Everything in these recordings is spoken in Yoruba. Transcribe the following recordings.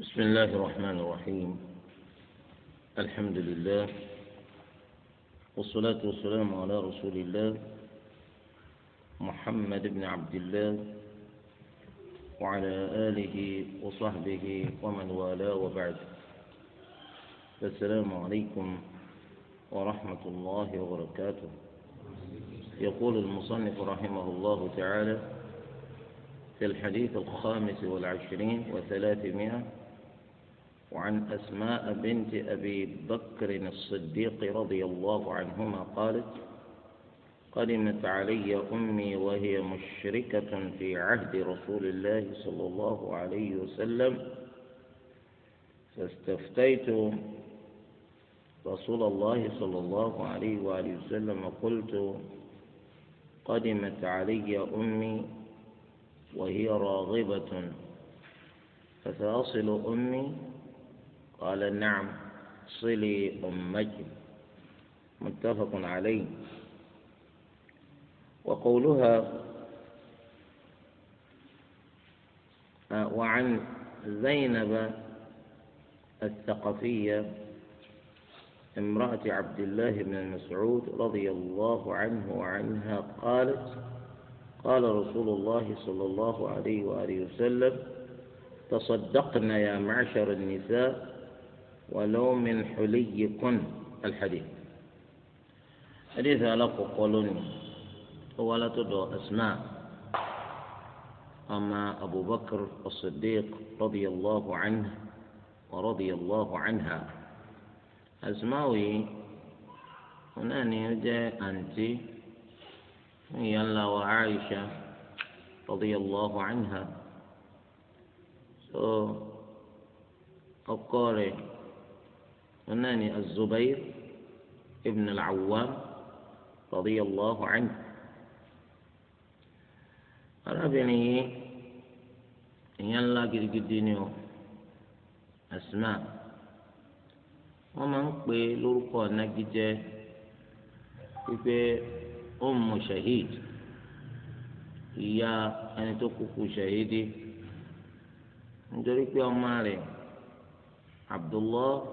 بسم الله الرحمن الرحيم الحمد لله والصلاة والسلام على رسول الله محمد بن عبد الله وعلى آله وصحبه ومن والاه وبعد السلام عليكم ورحمة الله وبركاته يقول المصنف رحمه الله تعالى في الحديث الخامس والعشرين وثلاثمائة وعن أسماء بنت أبي بكر الصديق رضي الله عنهما قالت قدمت علي أمي وهي مشركة في عهد رسول الله صلى الله عليه وسلم فاستفتيت رسول الله صلى الله عليه وآله وسلم قلت قدمت علي أمي وهي راغبة فسأصل أمي قال نعم صلي أمك متفق عليه وقولها آه، وعن زينب الثقفية امرأة عبد الله بن مسعود رضي الله عنه وعنها قالت قال رسول الله صلى الله عليه وآله وسلم تصدقنا يا معشر النساء ولو من حليكن الحديث حديث علاقة قولون هو لا تدعو أسماء أما أبو بكر الصديق رضي الله عنه ورضي الله عنها أسماوي هنا نيجا أنت يلا وعائشة رضي الله عنها so, أقارئ وناني الزبير ابن العوام رضي الله عنه arábìnrin yìí èèyàn ńlá gidigidi ni o asma wọn máa ń pè é lórúkọ nagijẹ wípé ọmọ shahid ìyá ẹni tó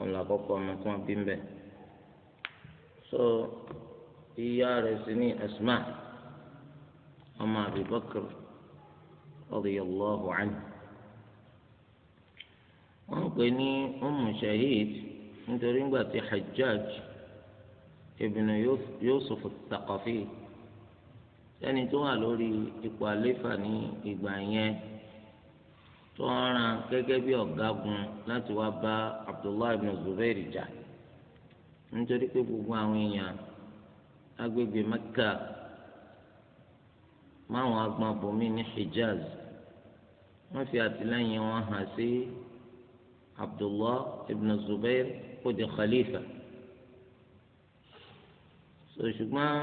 òun làkọ́kọ́ ọmọ tí wọ́n bí ń bẹ̀. so ìyá rẹ̀ sì ní Asma ọmọ Abi Bakr radiyallahu anhu wọ́n pè ní Ummu Shahid nítorí ńgbà tí Hajjaj ibn Yusuf Thaqafi sẹ́ni tó wà lórí ipò àléfà ní ìgbà yẹn tó ń ran gẹ́gẹ́ bí ọ̀gágun láti wá bá Abdullahi ibn Zubair jà nítorí pé gbogbo àwọn èèyàn agbègbè Mẹ́kà máwọn agbọn bòmí ní Hijaz wọ́n fi àtìlẹ́yìn wọn hàn sí Abdullahi ibn Zubair kó di khalifa ṣùgbọ́n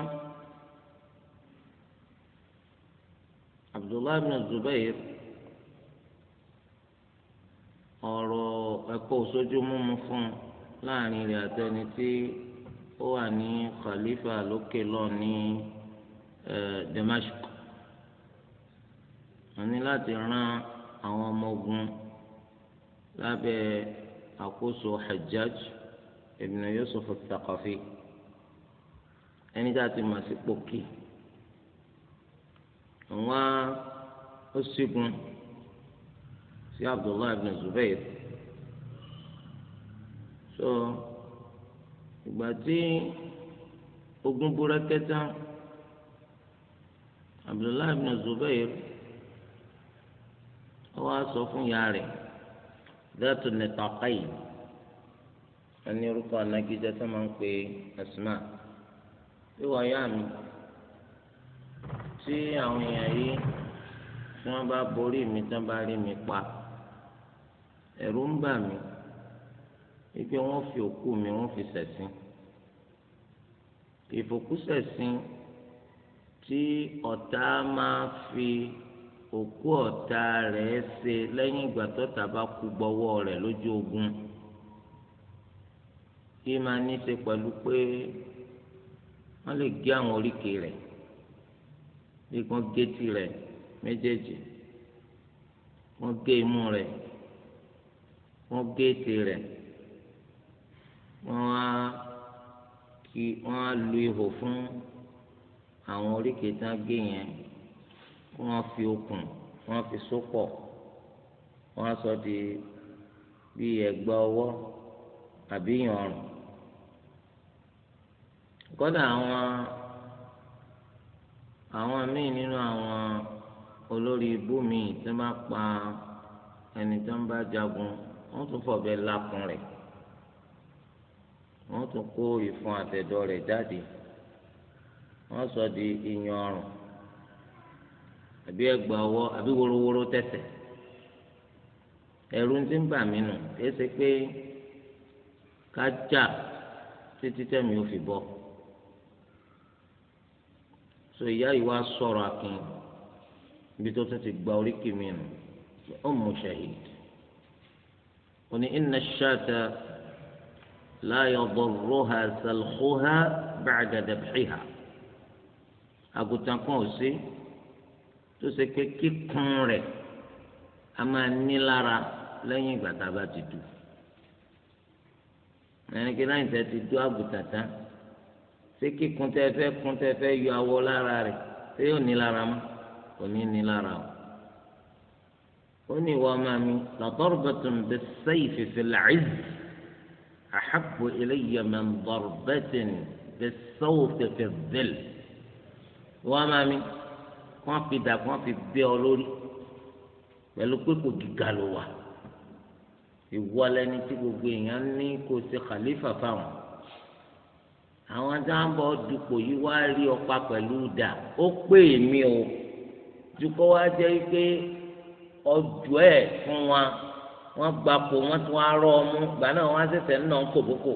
Abdullahi ibn Zubair ọ̀rọ̀ ẹ̀kọ́ òṣojú mímu fún un láàrin rẹ̀ àtẹni tí ó wà ní khalifa lókè lọ ní Damascus wọ́n ní láti rán àwọn ọmọ ogun lábẹ́ àkóso Hajjaj ibn Yusuf al-Thaqafi ẹni tá a ti mọ̀ sí pòkì wọ́n ó sígun. Si sí abdullahi ibn zubair so ìgbà tí ogun búra kẹta abdullahi ibn zubair ó wá sọ fún ìyá rẹ̀ dátù nìtàkàyè wọn ní orúkọ anagijẹ tó máa ń pe asma wíwọ ayá mi tí àwọn èèyàn yìí tí wọn bá borí mi tán bá rí mi pa ẹ̀rù ń bà mí wípé wọ́n fi òkú mi wọ́n fi ṣẹ̀sìn ìfòkúṣẹ̀sìn tí ọ̀tá máa fi òkú ọ̀tá rẹ̀ ṣe lẹ́yìn ìgbà tọ́tá bá kú gbọ́wọ́ rẹ̀ lójú ogun kí máa ní ṣe pẹ̀lú pé wọ́n lè gé àwọn oríkèé rẹ̀ bí wọ́n gé tirẹ̀ méjèèjì wọ́n gé imú rẹ̀ wọ́n géètì rẹ̀ wọ́n á kí wọ́n á lu ihò fún àwọn oríkèé tán gé yẹn wọ́n fi okùn wọ́n fi sópọ̀ wọ́n á sọ di bíi ẹ̀gbà ọwọ́ àbí ìyànrùn kódà àwọn àwọn míì nínú àwọn olórí ibú míì tó bá pa ẹni tó ń bá jagun wọ́n tún fọ̀bẹ lákùn rẹ̀ wọ́n tún kó ìfun àtẹ̀dọ̀ rẹ̀ jáde wọ́n sọ di iyan ọrùn àbí ẹgbà ọwọ́ àbí worowóró tẹ̀tẹ̀ ẹ̀rù ti ń bà mí nù kí ẹsẹ̀ pé ká jà títí tẹ̀mí ò fi bọ́ so ìyá yìí wá sọ̀rọ̀ akin ibi tó tún ti gba oríkì mi nù ó mú ṣahid òní iná ṣáàtà láyọ̀ dọ̀rọ̀hà sàlùkóhà bàdà dàbíhà àgùntàn kan ò sí tó ṣe pé kíkùn rẹ̀ a máa nílára lẹ́yìn ìgbà tá a bá ti dù ẹnikẹ́ni láyìn tẹ́ ti dù àgùntàn tán ṣé kíkùn tẹ́ fẹ́ kùn tẹ́ fẹ́ yọ awọ lára rẹ̀ ṣé yóò nílára mọ́ kò ní nílára o ó ní لضربة بالسيف في العز أحب إلي من ضربة eléyàmẹ̀ في bẹ sẹ́wọ̀fẹ̀ fìdíl ìwọ ọmọ mi wọ́n fi dà wọ́n fi bẹ́ ọ lórí pẹ̀lú pípò gíga ló wà ìwọ lẹni tí gbogbo èèyàn ní kó ṣe khalifa fáwọn àwọn dáńbọ dupò yìí wá rí ọpa pẹ̀lú dà ó pè mí o dukọ wa jẹ́ pé ọdù ẹ fún wa wọn gba kó wọn tún arọ ọmú gbà náà wọn ṣẹ̀ṣẹ̀ ń nà ń kòbókò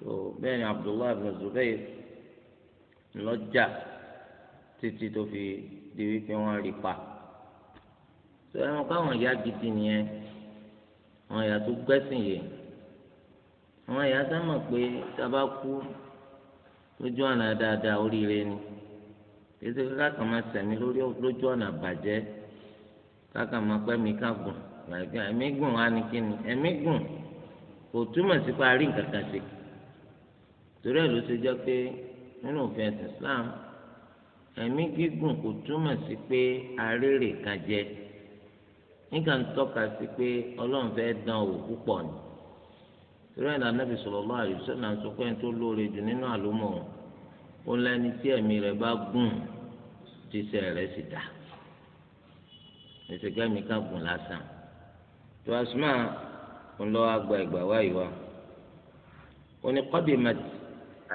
tó bẹ́ẹ̀ ni Abdullahi bin Zubair lọ́jà títí tó fi di wípé wọ́n rí pa tó ẹ wọn káwọn ìyá gidi nìyẹn àwọn ìyá tó gbẹ́sìn yìí àwọn ìyá sábà pé tá kú lójú àná dáadáa oríire ni. ètò ìfẹ́ káàkiri máa sẹ̀mí lójú ọ̀nà bàjẹ́ káàkiri máa pẹ́ mi káàgùn gbàgbé ẹ̀mí gùn wá ní kíni ẹ̀mí gùn kò túmọ̀ sí pa rí nǹkan kan torí ẹ̀ ló ṣe pé nínú òfin ẹ̀sìn Islam ẹ̀mí gígùn kò túmọ̀ sí pé arére kan jẹ nígbà ń tọ́ka sí pé Ọlọ́run fẹ́ dán owó púpọ̀ ni torí ẹ̀ lànàbì sallallahu alaihi wasallam sọ pé ẹni tó lóore jù nínú àlómọ̀ lẹ́ni tí ẹ̀mí tíṣẹ́ rẹ̀ sì dà ìṣègbè mi ká gùn lásán tó asúmà ń lọ agba ìgbà wáyé wa ó ní qadimat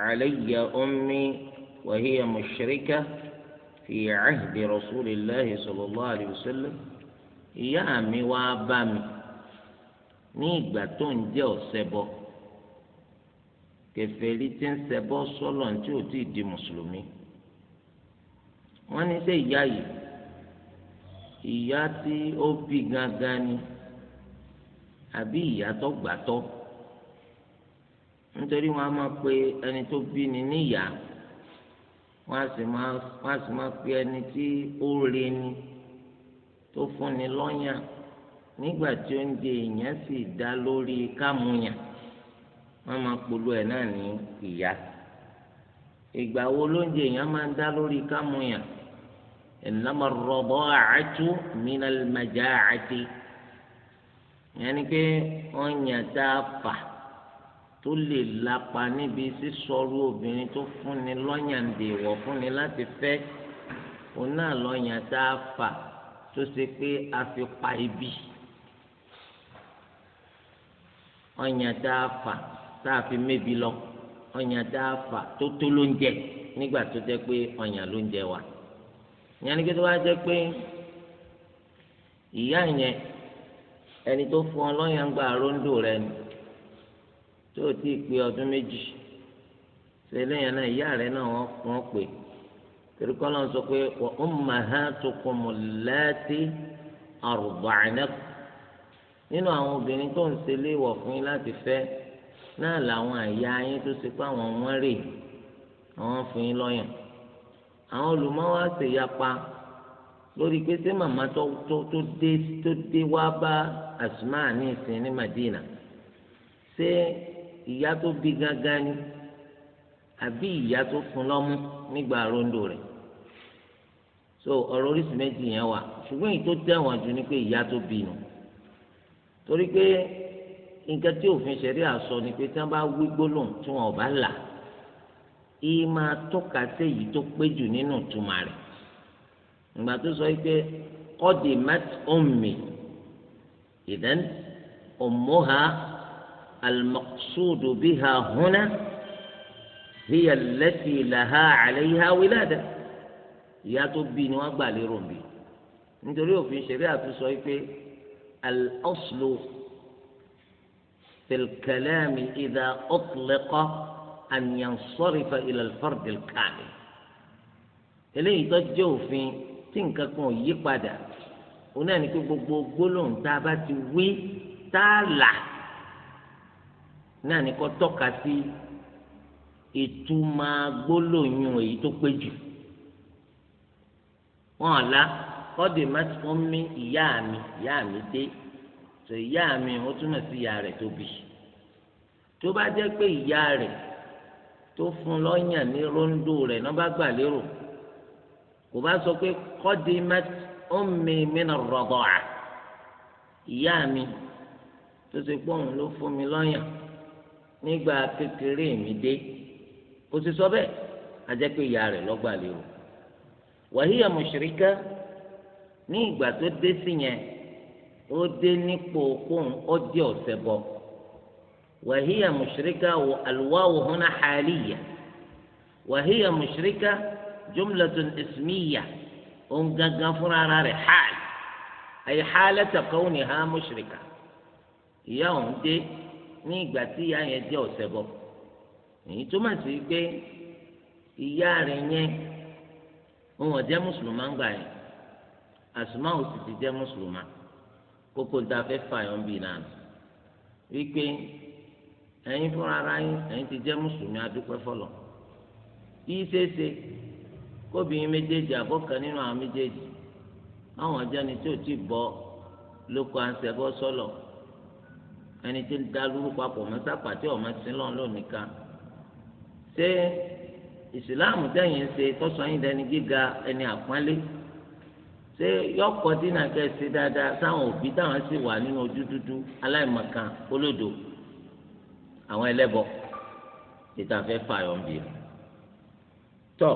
alayya ummi wa hiya mushrika fi ahdi rasulillahi sallallahu alayhi wa sallam ìyá mi wá bá mi ní ìgbà tó ń jẹ́ ọ̀ṣẹbọ kèfèrí tí ń ṣẹbọ sọ́lọ̀ tí ò tí di mùsùlùmí. wọ́n ní sẹ́ ìyá yìí ìyá tí ó bí gangan ni àbí ìyá tó nítorí pe ẹni tó bí ni níyà wọ́n á sì máa pe ẹni tí ó re ni tó fúnni lọ́yàn nígbà tí èèyàn sì dá lórí kámúyàn wọ́n máa polú ẹ̀ náà ní ìyá ìgbà wo lóúnjẹ èèyàn máa ń lórí ìnáma rọ̀bọ̀ àtú mìíràn màjá àti ìyẹn ni pé wọ́n yàn tá a fà tó lè lapa níbi sísọrú obìnrin tó fúnni lọ́yàǹdè wọ̀ fúnni láti fẹ́ òun náà lọ́yàn tá a fà tó ṣe pé a fi pa ibi ọyàn tá a fà tá a fi mébi lọ ọyàn tá a fà tó tó lóúnjẹ nígbà tó jẹ́ pé ọyàn lóúnjẹ wà ìyẹn ni kíkọ́ wá jẹ́ pé ìyá yẹn ẹni tó fún ọ lọ́yàǹgbà róńdò rẹ ni tó o ti pé ọdún méjì ṣe lẹ́yìn náà ìyá rẹ náà wọ́n pè tìrìkọ́ náà sọ pé wa ummahatukumu allati arda'nakum nínú àwọn obìnrin tó ń ṣe léèwọ̀ fún yín láti fẹ́ náà làwọn àyà yín tó ṣe pé àwọn wọ́n rè àwọn fún yín lọ́yàn àwọn olùmọ́wá ṣèyapa lórí pé ṣé màmá tó tó dé tó dé wá bá Asma ní ìsìn ní Madina ṣé ìyá tó bí gángan ni àbí ìyá tó fún lọ́mú nígbà rondo rẹ̀ so ọ̀rọ̀ oríṣi méjì yẹn wà ṣùgbọ́n èyí tó tẹ̀wọ̀n jù ni pé ìyá tó bí nù torí pé nǹkan tí òfin ṣẹ̀rí àsọ ni pé tí wọ́n bá wí gbólóhùn tí wọ́n ò bá là ìyí máa tọ́ka sí èyí tó pé jù nínú tuma rẹ̀ ìgbà tó sọ pé kọ́dì mat ummi ìdán ummuha almaqsudu biha huna hiya allati laha wílẹ̀ dẹ̀ ìyá tó bí ni wọ́n gbà lérò bí nítorí òfin ṣeré àtúnṣọ yìí pé al-aslu fi al-kalami idha utliqa. an yansarifa ila al-fard al-kamil eléyìí tó jẹ́ òfin tí nǹkan kan ò yí padà òun náà ní pé gbogbo gbólóhùn tá a bá ti wí tá a là náà ní kó tọ́ka sí ìtumọ̀ gbólóhùn èyí tó pé jù wọn ò la kọ́dé má ìyá mi ìyá mi dé tó ìyá mi ó túmọ̀ sí ìyá rẹ̀ tó tó bá jẹ́ pé ìyá rẹ̀ tó fún lọ́yàn ní rondo rẹ̀ náà bá gbà lérò kò bá sọ pé qadimat ummi min ar-rada'a ìyá mi tó ṣe pé òun ló fún mi lọ́yàn nígbà kékeré mi dé kò sì sọ bẹ́ẹ̀ a ìyá rẹ̀ ló lérò wa hiya ní ìgbà tó dé sí yẹn ó dé nípò kóun ó dé ọ̀sẹ̀ bọ̀. وهي مشركة والواو هنا حالية وهي مشركة جملة اسمية أم غفرار حال أي حالة كونها مشركة يوم دي ní ìgbà sí pé ìyá rẹ̀ yẹn wọn jẹ́ mùsùlùmá gbà yẹn àsùnmá ò sì ti jẹ́ mùsùlùmá kókó fẹ́ fà yọ̀ ń ẹ̀yin fúnra ara yín ẹ̀yin ti jẹ́ mùsùlùmí adúpẹ́ fọlọ́ yìí ṣeéṣe kóbìnrin méjèèjì àbọ̀kan nínú àwọn méjèèjì àwọn ọ̀jẹ́ni tí ò tí ì bọ́ lóko àǹsẹ̀bọ́ sọ́lọ̀ ẹni tí ń da lúrú papọ̀ mọ́sápà tí ọ̀mọ sí lọ́n lónìí kan ṣé ìsìláàmù tẹ̀yìn ń ṣe tọ́sán yín dẹni gíga ẹni àpọ́nlé ṣé yọkọ̀ dínà kẹ́ dáadáa sáwọn òbí táwọn sì wà nínú ojú dúdú aláìmọ̀kan olódo àwọn ẹlẹ́bọ títà fẹ́ fààyọ̀ ń bì í tọ́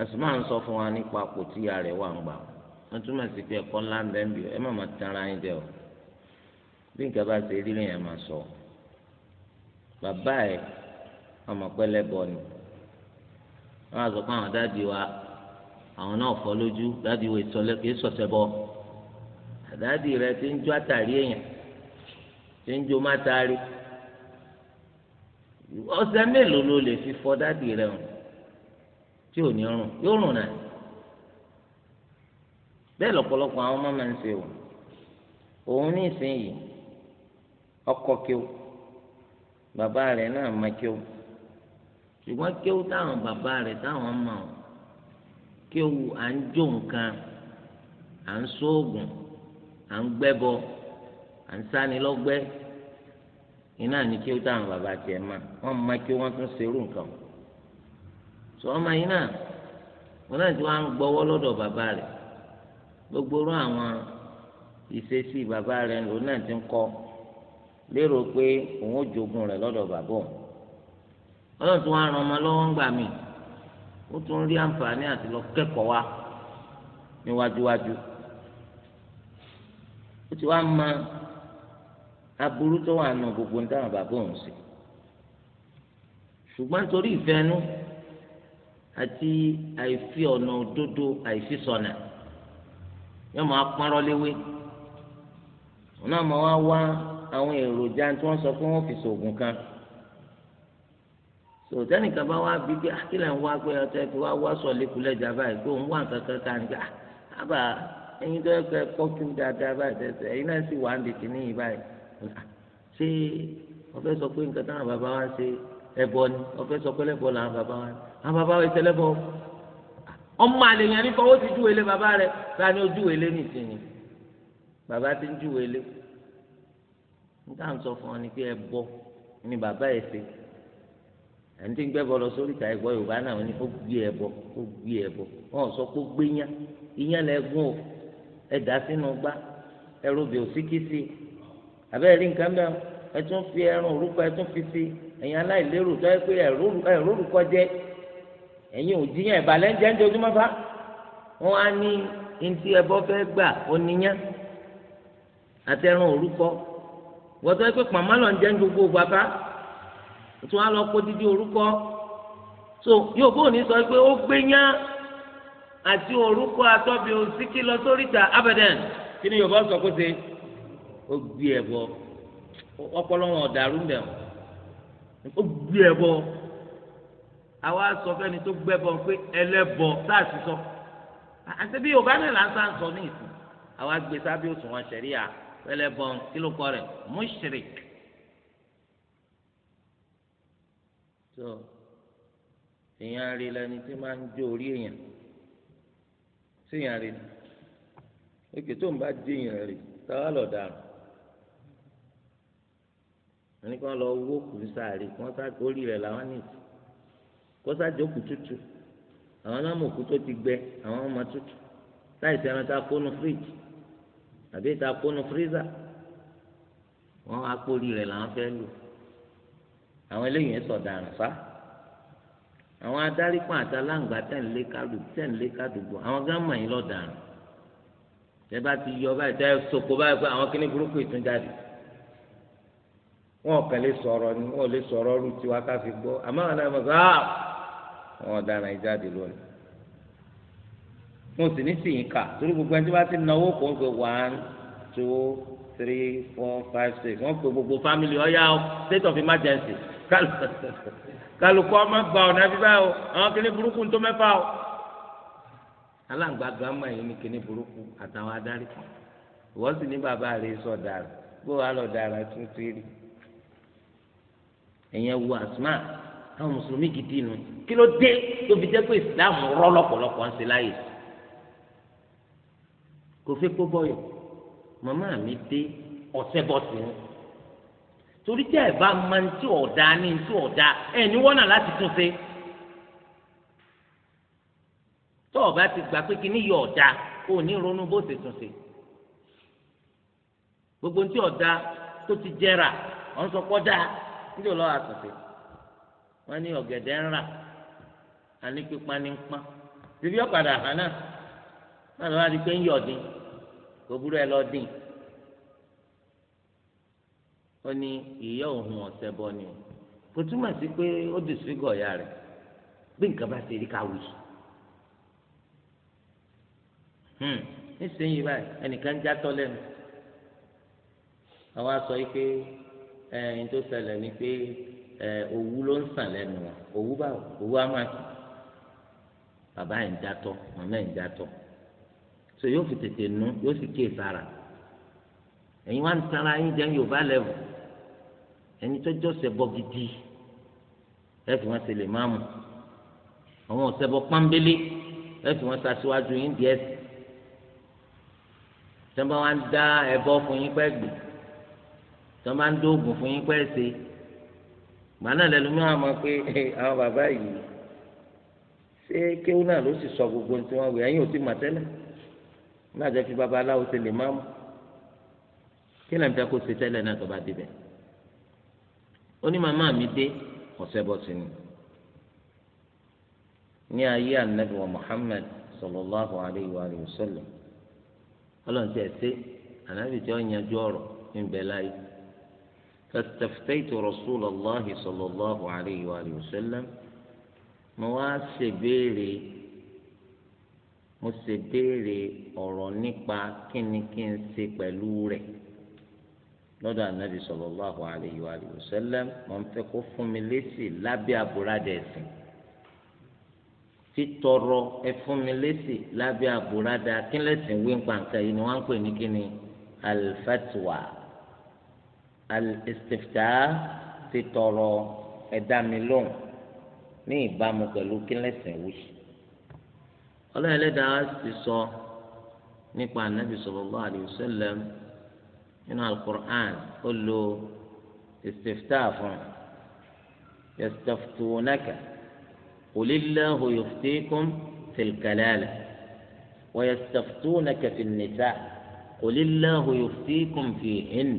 àsùnmọ́ à ń sọ fún wa nípa àpò tí ìyá rẹ̀ wà ń gbà wọ́n túmọ̀ sí pé ẹ̀kọ́ ńlá ń bẹ́ẹ̀ ń bì í ẹ má má tán ara yín dẹ o bí nǹkan bá ṣe rí lèèyàn máa sọ bàbá ẹ̀ ọmọ pẹ́lẹ́bọ ni wọ́n á sọ pé àwọn dáàdi wa àwọn náà fọ́ lójú dáàdi wa ìsọlẹ́ kì í sọ̀tẹ̀ bọ́. àdáàdì rẹ ti ń jó àtàrí èèyàn ti ń jó mátàrí ọ̀sẹ̀ mélòó ló lè fi fọ dáàdì rẹ hàn tí ò ní rùn yóò rùn náà bẹ́ẹ̀ àwọn ọmọ máa ń ṣe o òun ní ìsinyìí ọkọ bàbá rẹ náà máa kí táwọn bàbá rẹ táwọn à ń gbẹ́bọ à ń sáni lọ́gbẹ́ iná ní kí ó táwọn bàbá tiẹ̀ ma wọ́n máa kí wọ́n tún ṣerú nǹkan sọ ọmọ yìí náà wọn náà ti wá ń gbọ́wọ́ lọ́dọ̀ bàbá rẹ̀ gbogbo rú àwọn ìṣesí bàbá rẹ̀ lòun náà ti ń kọ́ lérò pé òun ò jogun rẹ̀ lọ́dọ̀ bàbá òun ọlọ́run tún wá ran ọmọ lọ́wọ́ ń gbà mí ó tún rí àǹfààní àti lọ kẹ́kọ̀ọ́ wa níwájúwájú. Ni ó ti wá ma aburú tó wà nù gbogbo ní táwọn bàbá òun sí ṣùgbọ́n nítorí ìfẹ́nu àti àìfi ọ̀nà òdodo àìfi sọ̀nà yóò máa pọ́nrọ́ léwé wọn náà máa wá wá àwọn èròjà tí wọ́n sọ pé wọ́n fi ṣòògùn kan sòtẹ́nì kan bá wá bí pé akílẹ̀ ah, ń wá pé ọtẹ́ fi wá wá sọ̀lẹ́kulẹ̀ jà báyìí pé òun wà kankan kan ní ká ah, àbá ẹ̀yin tó ẹ̀kọ́ ẹ̀kọ́ kí n dáadáa báyìí tẹ̀sẹ̀ ẹ̀yin náà sì wà á dìkì ní yìí báyìí ah, ṣé wọ́n fẹ́ sọ pé nǹkan táwọn bàbá wa ń ṣe ẹ̀bọ ni wọ́n fẹ́ sọ pé lẹ́bọ làwọn bàbá wa ń àwọn bàbá wa ń ṣẹlẹ́bọ ọmọ àlèyàn ní fọwọ́ ti júwèé lé bàbá rẹ̀ ta ni ó júwèé lé nìsinyìí bàbá ti ń júwèé lé nígbà ń sọ fún ọ ni pé ẹ̀bọ ni bàbá ẹ̀ ṣe ẹni tí ń gbẹ́bọ lọ sórí ìta ẹ̀gbọ́ yorùbá náà ni ó gbé ẹ̀bọ ó gbé ẹ̀bọ wọn sọ pé ó gbé yán iyán lẹ́gùn o ẹ̀dá sínú gbá ẹrù bì òsíkìsì àbẹ́rẹ́ rí nǹkan bẹ́ẹ̀ ẹ tún fi ẹran òrúkọ ẹ tún fi sí ẹ̀yin aláìlérò tó yẹ pé ẹ̀rọ òrúkọ jẹ ẹ̀yin òjìyàn ìbàlẹ̀ ń jẹ́ ń dojúmọ́ fa wọ́n á ní ntí ẹbọ fẹ́ gbà oníyàn àti ẹran òrúkọ wọ́n tó yẹ pé pàmò lọ ń jẹ́ ń gbogbo bàbá tó wá lọ kó dídí òrúkọ so yóò bóun ní sọ pé ó gbé yán àti orúkọ atọ́bi òsíkí lọ sóríta abadan kí ni yorùbá sọ kó ṣe ó gbé ẹ bọ ọpọlọ wọn ọ̀dàrú ń bẹ̀ wọn ó gbé ẹ bọ àwa sọ fẹ́ni tó gbẹ bọ pé ẹlẹ́bọ sáàsì sọ àti bí yorùbá náà lásán sọ ní ìsìn àwa gbé sábẹ́ òṣùwọ̀n ṣẹ̀ríà ẹlẹ́bọ kí ló kọ rẹ̀ mushrik. so èèyàn rí lẹni tí máa ń jó orí èèyàn. séèyàn rè ni èké tó ń bá déèyàn rè táwa lọ dànù ẹni kan lọ wó kùn sáré kí wọn sá orí rẹ̀ làwọn nì kó awọn tútù àwọn náà ti gbẹ àwọn ọmọ tútù láì sẹ́ni tá a fónú fíríjì àbí tá a fónú fíríza wọn apórí rẹ̀ làwọn fẹ́ lò àwọn àwọn adarí kan àti aláǹgbá tẹ̀lé kálù tẹ̀lé kádùgbò àwọn gámà yín lọ́daràn tẹ bá ti yọ báyìí tẹ sọkò báyìí pé àwọn kíní burúkú ìtúnjáde wọn kàn lè sọ̀rọ̀ ni wọn lè sọ̀rọ̀ ọrù tiwa ká fi gbọ́ àmọ́ àwọn náà sọ áà ah! wọn ọ̀daràn ìjáde lónìí mo sì ní sìn ká torí gbogbo ẹni tí wọn ti náwó kó ń pè one two three four five six wọn pè gbogbo family ọyá state of emergency kálù kálukú ọmọ gba ọ̀nà bíbá o àwọn kíní burúkú tó mẹ́fà o aláǹgbá gàmà yìí ní kíní burúkú àtàwọn adarí wọ́n sì ní bàbá rẹ̀ sọ dára bó wàá lọ dára tuntun rí ẹ̀yẹn wo àsùnmá àwọn mùsùlùmí gidi nù kí ló dé tó fi jẹ́ pé islam rọ́ lọ́pọ̀lọpọ̀ ń ṣe láàyè kò fi kó bọ́yọ̀ màmá mi dé ọ̀sẹ̀ bọ́sì ni. torí tí àìbá máa ń tí ọ̀dà ní tí ọ̀dà ẹ̀ lati wọ́nà láti tún ṣe tó o bá ti gbà pé kí ní yọ o ní ronú bó ṣe tún gbogbo tí ọ̀dà tó ti jẹrà wọ́n sọ pọ́ dáa níbi ò àtúnṣe wọ́n ní ọ̀gẹ̀dẹ̀ ń rà àní pípa ní bíbí ọ̀padà hàn náà wọ́n lọ́wọ́ yọ̀ ó ní ìyá òun ọ̀sẹ̀ bọ ni o kò túmọ̀ sí pé ó dìsígọ̀ ọ̀yà rẹ̀ bí nǹkan bá ṣe rí ká sùn. Hmm. nísìnyí báyìí ẹnìkan já tọ́ lẹ́nu àwa sọ yìí pé ẹyin tó ṣẹlẹ̀ ni pé òwú ló ń sàn lẹ́nu wa òwú báwo òwú á máa sàn bàbá ẹ̀ ń já tọ́ màmá ẹ̀ ń já tọ́ so yóò fi tètè nu yóò sì kíyè sára ẹ̀yin wá ń tara yín jẹ́ Yorùbá lẹ́wọ̀n ẹni tó jọ́sẹ̀ bọ́ gidi ẹ fi wọn ṣe lè máa mú àwọn ọ̀sẹ̀bọ pọ́nbélé ẹ fi wọn ṣaṣíwájú yín díẹ̀ sí tí wọ́n bá wá ń dá ẹbọ fún yín pẹ́ gbè tí wọ́n bá ń dóògùn fún yín pẹ́ ṣe gbà náà lẹ́nu mi wà mọ́ pé àwọn bàbá yìí ṣé kéwú náà ló sì sọ gbogbo tí wọ́n wí ẹ̀yìn ò ti mà tẹ́lẹ̀ náà jẹ́ fi babaláwo ṣe lè máa mú kí lẹ́nu fẹ́ kó ṣe tẹ́lẹ̀ náà tó bá débẹ̀ ó ní màmá mi dé ọ̀sẹ̀ bọ́ sí ni ní ayé anabi wa muhammed sallallahu alayhi wa sallam ọlọ́run tí ẹ ṣe anabi tí ó yanjú ọ̀rọ̀ ń bẹ láyé fastaftaitu rasulallah sallallahu alayhi wa sallam mo wá ṣèbéèrè mo ṣèbéèrè ọ̀rọ̀ nípa kíni kí n ṣe pẹ̀lú rẹ̀ lọ́dọ̀ ànábì sallallahu alayhi wa sallam mo ń fẹ́ kó fún mi lésì lábẹ́ àbúradà ẹ̀sìn títọrọ ẹ fún mi lésì lábẹ́ àbúradà kílẹ̀sìn wí pàǹkà yìí ni wọ́n ń pè ní kíni al-fatwa al-istifta títọrọ ẹ̀dá mi lóhùn ní ìbámu pẹ̀lú kílẹ̀sìn wí. ọlọ́ọ̀lẹ́dàá ti sọ nípa ànábì sallallahu alayhi wa sallam. nínú القرآن قل lo istiftah fún yastaftunaka qulillahu yuftikum fil kalala ويستفتونك في النساء قل الله يفتيكم فيهن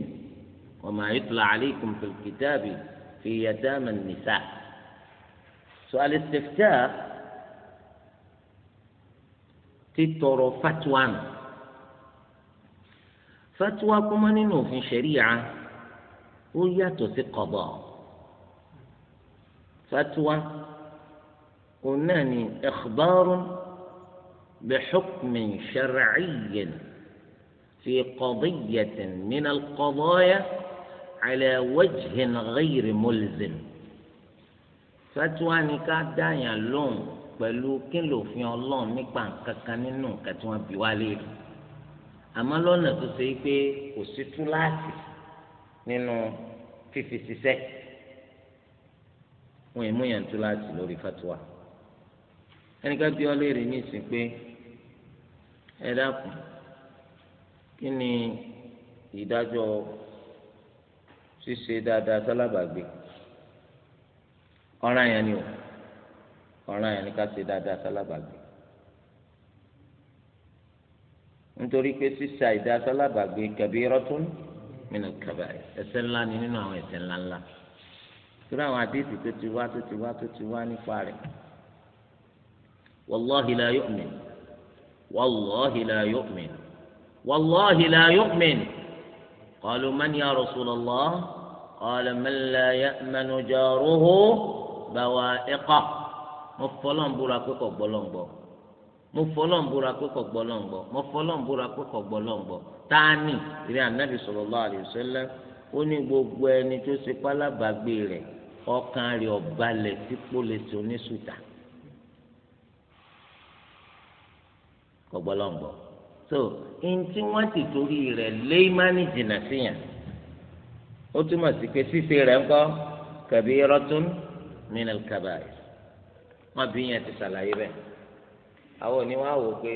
وما يطلع عليكم في الكتاب في يتامى النساء سؤال استفتاء تترو فتوى fatuwa kọ́mọ́ nínú òfin ṣẹ̀ríya ó yàtọ̀ sí kọ̀bọ̀ fatuwa òun náà ni ikhbarun bihukmin shar'iyyin fi qadiyatin min alqadaya ala wajhin ghayri mulzim fatuwa ni ká dáyà lóhùn pẹ̀lú kí ọlọ́run nípa nǹkan nínú nǹkan tí wọ́n àmọ́ lọ́nà tó ṣe pé kò sí túláàsì nínú fífi ṣiṣẹ́ wọn èèmú yàn túláàsì lórí fatuwa ẹnìkan bí ọlẹ́rì ní ìsìn pé ẹ dákun kí ni ìdájọ́ ṣíṣe dáadáa sálábàgbé ọ̀ràn yẹn ni ọ̀ràn yẹn ni ká ṣe dáadáa sálábàgbé nítorí pé sísá ìdásọ́lábàgbé kabiratun min al-kaba'ir ẹ̀ṣẹ̀ ńlá ni nínú àwọn ẹ̀ṣẹ̀ ńlá ńlá torí àwọn àdéhùn tó ti wá tó ti wá tó ti wá nípa rẹ̀ wàlláhi la yu'min wàlláhi la yu'min wàlláhi la yu'min qalu man ya rasulallah qala man la ya'manu jaruhu bawa'iqah fọlọ́n búra pé kò gbọ́lọ́n gbọ́ mo fọlọ́n búra pé kò gbọ́ lọ́n gbọ́ mo fọlọ́n búra pé kò gbọ́ lọ́n gbọ́ tání ìrẹ́ ànábì sallallahu alaihi wasallam ó ní gbogbo ẹni tó ṣe pálábàgbé rẹ̀ ọkàn rẹ̀ ọ̀balẹ̀ tí kò lè ṣe oníṣùtà kò gbọ́ lọ́n gbọ́ so ní tí wọ́n ti torí rẹ̀ lé mání jìnnà síyàn ó túmọ̀ sí pé ṣíṣe rẹ̀ ńkọ́ kabiratun minal kaba'ir wọ́n bí yẹn ti ṣàlàyé bẹ́ẹ̀ àwọn òní wá wò pé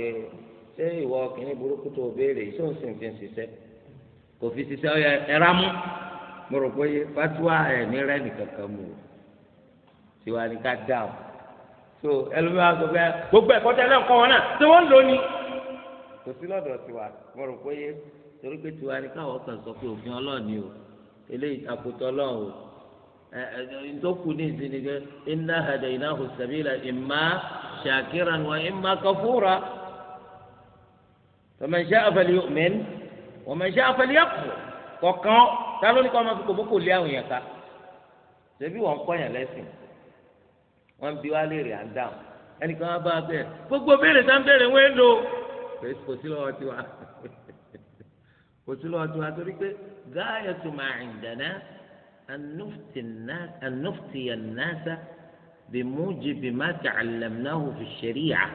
ṣé ìwọ kìíní burúkú tó béèrè iṣẹ́ òun sì ń ti ń ṣiṣẹ́ kò fi ṣiṣẹ́ ọyọ ẹ̀rá mú mo rò pé fatuwa ẹ̀mí rẹ̀ nìkan kan mú o tiwa ni ká dá o so ẹlòmíràn sọ pé gbogbo ẹ̀kọ́ tẹ́lẹ̀ ń kọ́ wọn náà tí wọ́n ń lò ní. kò sí lọ́dọ̀ tiwa mo rò pé torí pé tiwa ni káwọn kan sọ pé òfin ọlọ́ọ̀ni o eléyìí takùtọ̀ ọlọ́ọ̀ o ẹ ẹ ntọ́kù ní ìsinmi gẹ́ iná شاكرا وإما كفورا فمن شاء فليؤمن ومن شاء فليكفر kọ̀kan tálọ́ ní kọ́ máa fi kòbókò lé àwọn èèyàn ká ṣebí wọ́n kọ́ yàn lẹ́sìn wọ́n bi wá léèrè à ń dáhùn ẹnìkan wá bá a bẹ́ẹ̀ gbogbo béèrè tá ń béèrè wọ́n ń lò kò sí lọ́wọ́ tiwa kò sí lọ́wọ́ tiwa torí pé gáyà tó máa ń dáná ànúfìyàn náà بموجب ما تعلمناه في الشريعة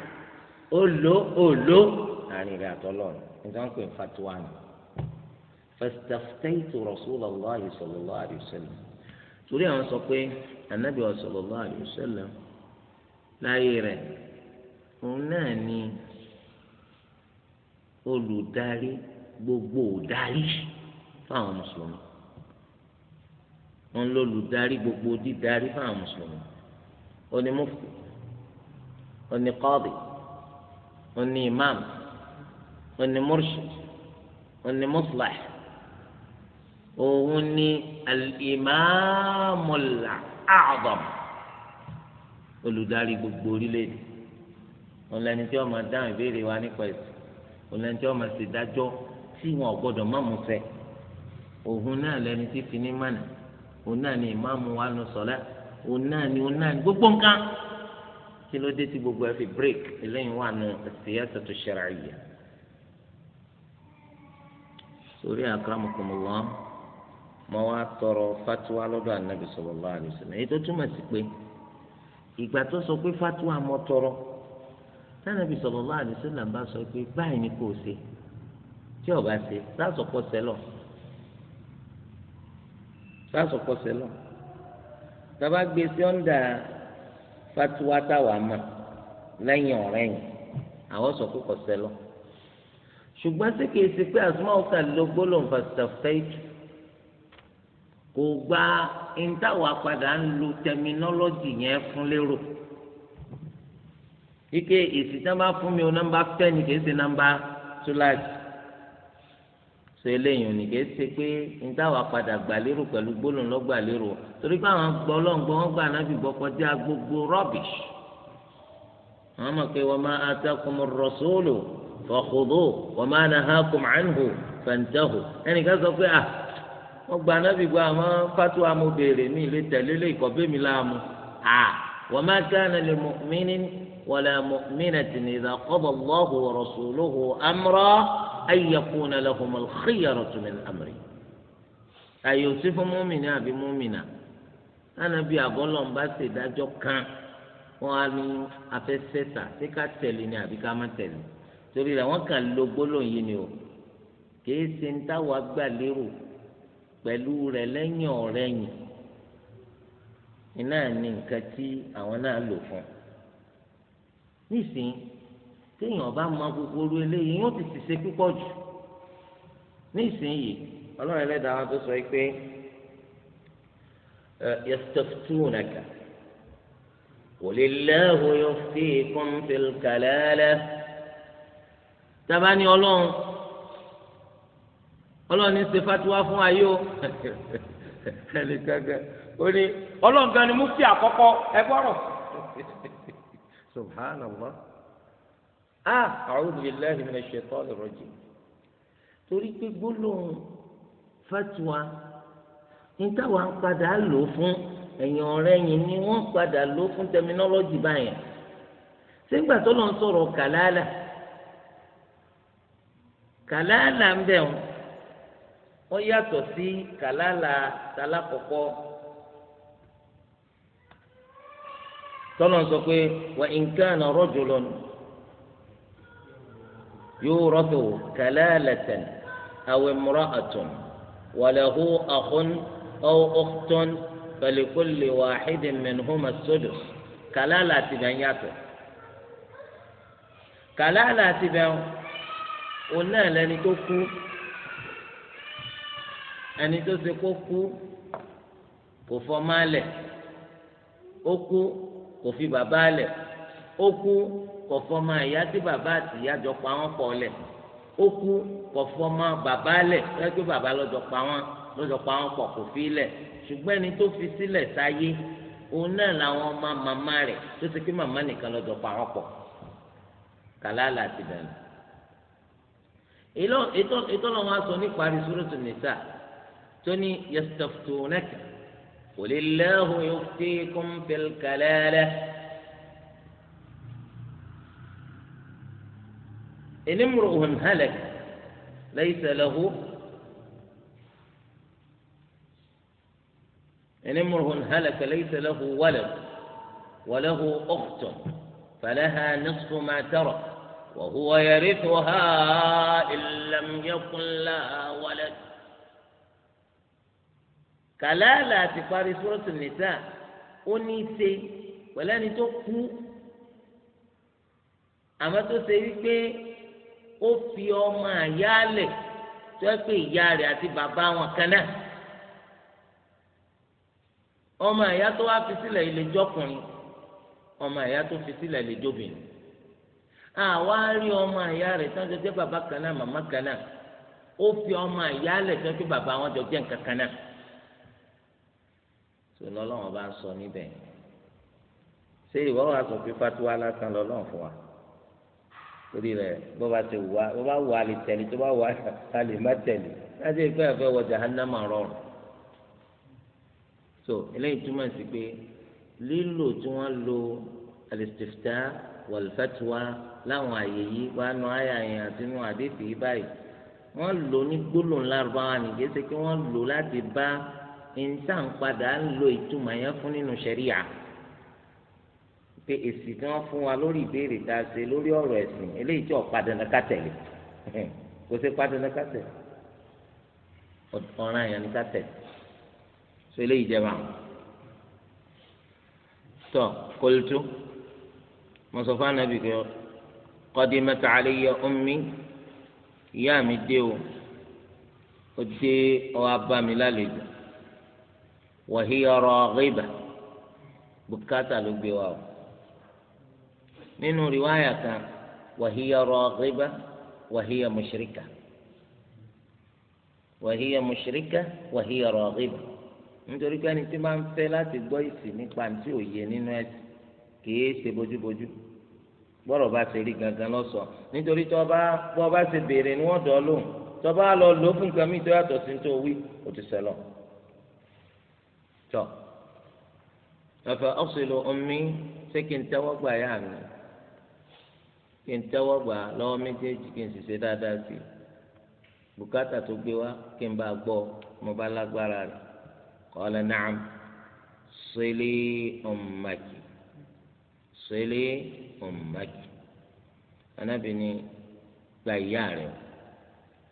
أولو أولو يعني لا تلون إنسان كن فتوان فاستفتيت رسول الله صلى الله عليه وسلم تريد أن أقول النبي صلى الله عليه وسلم لا يرى هناني olùdarí gbogbo òdarí fáwọn mùsùlùmí wọn lọ olùdarí gbogbo داري fáwọn مسلم oní mufti oní qadi oní imam oní murshid oní muslah òun ni al-imamul a'zam olùdarí gbogbo orílẹ̀-èdè òun lẹni tí wọ́n máa dáhùn ìbéèrè wa nípa ẹ̀sìn òun tí wọ́n máa ṣèdájọ́ tí wọn ò gbọ́dọ̀ má mú fẹ́ òun náà lẹni tí fi ní mànà òun náà ni ìmáàmù wa nù sọ́lá òun náà ni òun náà ni gbogbo nǹkan kí ló dé tí gbogbo ẹ fi break eléyìí wà nù siyasa tó shar'iyya sórí akramakumullah mo wá tọrọ fatuwa lọ́dọ̀ anabi sallallahu alaihi wasallam èyí tó túmọ̀ sí pé ìgbà tó sọ pé fatuwa mo tọrọ tánàbì sallallahu alaihi wasallam bá sọ pé báyìí ni kò ṣe tí ọba ṣe sásọpọ sẹlọ sásọpọ sẹlọ tàbá gbé sí ọ̀ndà fatiwa táwa mà lẹ́yìn ọ̀rẹ́ yìí àwọn sọ pé kò sẹ́lọ̀ ṣùgbọ́n sí kìí ṣe pé àsùnmọ́ ọ̀kà ló gbólóhùn fàṣítàfẹ́ẹ̀tì kò gba ìntàwà padà ń lo tẹminọ́lọ́jì yẹn fún lérò ike èsì tí wọn bá fún mi o nọ́mbà fẹ ni kì í ṣe nọ́mbà túláàsì so eléyìí òní kìí ṣe pé n táwa padà gbàlérò pẹ̀lú gbólóhùn lọ́gbàlérò torí pé àwọn gbọ́ lọ́ngbọ́n wọn gbà nábì gbọ́ kọjá gbogbo rubbish àwọn mọ̀ pé wa ma atakum ar-rasulu fakhudhu wa ma nahakum anhu fantahu ẹnìkan sọ pé à wọ́n gbà nábì gbọ́ àwọn fatu amóbèrè mi lè tẹ̀lé lè kọ́ bẹ́ẹ̀ mi láàmú à wa ma kana lil mu'minin wala mu'minatin an yakuna lahumul khiyaratu min amri àyè òsì fún múmìnà àbí múmìnà ànábì àgọ́lọ́mbà ṣèdájọ́ kan wọn á ní afẹ́sẹ́sà ṣé ká tẹ̀lé ni àbí ká má tẹ̀lé torí rẹ̀ wọ́n kàn lo gbólóhùn yìí ni o kìí ṣe ń táwa gbà lérò pẹ̀lú rẹ̀ lẹ́yìn ọ̀rẹ́ yìí iná ní nǹkan tí àwọn náà lò fún nísìnyí téèyàn bá mọ gbogbo oru eléyìí yóò ti ṣiṣẹ́ púpọ̀ jù nísìnyìí ọlọ́run ẹlẹ́dàá wọn tó sọ pé yastaftunaka qulillahu yuftikum fil kalalah tabani ọlọ́run ọlọ́run ní ṣe fatiwa fún ayé o ẹnì kankan ó ní ọlọ́run gan ni mufti àkọ́kọ́ ẹ gbọ́rọ̀ subhanallah. a ah, a'udhu billahi minash shaitanir rajim torí pé gbólóhùn fatuwa níta wà ń padà lò fún ẹ̀yìn ọ̀rẹ́ yìí ni wọ́n padà lò fún tẹminọ́lọ́jì báyẹn sígbà tó lọ ń sọ̀rọ̀ kàlálà kàlálà ń bẹ̀ wọ́n ó yàtọ̀ sí kàlálà tàlákọ̀kọ́ tọ́lọ́ sọ pé wà in kana rajulun lọ́nà. يورث كلالة أو امرأة وله أخ أو أخت فلكل واحد منهما السدس كلالة تبنياته كلالة تبن قلنا لن تكو ẹni tó ṣe kó kú kò fọmá lẹ kọ̀fọ́mọ ìyá tí bàbá àti ìyá jọ pa wọ́n pọ̀ lẹ̀ ó kú kọ̀fọ́mọ bàbá lẹ̀ fẹ́ pé bàbá lọ́jọ́ pa wọ́n lọ́jọ́ pa wọ́n pọ̀ kò fi lẹ̀ ṣùgbọ́n ẹni tó fi sílẹ̀ sáyé òun náà làwọn ọmọ màmá rẹ̀ tó ti pé màmá nìkan lọ́jọ́ pa wọ́n pọ̀ kàlálà ti bẹ̀rẹ̀ ètò ọlọ́run aṣọ níparí sóròtò nìta tó ní yastaftunaka qulillahu yuftikum fil kalala. إن امرؤ هلك ليس له إن امرؤ هلك ليس له ولد وله أخت فلها نصف ما ترك وهو يرثها إن لم يكن لها ولد كلا لا parí سورة النساء ó ولا í أما pẹ̀lú ó fi ọmọ àyálẹ̀ tó ẹ pé ìyá rẹ̀ àti bàbá wọn kan náà ọmọ àyá tó wá fi sílẹ̀ ilé jọkùnrin ọmọ àyá tó fi sílẹ̀ ilé jọbìnrin àwa rí ọmọ àyá rẹ̀ tó ń jọ jẹ́ bàbá kan náà màmá kan náà ó fi ọmọ àyálẹ̀ tó ń jọ bàbá wọn jọ jẹ́ nǹkan kan náà tó lọ́lọ́wọ́n bá ń sọ níbẹ̀ ṣé ìwọ wa sọ pé fatiwa lásán lọ́lọ́wọ́n fún wa torí rẹ̀ bó bá ti wà bó bá wà lè tẹ̀lé tó bá wà á lè má tẹ̀lé láti ìfẹ́ ìfẹ́ wọ jahannama rọrùn so eléyìí túmọ̀ sí pé lílò tí wọ́n lo alistifta wàlfẹ́tiwa láwọn àyè yìí wà nù àyà yẹn àti nù àdéhùn yìí báyìí wọ́n lò ní gbólóhùn lárúbáwá nìyẹn ṣe kí wọ́n lò láti bá ìntàn padà ń lo ìtumọ̀ yẹn fún nínú ṣẹ̀ríà pé èsì tí wọ́n fún wa lórí ìbéèrè tá a ṣe lórí ọ̀rọ̀ ẹ̀sìn eléyìí tí ò padànà ká tẹ̀lé kò sí padànà ká tẹ̀lé ọ̀ràn àyàn ni ká tẹ̀lé so eléyìí jẹ́ báwọn. tọ́ kólútú mo sọ fún anabi pé qadimat alayya ummi ìyá mi dé o ó dé ọ abami lálejò wa hiya bùkátà ló gbé wa o. nínú rìwáyà kan wàhíyà rọgìbà wàhíyà mùṣíríkà wàhíyà mùṣíríkà wàhíyà rọgìbà nítorí pé ẹni tí máa ń fẹ́ láti gbọ́ ìsìn nípa tí ò yẹ nínú ẹ̀sìn kìí ṣe bójúbójú gbọ́dọ̀ bá ṣe rí gangan lọ́sọ nítorí tọ́ba bọ́ bá ṣe béèrè ni wọ́n dọ̀ lóhùn tọ́ba lọ lò ó fún nǹkan mi tó yàtọ̀ sí tó wí ó ti sẹ́lọ̀ tọ́ omi ṣé kí n tẹ́wọ́ kí n tẹ́wọ́ gbà lọ́wọ́ méjèèjì kí n sì ṣe dáadáa sí i bùkátà tó gbé wá kí n bá gbọ́ mo bá lágbára rẹ̀ qala na'am sili ummaki sili ummaki anábìíní gba ìyá rẹ̀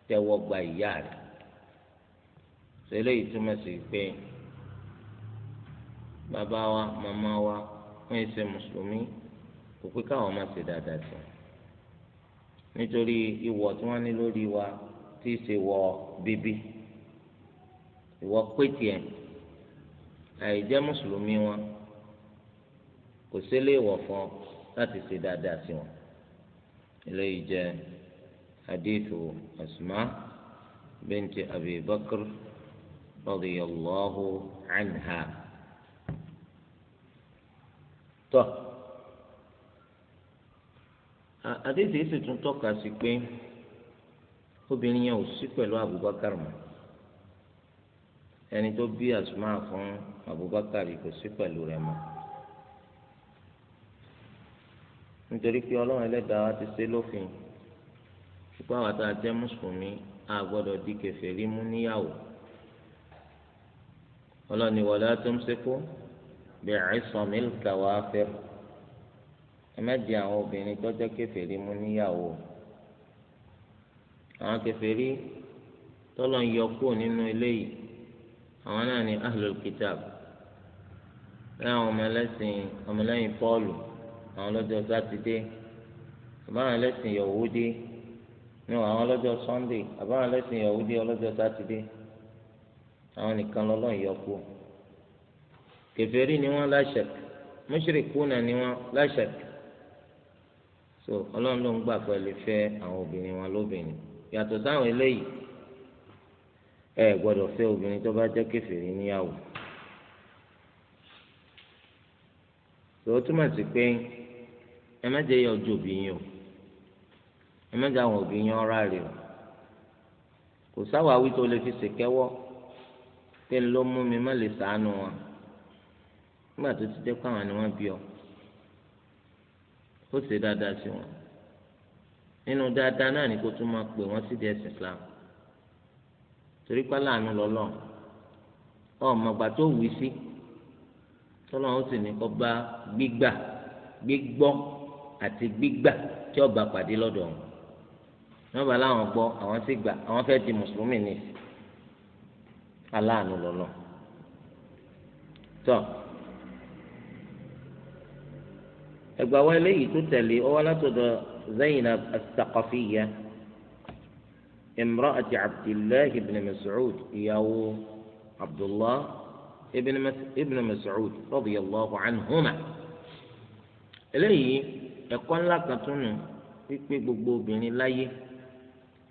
tẹ́wọ́ gba ìyá rẹ̀ sẹ́lẹ̀ ìtumọ̀ sí pé bàbá wa màmá wa wọ́n ṣe mùsùlùmí kò pé káwọn má ṣe dáadáa sí i nítorí ìwọ̀ tí wọ́n ní lórí wa tí í ṣe wọ bíbí ìwọ pétiẹ̀ àìjẹ́ mùsùlùmí wọn kò sílé ìwọ̀ fún ọ láti ṣe dáadáa sí wọn eléyìí jẹ́ hadithu asma binti abi bakr radiyallahu anha tó. So, àdéhùn èsì tún tọ́ka sí pé obìnrin yẹn ò sí pẹ̀lú Abubakar mọ́ ẹni tó bí Asma fún Abubakar kò sí pẹ̀lú rẹ̀ mọ́ nítorí pé ọlọ́run ẹlẹ́dàá ti ṣe lófin ṣùgbọ́n àwọn àti àjẹ́ mùsùlùmí a gbọ́dọ̀ di kèfèrí mú níyàwó ọlọ́ni wala tumsiku bi'isamil kawafir ẹ má di àwọn obìnrin tọ́jọ́ kèfèrí mú níyàwó àwọn kèfèrí tọ́lọ̀ ń yọ kúrò nínú eléyìí àwọn náà ní ahlul kitab láwọn ọmọlẹ́sìn ọmọlẹ́yìn pọ́ọ̀lù àwọn lọ́jọ́ sátidé àbáwọn ẹlẹ́sìn yọ̀wúdí ní àwọn ọlọ́jọ́ sọ́ndé àbáwọn ẹlẹ́sìn yọ̀wúdí ọlọ́jọ́ sátidé àwọn nìkan lọ́lọ́ọ̀ yọkú kèfèrí ni wọ́n láṣẹ mùṣírikùnà ni wọ́n láṣẹ so ọlọ́run ló ń gbà pẹ̀lú fẹ́ àwọn obìnrin wọn lóbìnrin yàtọ̀ sáwọn eléyìí ẹ gbọ́dọ̀ fẹ́ obìnrin tó bá jẹ́ kèfèrí níyàwó so ó túmọ̀ sí pé ẹ má jẹ́ yọ obìnrin o ẹ má jẹ́ àwọn obìnrin ọ̀rá rẹ̀ o kò sáwàá wí tó lè fi ṣèkẹ́wọ́ pé ló mú mi má lè sàánú wọn nígbà tó ti jẹ́ pé àwọn ni wọ́n bí ọ ó ṣe dáadáa sí wọn nínú dáadáa náà ni kó tún máa pè wọ́n sí díẹ̀ sí Islam torí pé láàánú lọ́lọ́ ọmọọgbà tó wí sí tọ́lọ́run ó sì ní kó bá gbígbà gbígbọ́ àti gbígbà tí ọba pàdé lọ́dọ̀ wọn wọn bá láwọn gbọ́ àwọn sì gbà àwọn fẹ́ẹ́ di mùsùlùmí ní aláàánú lọ́lọ́ tọ́. So, ẹgbà wọn eléyìí tó tẹ̀lé ọwọ́ látọ̀dọ̀ Zainab asakafiya imra ati Abdullahi ibn Mas'ud ìyàwó Abdullah ibn Mas'ud allahu anhuma eléyìí ẹ̀kọ́ ńlá kan tún nù pípé gbogbo obìnrin láyé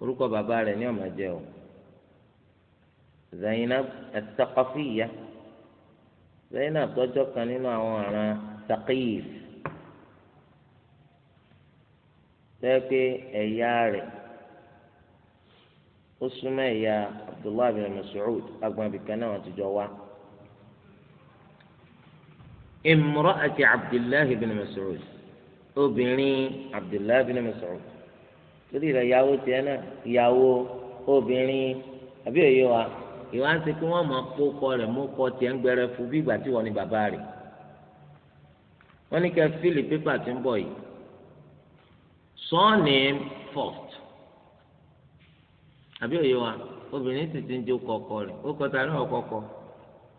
orúkọ bàbá rẹ̀ ní ọ̀mà jẹ́ o Zainab asakafiya saqafiyya Zainab tọ́jọ́ kan nínú àwọn ará Saqif. tẹ́ pé ẹ̀yà rẹ̀ ó súnmọ́ ẹ̀yà abdullahi bin masoud agbọn abìkan náà ti jọ wá. imra'ati abdullahi bin masoud obìnrin abdullahi bin masoud torí rẹ̀ ìyàwó tiẹ̀ náà ìyàwó obìnrin àbí òye wa ìwà ń ṣe kí wọ́n máa kó kọ rẹ̀ mú kọ tiẹ̀ ń gbẹrẹ fún bí ìgbà tí wọ́n ní bàbá rẹ̀ wọ́n ní kẹ́ fílì pépà tí ń bọ̀ yìí surname first àbí òye wa obìnrin sì ti ń jó kọkọ rẹ̀ ó kọta ní ọkọkọ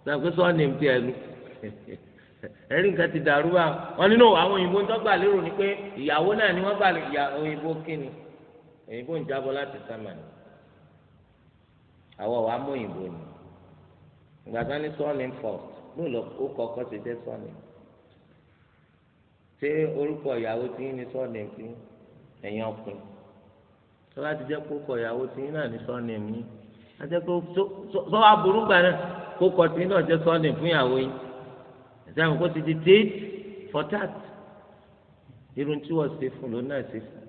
sọ pé surname ti ẹnu ẹrí nǹkan ti dàrú wa wọn nínú àwọn òyìnbó ń tọ́gbà lérò ni pé ìyàwó náà ni wọ́n gbà ìyà òyìnbó kíni òyìnbó ń jábọ̀ láti sámà ni àwọn wa mú òyìnbó ni ìgbà kan ní surname first bó lọ ó kọ́kọ́ ti jẹ́ surname ṣé orúkọ ìyàwó tí ń ní surname ti ń ẹ̀yin ọkùnrin tó bá ti jẹ́ kó kọ ìyàwó tí yín náà ní sọ́ọ̀nì mi á jẹ́ kó sọ wá burú gbà náà kó kọ tí yín náà jẹ́ sọ́ọ̀nì fún ìyàwó yín ẹ̀sẹ̀ àwọn kó ti di tèèd fọ́tàt irun tí wọ́n ṣe fún lòun náà ṣe fún.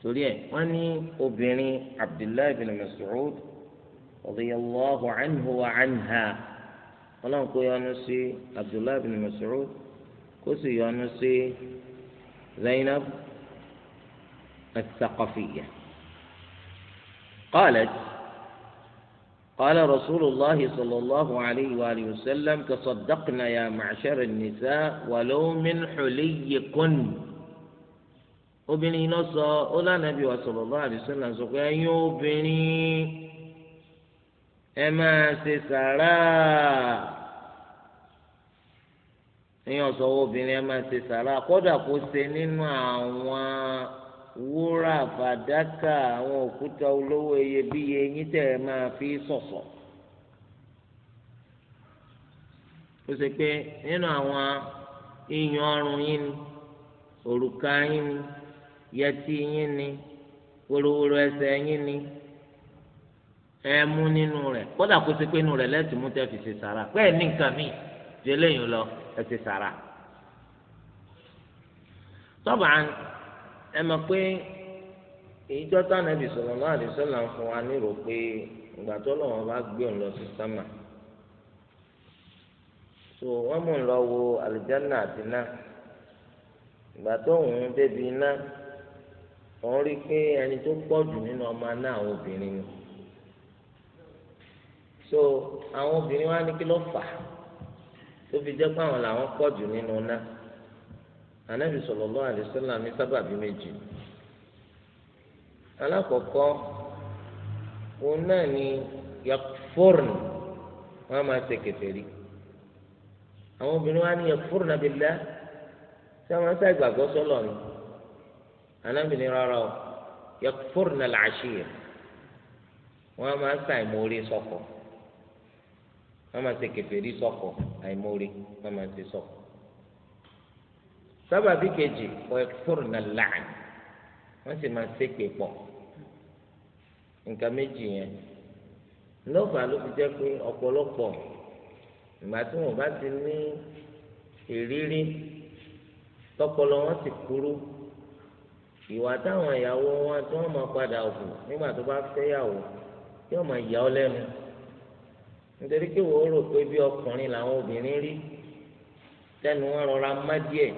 torí ẹ wọ́n ní obìnrin Abdullahi bin Mas'ud radiyallahu anhu wa anha wọ́n náà kó yọnu sí Abdullahi bin Mas'ud. kó sì yọnu sí zainab asakafiya qaalat قال رسول الله صلى الله عليه وآله وسلم تصدقنا يا معشر النساء ولو من حليكن وبني نصا أولى نبي صلى الله عليه وسلم سوف يوبني أما سسراء níyàn ọsọ obìnrin ẹ máa ṣe sàrà kódà kó ṣe nínú àwọn wúrà fàdákà àwọn òkúta olówó iyebíye ẹ fi sọsọ ó ṣe pé nínú àwọn iyùn ọrùn yín ni òrùka yín ni yẹtí yín ni wórówóró ẹsẹ̀ yín ni ẹ mú nínú rẹ̀ kódà kó ṣe pé lẹ́tùmú fi ṣe sàrà ní nǹkan mi lẹ́yìn lọ. ẹ ti sàrà tọ́ba ẹ mọ̀ pé ìjọ tánàbì sallallahu alaihi wasallam fún wa nírò pé ìgbà tó lọ́wọ́ bá gbé òun lọ sí sámà so wọ́n mú un lọ wo àlùjáná àti náà ìgbà tó òun débi iná òun rí i pé ẹni tó pọ̀ jù nínú ọmọ náà àwọn obìnrin ni so àwọn obìnrin wa ní kí ló fà á tó fi jẹ́ pé àwọn làwọn pọ̀ jù nínú náà anabi sallallahu alaihi wasallam ní sábàbí méjì alákọ̀ọ́kọ́ òun náà ni yakfurna wọn máa ṣe kèfèrí àwọn obìnrin wa ní yakfurna billah tí wọn sá ìgbàgbọ́ sọlọ ni anabi ní rárá o yakfurna al wọn máa ṣàìmórí sọkọ. So wọn máa ṣe kèfèrí sọkọ àìmọre wọn máa ṣe sọkọ sábàbí kejì ọ̀ẹ́fọ́rọ̀ náà láàánú wọ́n sì máa ṣépè pọ̀ nǹkan méjì yẹn lọ́fà ló fi jẹ́ pé ọ̀pọ̀lọpọ̀ ìgbà tí wọ́n bá ti ní ìrírí tọpọlọ wọn ti kúrú ìwà táwọn ìyàwó wọn tí wọ́n máa padà hù nígbà tó bá fẹ́yàwó yóò máa yà ọ́ lẹ́nu nítorí kí wọ́n rò pé bí ọkùnrin làwọn obìnrin rí tẹnu wọn rọra má díẹ̀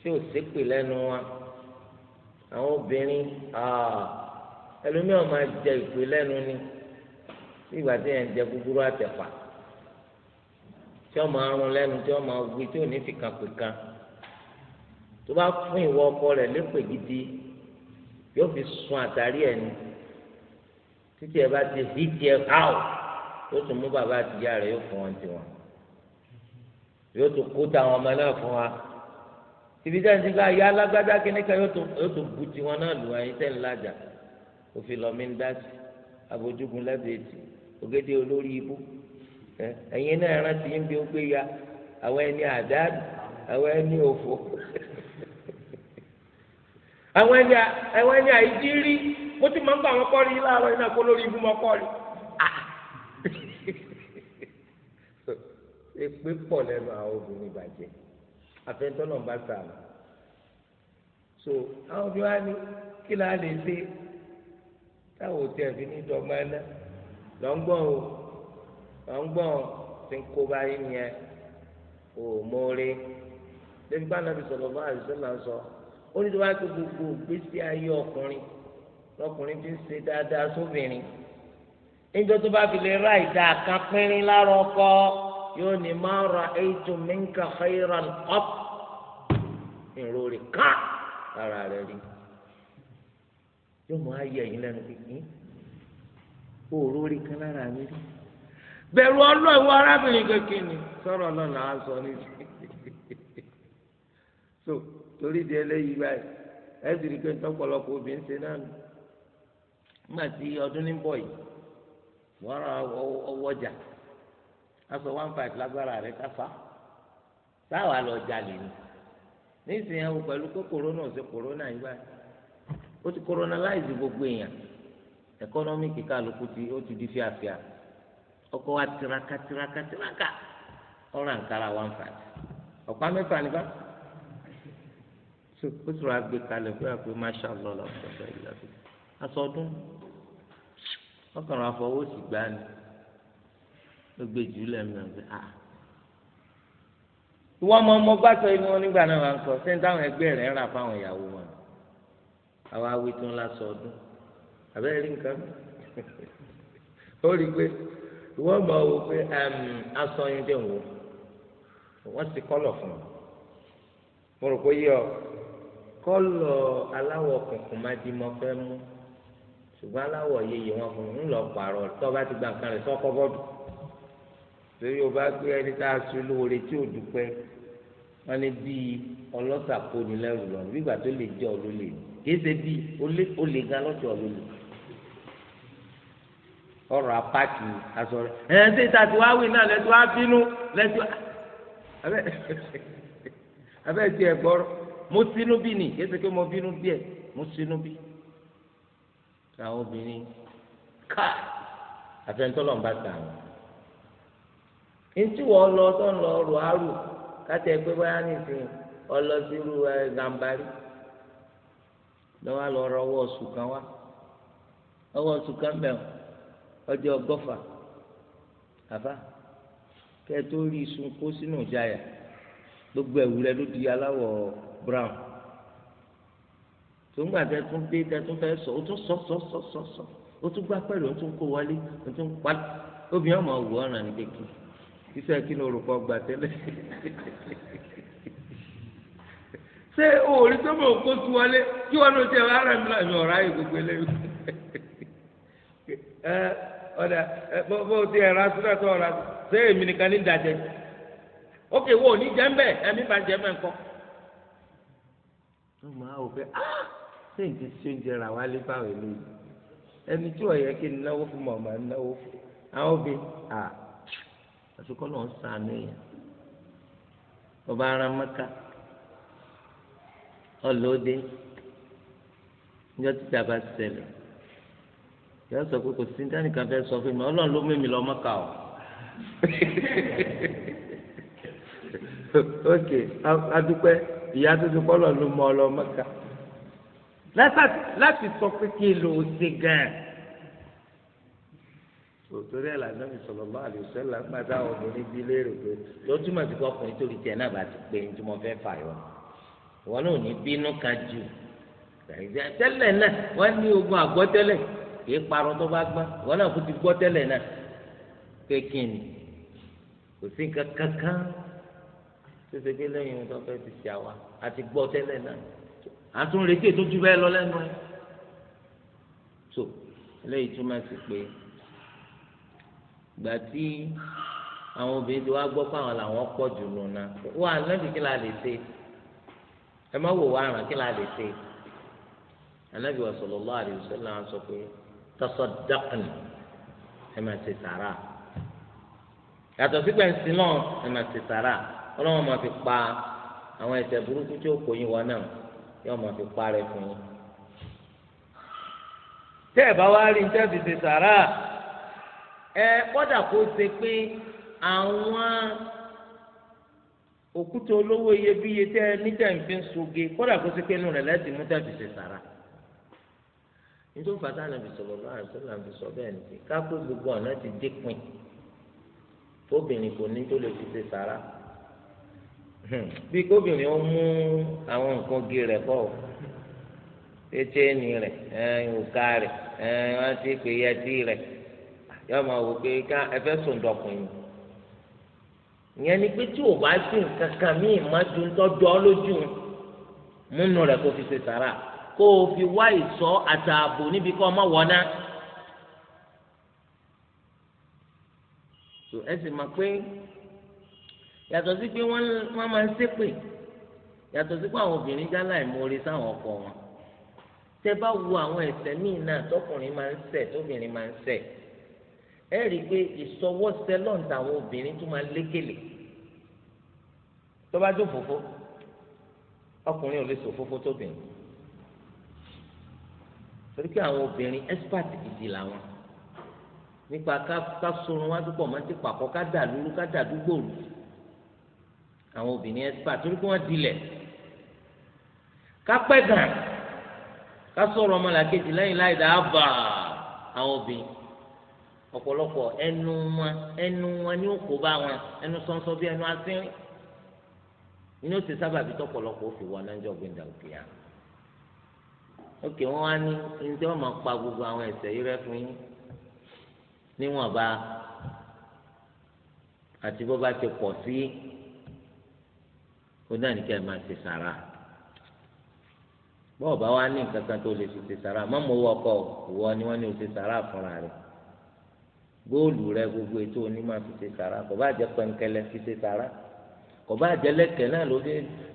tí ò ṣépè lẹ́nu wa àwọn obìnrin ẹlòmíràn máa jẹ ìpè lẹ́nu ni bí ìgbà tí yẹn ń jẹ gúgúrú àtẹ̀pà tí wọ́n máa rún lẹ́nu tí wọ́n máa wí tí ò ní fìkan pìkan tó bá fún ìwọ ọkọ rẹ̀ lépè gidi yóò fi sun àtàrí ẹ̀ ni títí ẹ bá ti hí tiẹ̀ káwọ́. yóò tún mú bàbá àtìyá rẹ̀ yóò fún wọn tiwọn yóò tún kó táwọn ọmọ náà fún wa ibi tẹ́ ń ti ya alágbádá yóò bu tiwọn náà lù wáyé tẹ́ ń lajà òfin lọ́mí ń dá sí abojúgun lẹ́bẹ̀ẹ́tì olórí ibú ẹ̀yin náà bí ya àwọn ẹni àdáàdì àwọn ẹni òfò àwọn ẹni àìjírí èpè pọ̀ lẹ́nu àwọn obìnrin bàjẹ́ àfẹnutọ́nà bá sà mọ́ so àwọn bí wàá ní kí la lè ṣe táwọn ò tiẹ̀ fi ní dọ́gba ẹ̀ná lọ́ ń gbọ́n o lọ́ ń ń kó báyìí yẹn o mórí lẹ́bi bá nàbì sọ̀rọ̀ bá àdìsọ́ là ń sọ ó ní tí wàá tó gbogbo gbèsè ayé ọkùnrin lọkùnrin fi ń ṣe dáadáa sóbìnrin. So, níjọ́ tó bá fi lè ra ìdá kan pínrín lára ọkọ yóò ní máa ra ètò minka khayran up ìró rẹ̀ ká lára rẹ̀ rí yóò máa yẹ ẹ̀yìn lẹ́nu pínpín òró rẹ̀ kan lára rẹ̀ rí bẹ̀rù ọlọ́ọ̀wọ́ arábìnrin kékeré ni sọ̀rọ̀ náà là á sọ ní so torí di eléyìí báyìí ẹ̀sìn rí pé ń tọ́pọ̀lọpọ̀ obìnrin ṣe náà nígbà tí ọdún ní bọ̀ yìí. wọ́n ra ọwọ́ jà aṣọ one five lágbára rẹ̀ káfa táwa lọ jalè ni nísìnyí àwọn pẹ̀lú pé kòrónà ọ̀sẹ̀ kòrónà yìí báyìí ó ti kòrónàláìsì gbogbo èèyàn ẹ̀kọ́nọ́mìkì kálukú ti ó ti di fíafíà ọkọ̀ wa tiraka tiraka tiraka ọ̀rọ̀ àǹkárá one five ọ̀pá mẹ́fà níbà ó rà gbé kalẹ̀ fún masha allah lọ́sọ̀ọ́sọ̀ wọ́n kàn máa fọwọ́ sí gbá ni ló gbé jù lẹ́nu náà pé a. ìwọ ọmọ ọmọ bá sọ inú wọn nígbà náà wà ń kọ sẹ́ni táwọn ẹgbẹ́ rẹ̀ ń rà fáwọn ìyàwó wọn àwa awi tó ń la sọ ọdún àbẹ́rẹ́ rí nǹkan ó rí i pé ìwọ ọmọ wo pé aṣọ yín dẹ̀ wò wọ́n ti kọ́lọ̀ fún ọ mo rò pé yí ọ kọ́lọ̀ aláwọ̀ kùnkùn má di mọ́ fẹ́ mú ṣùgbọ́n aláwọ̀ yeye wọn fún un ńlọ pààrọ̀ tó bá ti gba nǹkan rẹ̀ sọ́kọ́ bọ́ọ̀dù torí o bá gbé ẹni tá a sọ lóore tí ò dúpẹ́ wọn ni bíi ọlọ́sà kó ni lẹ́rù lọ́nà bí ìgbà tó lè jẹ́ ọ ló lè ní kìí ṣe bíi ó lè gan lọ́sọ̀ ọ ló lè ọ̀rọ̀ apáàkì aṣọ rẹ̀ ẹ̀ ẹ́ ṣe ìtàtiwáwì náà lẹ́tọ́ á bínú lẹ́tọ́ abẹ́ abẹ́ ti ẹ̀ gbọ́rọ̀ mo sínú bí ni kìí ṣe pé mo bínú bí ẹ̀ mo sínú bí àwọn obìnrin ká àfẹnutọ́lọ̀ ń bá ta àwọn. ntí wọ́n lọ tó ń àrò káta ẹgbẹ́ báyà nìsín ọlọ́sírú gàmbarí lọ́wọ́ àlọ́ ọwọ́ wá ọwọ́ ọjọ́ ọgọ́fà àbá rí kó sínú ìjayà gbogbo brown. tòǹgbà tẹ tún dé tẹ tún fẹ́ sọ ó tún sọ sọ sọ sọ sọ ó tún gbá pẹ̀lú ó tún kó wọlé ó tún pa obìnrin ọmọ wò ọ̀ràn ní kékeré iṣẹ́ kí ni orúkọ gbà tẹ́lẹ̀ ṣé òòrí tó mọ̀ kó tu wọlé kí wọn ló jẹ ara mi láàmì ọ̀rá yìí gbogbo eléyìí ẹ ọ̀dà bó bó ti ẹ̀rọ asúnà tó ọ̀rọ̀ ṣé èmi nìkan ní dàjẹ́ ókè wo ò ní jẹ́ ń bẹ̀ bá jẹ́ mẹ́ ńkọ́ ṣé n ti ṣe oúnjẹ rà wálé báwo lè ẹni tí wọ́n yẹ kí n náwó fún màmá náwó fún àwọn òbí à àsìkò náà ń sànú èèyàn ọba ara mẹ́ka ọlọ́dẹ níjọ́ títí àbá ṣẹlẹ̀ yọ sọ pé kò sí dánìkan fẹ́ sọ fún mi ọlọ́run ló mímì lọ mọ́ka o ok adúpẹ́ ìyá tó ti kọ́ ọlọ́run ló mọ ọ lọ mọ́ka láti sọ pé kí ló ṣe gan òtòrí ẹ̀ lànà mi sọ̀rọ̀ bá àlùsọ ẹ̀ lànà gbàdá ọkùnrin bíi léèrè pé yóò túmọ̀ sí pé ọkùnrin tó lè tiẹ̀ náà bá ti pé ní tí mo fẹ́ fà yọ ìwọ náà ò ní bínú ka jù tẹ́lẹ̀ náà wọ́n ní ogun àgbọ́ tẹ́lẹ̀ kìí parọ́ tó bá gbọ́n ìwọ náà kò ti gbọ́ tẹ́lẹ̀ náà pé kí ni kò sí kankan tó ṣe pé lẹ́yìn tó fẹ́ ti ṣe àwa àti gbọ́ tẹ́lẹ̀ náà à ń tún retí ètò jù bẹ́ẹ̀ lọ lẹ́nu ẹ̀ tó eléyìí túmọ̀ sí pé gbà tí àwọn obìnrin ti wá gbọ́ pé àwọn làwọn pọ̀ jù lọ náà wà lẹ́bi kí la lè ṣe ẹ má wò wá àràn kí la lè ṣe anabi wa sallallahu alayhi wa sọ pé tasaddaqan ẹ máa ṣe sàrà yàtọ̀ sí pẹ̀nsì náà ẹ máa ṣe sàrà ọlọ́wọ́n máa fi pa àwọn ẹ̀ṣẹ̀ burúkú tí ó kò yín náà yóò máa fi parẹ́ fún yín. tẹ́ ẹ̀ bá wá rí ní tẹ́ẹ̀fì ṣe sàrà ẹ kọ́dà kó ṣe pé àwọn òkúta olówó iyebíye tẹ́ ẹ níta ń fi ń soge kọ́dà kó ṣe pé inú rẹ̀ lẹ́sìn mú tẹ́ẹ̀fì ṣe sàrà. nítorí fàtà nàbì sọ̀rọ̀ bá àṣọ làǹfì sọ bẹ́ẹ̀ ni kápẹ́ gbogbo ọ̀nà ti dín pin tóbìnrin kò ní tó lè fi ṣe sàrà. Hmm. bí kóbìnrin ó mú àwọn nǹkan gi rẹ kọ o tẹ́tẹ́ẹ̀nì rẹ òkà rẹ̀ wọ́n ti pè é ẹtí yọ máa wò pé ká sùn o bá kankan míì má ju tọ́jú lójú múnú kó fi ṣe sàrà o fi wá ìsọ àtààbò níbi kó o yàtọ̀ sí pé wọ́n máa ń ṣépè yàtọ̀ sí pé àwọn obìnrin já láì mórí sáwọn ọkọ wọn tẹ bá wo àwọn ẹ̀ṣẹ̀ míì náà tọkùnrin máa ń ṣẹ̀ tóbìnrin máa ń ṣẹ̀ ẹ rí i pé ìsọwọ́sẹ̀ lọ́ǹtà àwọn obìnrin tó máa ń lékele tó bá jó fòfó ọkùnrin ò lè sọ fòfó tóbìnrin torí pé àwọn obìnrin expert gidi làwọn nípa ká sorun wájú pọ̀ mọ́ ti pàkọ́ ká dà lúrú ká dà dúgbò rú àwọn obìnrin expert torí pé wọ́n dilẹ̀ kápẹ́ gan ká sọ̀rọ̀ ọmọlàkejì lẹ́yìn láì dáàbà àwọn obìnrin ọ̀pọ̀lọpọ̀ ẹnu wọn ẹnu wọn ni ó kó bá wọn ẹnu sọ́nsọ́ bí ẹnu asínrín inú ó ti sábà bí tọ́pọ̀lọpọ̀ ó fi wọ anájọ́ gbẹ̀ndà òkè yá òkè wọn wá ní ní tí wọ́n pa gbogbo àwọn ẹ̀ṣẹ̀ yìí rẹ́ fún yín níwọ̀nba àti bó bá ti pọ̀ sí ó náà ní kí ẹ máa ṣe sàrà bọ́ọ̀ bá wá ní nǹkan kan tó lè fi ṣe sàrà má mọ owó ọkọ ìwọ ni wọ́n ní o ṣe sàrà fúnra rẹ̀ góòlù rẹ gbogbo ètò òní máa fi ṣe sàrà kò bá jẹ pẹ̀nkẹ́lẹ́ fi ṣe sàrà kò bá jẹ lẹ́kẹ̀ náà ló fi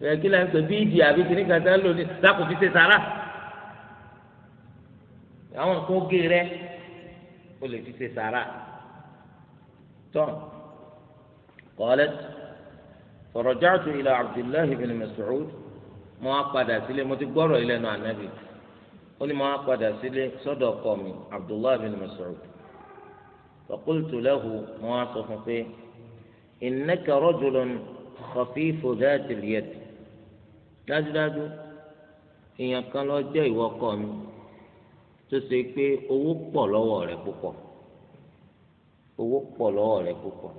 ẹ kí láń pẹ bíìdì àbí kí ní kàtà lónìí dákò fi ṣe sàrà àwọn nǹkan oge rẹ o lè fi ṣe sàrà tán kọ́lẹ́tì. فرجعت إلى عبد الله بن مسعود ما أقعد سلي متقبر إلى النبي قل ما أقعد سلي صدق قومي عبد الله بن مسعود فقلت له ما أصفه إنك رجل خفيف ذات اليد dájúdájú èèyàn kan lọ jẹ́ ìwọ ọkọ mi tó ṣe pé owó pọ̀ lọ́wọ́ rẹ̀ púpọ̀ owó pọ̀ lọ́wọ́ rẹ̀ púpọ̀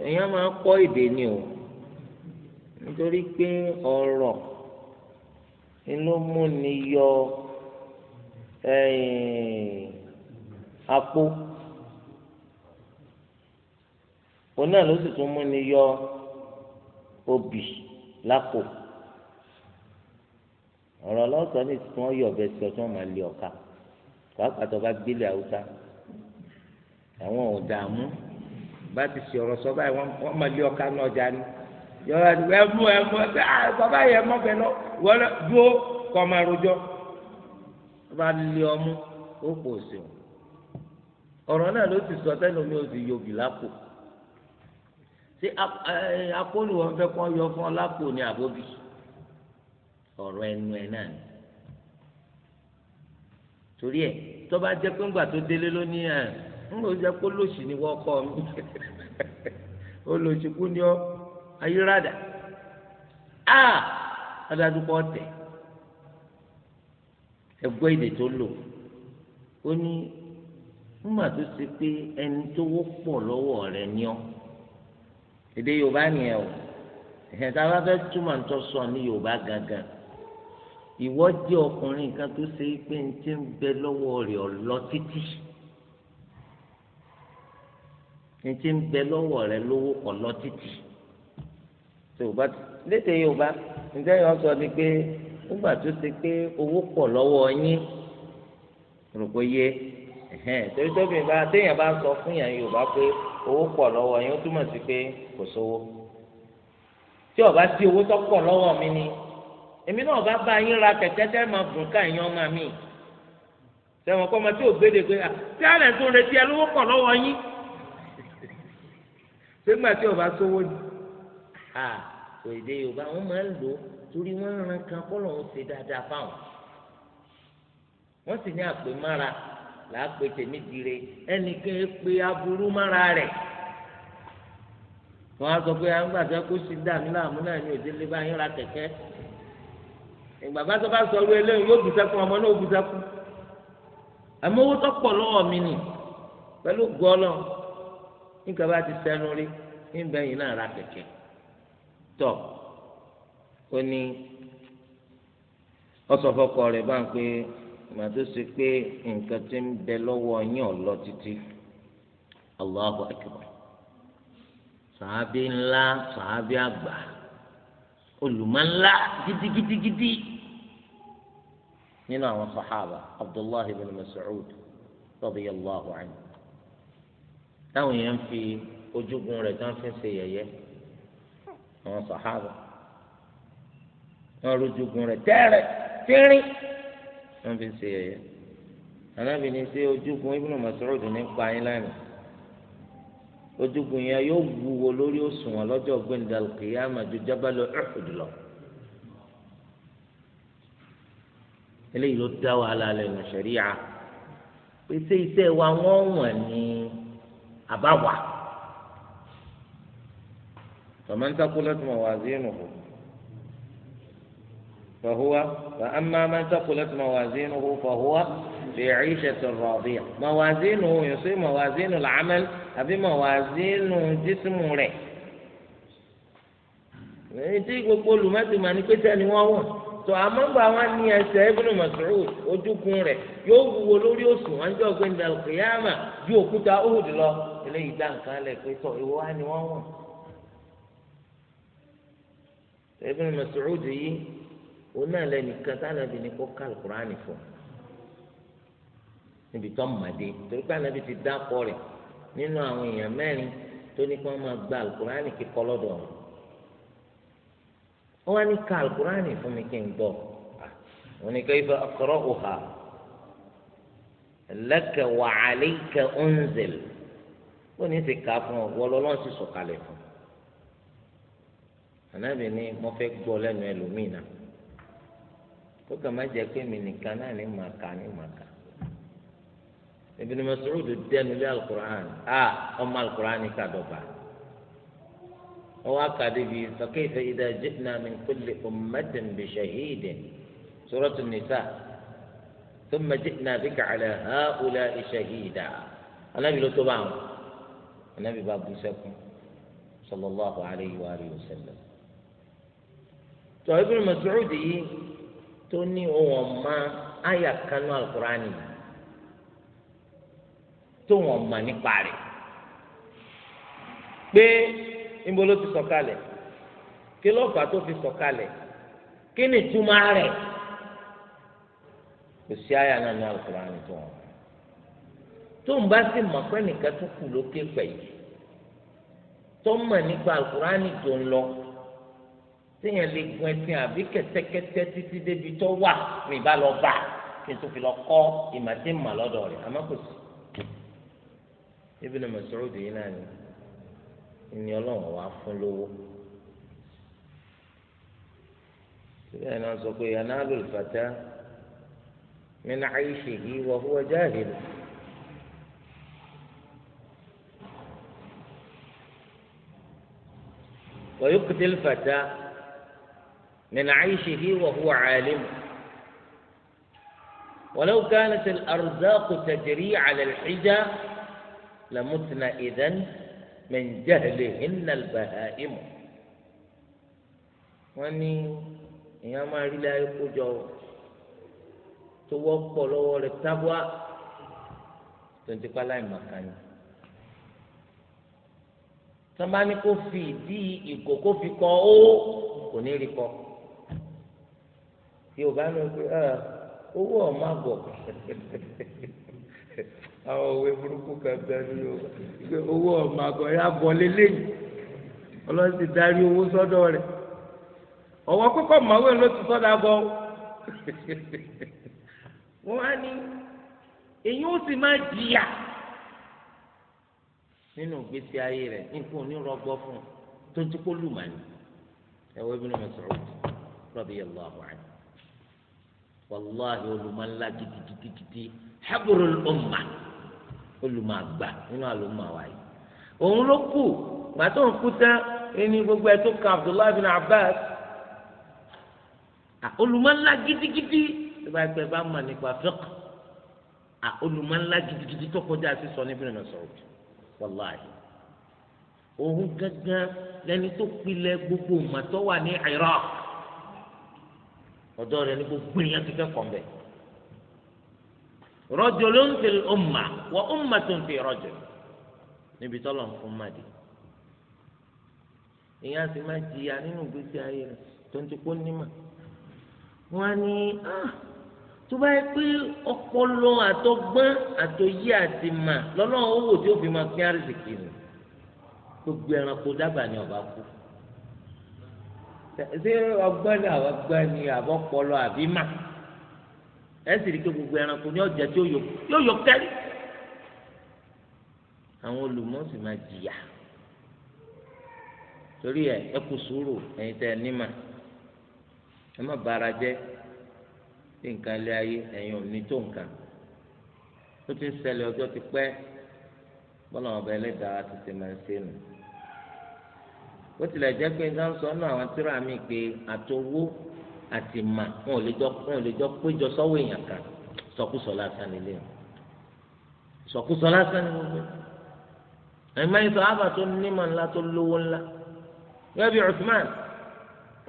èèyàn máa kọ́ èdè ni o nítorí pé ọ̀rọ̀ inú múni yọ apó òun náà ló sì tún múni yọ obì lápò ọ̀rọ̀ lọ́sọ̀ ní tí wọ́n yọ ọ̀bẹ sí ọtún máa lé ọ̀ka pàápàá tó bá gbélé haúsá àwọn ò bá ti sì ọ̀rọ̀ sọ báyìí wọ́n máa lé ọ̀ka náà jáde yọ̀rọ̀ àdìgbò ẹ mú ẹ mú ẹ sẹ́ ah bàbá yẹ mọ́ bẹ́ẹ̀ lọ wọ́n lọ dúró kọ́ máa rojọ́ wọ́n bá lé ọmú ó pò sí o ọ̀rọ̀ náà ló ti sọ tẹ́lẹ̀ omi ò sì yọ̀bì lápò ṣé akóni wọn fẹ́ kọ́ yọ fún ọ lápò ní àbóbì ọ̀rọ̀ ẹnu ẹ náà ni torí ẹ tó jẹ́ pé ńgbà tó délé ló ní ẹ̀ ń lò jẹ kó lòsì ni wọ́n kọ́ mi olòsì kú ni ọ ayírádà a adadúpọ̀ tẹ̀ ẹgbẹ́ èdè tó lò ó ní nígbà tó ṣe pé ẹni tó wọ́pọ̀ lọ́wọ́ rẹ̀ ni ọ́ èdè Yorùbá nìyẹn o ẹ̀hìn tá a bá fẹ́ túmọ̀ tó sọ ní Yorùbá gangan ìwọ jẹ́ ọkùnrin kan tó ṣe pé ń ti ń bẹ lọ́wọ́ rẹ̀ ọ lọ títí ní ti ń bẹ lọ́wọ́ rẹ lówó kọ̀ lọ títì tó o bá lédè yorùbá ǹjẹ́ yóò sọ ni pé nígbà tó ti pé owó pọ̀ lọ́wọ́ yín rò pé yé torí tóbi bá téèyàn bá sọ fún yàn yorùbá pé owó pọ̀ lọ́wọ́ yín ó túmọ̀ sí pé kò sówó tí ọba tí owó tó pọ̀ lọ́wọ́ mi ni èmi náà bá bá yín ra kẹ̀kẹ́ tẹ́ máa gùn ká ìyàn ọmọ mi sẹ́wọ̀n kọ́ ọmọ tí ò gbé de pé tí àlẹ́ tó retí ẹ lówó pọ̀ lọ́wọ́ yín ṣégbà tí o bá sówó ni à òde yorùbá wọn máa ń lò ó torí wọn ràn kan kọ́ lọ́hún ṣe dáadáa fáwọn wọ́n sì ní àpè mára làápè tèmi dire ẹnìkan ẹ pé aburú mára rẹ̀ wọ́n á sọ pé à ń gbàgbé kó sì dà mí láàmú náà ní òdílé báyìí ra kẹ̀kẹ́ ìgbà bá tó bá sọ ọ̀rọ̀ eléyìí yóò bùsẹ ọmọ náà bùsẹ fún àmọ́ owó tó pọ̀ lọ́wọ́ mi nì pẹ̀lú gọlọ nígbà bá ti sẹ́nu rí níbẹ̀ yìí náà ra kẹ̀kẹ́ tọ̀ ó ní ọsọfọkọ rẹ̀ bá ń pé màá tó ṣe pé nǹkan ti ń bẹ lọ́wọ́ yín ọ̀lọ́ títí Allahu akbar sàábí ńlá sàábí àgbà olùmọ̀ńlá gidigidigidi nínú àwọn sàhábà Abdullahi bin Mas'ud radiyallahu anhu. táwọn èèyàn fi ojúgun rẹ̀ tí wọ́n fi ń ṣe yẹ̀yẹ́ àwọn sàhábà wọ́n rojúgun rẹ̀ tẹ́rẹ̀ tínrín wọ́n fi ń ṣe yẹ̀yẹ́ anábì ní ṣe ojúgun Ibn Mas'ud ní pa yín lánàá ojúgun yẹn yóò wúwo lórí òṣùwọ̀n lọ́jọ́ gbẹ̀ndàlù kìyàmà ju jábàlú Uhud eléyìí ló dá wàhálà lẹ́nu ṣẹ̀ríà pèsè iṣẹ́ wa wọ́n wọ̀n ní àbáwà فمن ثقلت موازينه فهو فأما من ثقلت موازينه فهو في عيشة راضية موازينه يصير موازين العمل أبي موازين جسم له ètí gbogbo olùmọ̀tò mà ní pété ni wọ́n wọ̀ tó àmọ́gbà wọn ní ẹsẹ̀ Ibn Mas'ud ojúkun rẹ̀ yóò wúwo lórí òṣùwọ̀n jọ́ gbẹ̀ndàlùkìyàmà ju òkúta Uhud lọ eléyìí dá nǹkan lẹ̀ pé tọ́ ìwọ wá ni wọ́n wọn wọ̀. Ibn Mas'ud yi oun òun náà lẹ́nìkan tánàbì ní kó kuran Al-Qur'ani fún níbi tó màdé torí pé ànábì ti dá pọ̀ rẹ̀ nínú àwọn èèyàn mẹ́rin tó ní kó wọ́n máa gba Al-Qur'ani kíkọ lọ́dọ̀ ọ̀hún wọ́n wá ní ká alukurani fún mi kí n gbọ́ wọ́n ní ká ibà kayfa aqra'uha laka wa alayka unzil ó ní ti kà á fún ọ wọ lọ́lọ́run sì sọ̀kalẹ̀ fún ànábì ni mo fẹ́ gbọ́ lẹ́nu ẹlòmíì náà ó kàn má jẹ́ pé mi nìkan náà ní màá kà ní màá kà Ibn Mas'ud dẹnu lé alukur'an a ọmọ alukur'an ní kàdọ̀bà ọwọ́ àkàdé bíi fakayfa idha ji'na min kulli ummatin bi shahidin Suratu Nisa thumma ji'na bika ala ha'ula'i shahida ànábì ló tó bá wọn. anabi bá bú sẹ́kún sallallahu alayhi wa alihi wa sallam tọ́ Ibn Mas'ud yìí tó ní ohun ọ̀ma àyà kanú alukurani ti sọ̀kalẹ̀ kí ló tó fi kí ni túmọ̀ rẹ̀ kò sí àyà náà ní tó tó ń bá sì mọ̀ pé nìkan tó kù lókè pẹ̀yì tó mọ̀ nípa alukurani tó ń lọ téèyàn lè gun ẹṣin àbí kẹtẹkẹtẹ títí débi tó wà ní ìbá lọ bá kí n tó fi lọ kọ́ ìmọ̀tí mọ̀ lọ́dọ̀ rẹ̀ àmọ́ kò sí. Ibn Mas'ud yìí náà ni ìní ọlọ́run wàá fún lówó. síbẹ̀ náà sọ pé yanalu al-fata min 'aishihi wa huwa jahil. ويقتل الفتى من عيشه وهو عالم ولو كانت الأرزاق تجري على الحجة لمتن إذن من جهلهن البهائم واني يا ما لا يقجو توقف لو لتبوى تنتقل لما كانت tó bá ní kó fi ìdí ìgò kó fi kọ ó kò ní rí kọ tí o bá ní pé owó ọmọ àgọ àwọn òwe burúkú kan bẹ ní o pé owó ọmọ àgọ ẹ àgọ lélẹyìn ọlọ́run darí owó sọ́dọ̀ rẹ̀ ọ̀wọ́ kókó màwé ló ti sọ́dọ̀ àgọ́ wọn á ní èyí ó sì máa jìyà nínú ìgbésí ayé rẹ̀ nǹkan ò ní rọgbọ fún un tó ń tí kó lùmọ̀ọ́nì ẹ̀wọ́ Ibn Mas'ud radiyallahu anhu wàláhi olùmọ̀ọ́nlá gidigidigidi habrul umma olùmọ̀ọ́gbà nínú àlùmọ̀ wáyé òun ló kù gbàtó ń kú tán ẹni gbogbo ẹ̀ tó ka Abdullahi bin Abbas olùmọ̀ọ́nlá gidigidi tó bá pẹ́ bá mọ̀ nípa fiqh olùmọ̀ọ́nlá gidigidi tó kọjá sí sọ ní Ibn Mas'ud wàláyé òun gángan lẹni tó pilẹ̀ gbogbo màtọ́ wà ní Iraq ọ̀dọ́ rẹ̀ ní gbogbo èèyàn ti kẹ́kọ̀ọ́ mbẹ́ rajulun fil umma wa ummatun fi rajul níbi tọ́lọ̀ ń fún màdì èèyàn sì máa jìyà nínú ìgbésí ayé rẹ̀ tó ń ti kó nímà wọ́n á ah tó bá yẹ pé ọpọlọ àtọgbọ́n àtòyí àti mà lọ́lọ́run owó tí ó fi máa pín àrísìkì nù gbogbo ẹranko dábàá ni ọba kú ṣé ọgbọ́n ni àwọn ọgbọ́n ni àbọ̀pọlọ àbí mà ẹ sì rí i pé gbogbo ẹranko ní ọjà tí yóò yọ kẹ́rì àwọn olùmọ̀ọ́sì máa jìyà torí ẹ ẹ sùúrù ẹ̀yin tẹ ẹ ní bàrà jẹ́ sí nǹkan ilé ayé ẹ̀yin ò ní tó nǹkan ó ti ń ṣẹlẹ̀ ọjọ́ ti pẹ́ bọ́lá ọba ẹlẹ́dàá ti ti máa ń ṣe nù ó tilẹ̀ jẹ́ pé nǹkan sọ náà àwọn tíra mi pé àtowó àti mà wọn ò lè jọ wọn ò lè jọ péjọ sọ́wọ́ èèyàn kan sọkúsọ lásán nílé wọn sọkúsọ lásán ní gbogbo ẹ̀mọ́ ìfọ̀ àbà tó nímọ̀ ńlá tó lówó ńlá yóò bí Uthman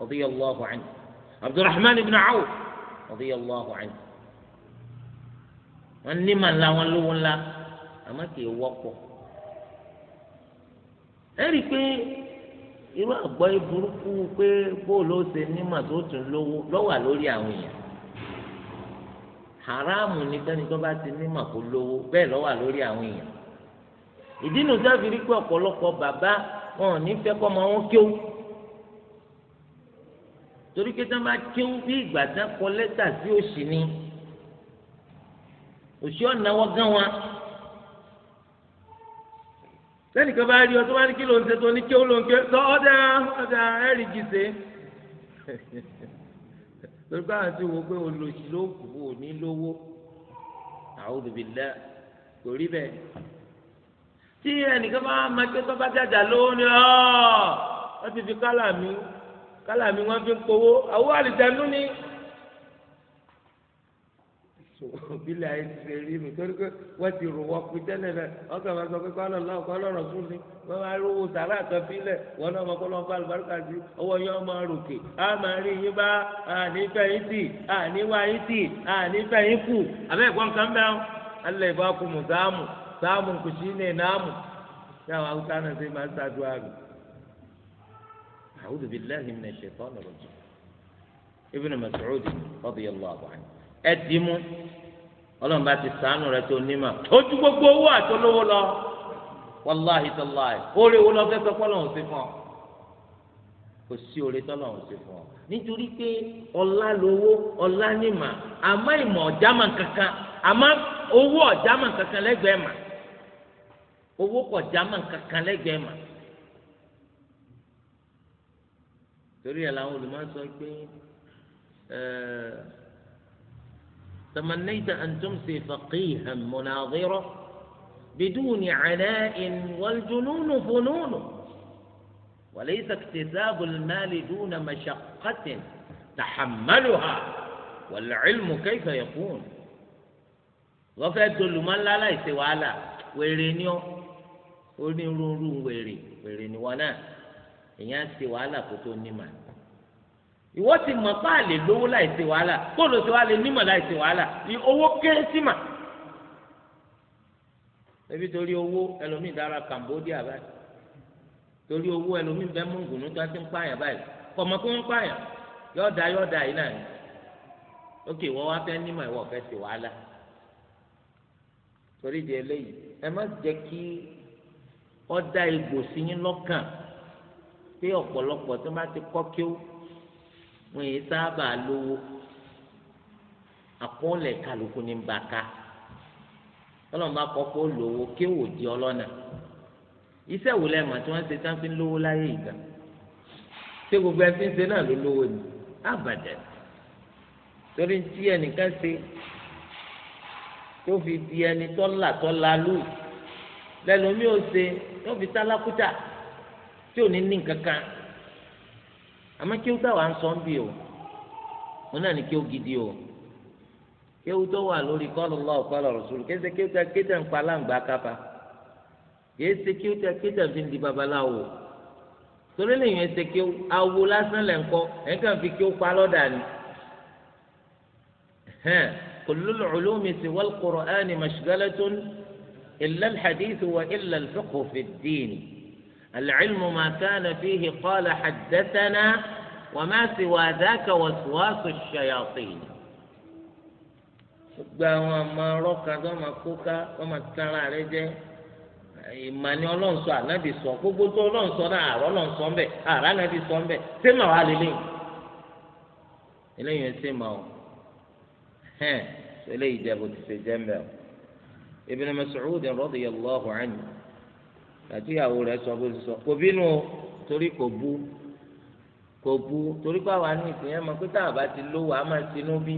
radiyallahu anhu Abdurrahman ibn Awf radiyallahu anhu wọn ní màá ńlá wọn lówó ńlá àmọ́ kì í wọ́pọ̀ ẹ rí i pé irú àgbọ́yé burúkú pé bóòlù ó ṣe nímọ̀ tó tún lówó lọ́wà lórí àwọn èèyàn haramu ni fẹ́ni tó bá ti nímọ̀ kó lówó bẹ́ẹ̀ lọ́wà lórí àwọn èèyàn ìdí nu sáfìrí pé ọ̀pọ̀lọpọ̀ bàbá wọn ò ní fẹ́ kọ́ ọmọ wọn kí ó torí pé tí wọn bá kéwú bí ìgbà tán kọ lẹ́tà sí òsì ni òsì ọ̀nà wọn gán wọn lẹ́nìkan bá rí ọ tó bá ní kí ló ń ṣe tó ní kéwú ló ń ké sọ ọ̀dà ọ̀dà ẹ̀rì gìsè torí pé àwọn ti wo pé olóṣì ló kù ò ní lówó a'udhu billah kò rí bẹ́ẹ̀ tí ẹnìkan bá máa ké tó bá jàjà lówó ni ọ́ ọ ti fi kálà mi. Kala mi wọ́n fi ń powó àwọ àlìjánu ni. bílẹ̀ ayé ti ṣe rí mi torí pé wọ́n ti rò wọ́n pin tẹ́lẹ̀ náà ọkọ̀ máa sọ pé kọ́lọ̀ náà kọ́lọ̀ rọ̀ fún mi wọ́n máa rówó sàrà kan bílẹ̀ wọ́n náà máa kọ́lọ́ fún àlùbáríkà sí ọwọ́ yẹn máa ròkè á máa rí yín bá ànífẹ́ yín tì àníwá yín tì ànífẹ́ yín kù àbẹ́ ìgbọ́n kan bẹ́ẹ̀ alẹ́ ìbá kú mùsáàmù sáàmù kùsì ní ìnáàmù ní àwọn haúsá náà ṣe máa ń ṣàdúrà rẹ̀ أعوذ بالله من الشيطان الرجيم ابن مسعود رضي الله عنه أدموا ọlọ́run bá ti sànù rẹ tó ní mà ojú gbogbo owó àtolówó lọ wàláhi tàláhi oore wo lọ fẹsọ kọlọrun fún ọ nítorí pé ọlá lówó ọlá nímà àmọ́ ìmọ̀ ọjàmà kankan àmọ́ owó ọjàmà kankan lẹ́gbẹ̀ẹ́ mà owó kọjàmà kankan lẹ́gbẹ̀ẹ́ mà torí ẹ̀ làwọn olùmọ̀ sọ pé تمنيت أن تمسي فقيها مناظرة بدون عناء والجنون فنون وليس اكتساب المال دون مشقة تحملها والعلم كيف يكون wọ́n fẹ́ dolùmọ́ ńlá láìsí wàhálà wèrè ni ọ́ onírúurú wèrè wèrè ni wọ́n náà èèyàn ṣe wàhálà kó tó nímà ìwọ ti mọ̀ pé àlè lówó láì ṣe wàhálà kóòlù ṣe wàhálà nímọ̀ láì ṣe wàhálà owó kéré sí mà ebi torí owó ẹlòmíì dára Cambodia báyìí torí owó ẹlòmíì bẹ mú ngùnú tó ti ń pààyàn báyìí kọmọ kó ń pààyàn yọ̀ọ̀dà yọ̀ọ̀dà yìí náà ni ókè wọ́n wá fẹ́ nímọ̀ ìwọ fẹ́ ṣe wàhálà torí di eléyìí ẹ má jẹ́ kí ọ̀dà egbò sí yín lọ́kàn pé ọ̀pọ̀lọpọ̀ tó bá ti kọ́ kí ó wọn yìí sábà lówó àkọọ́lẹ̀ kálukú ní bàkà ọlọ́run bá kọ́ pé ó lówó kí ó di ọlọ́nà iṣẹ́ wo lẹ́mọ̀ tí wọ́n ṣe tán fi ń lówó láyé ìgbà ṣé gbogbo ẹ ń ṣe náà ló lówó ni àbàdàn torí tí ẹnìkan ṣe tó fi di ẹni tọ́lá tọ́lá lù lẹ́nu mi ò ṣe tó fi tálákútà tí ò ní ní kankan àmọ́ kí ó dá wàá ń sọ ń bì o wọn náà ní kí ó gidi o kí ó tó wà lórí kọ́lù lọ́ọ̀ kọ́lù rọ̀ṣùlù kí ó ṣe kí ó tẹ kéjà ń pa aláǹgbá kápá kì í ṣe kí ó tẹ kéjà fi ń di babaláwo torí lè yẹn ṣe kí ó awo lásán lẹ̀ ń kọ́ ẹ̀ fi kí ó pa lọ́dà ni kullu al-ulumi siwa al-Qur'ani mashghalatun illa al-hadith wa illa al-fiqh fi ad-din. العلم ما كان فيه قال حدثنا وما سوى ذاك وسواس الشياطين gbogbo àwọn ọmọ tó máa kóká tó máa tara rẹ jẹ ìmọ̀ ni ànábì sọ gbogbo tó ọlọ́run náà àrọ́ ọlọ́run sọ àrà ànábì sọ ń ṣé màá wà lélẹ́yìn eléyìí ṣe mà ó hẹ́n eléyìí jẹ́ bó ti ṣe jẹ́ ń bẹ̀ o Ibn Mas'ud radiyallahu anhu àti ìyàwó rẹ̀ sọ bó ti sọ kò bínú o torí kò bú kò bú torí pé àwa ní ìsìn yẹn mọ pé táwa bá ti lówó a máa tinú bí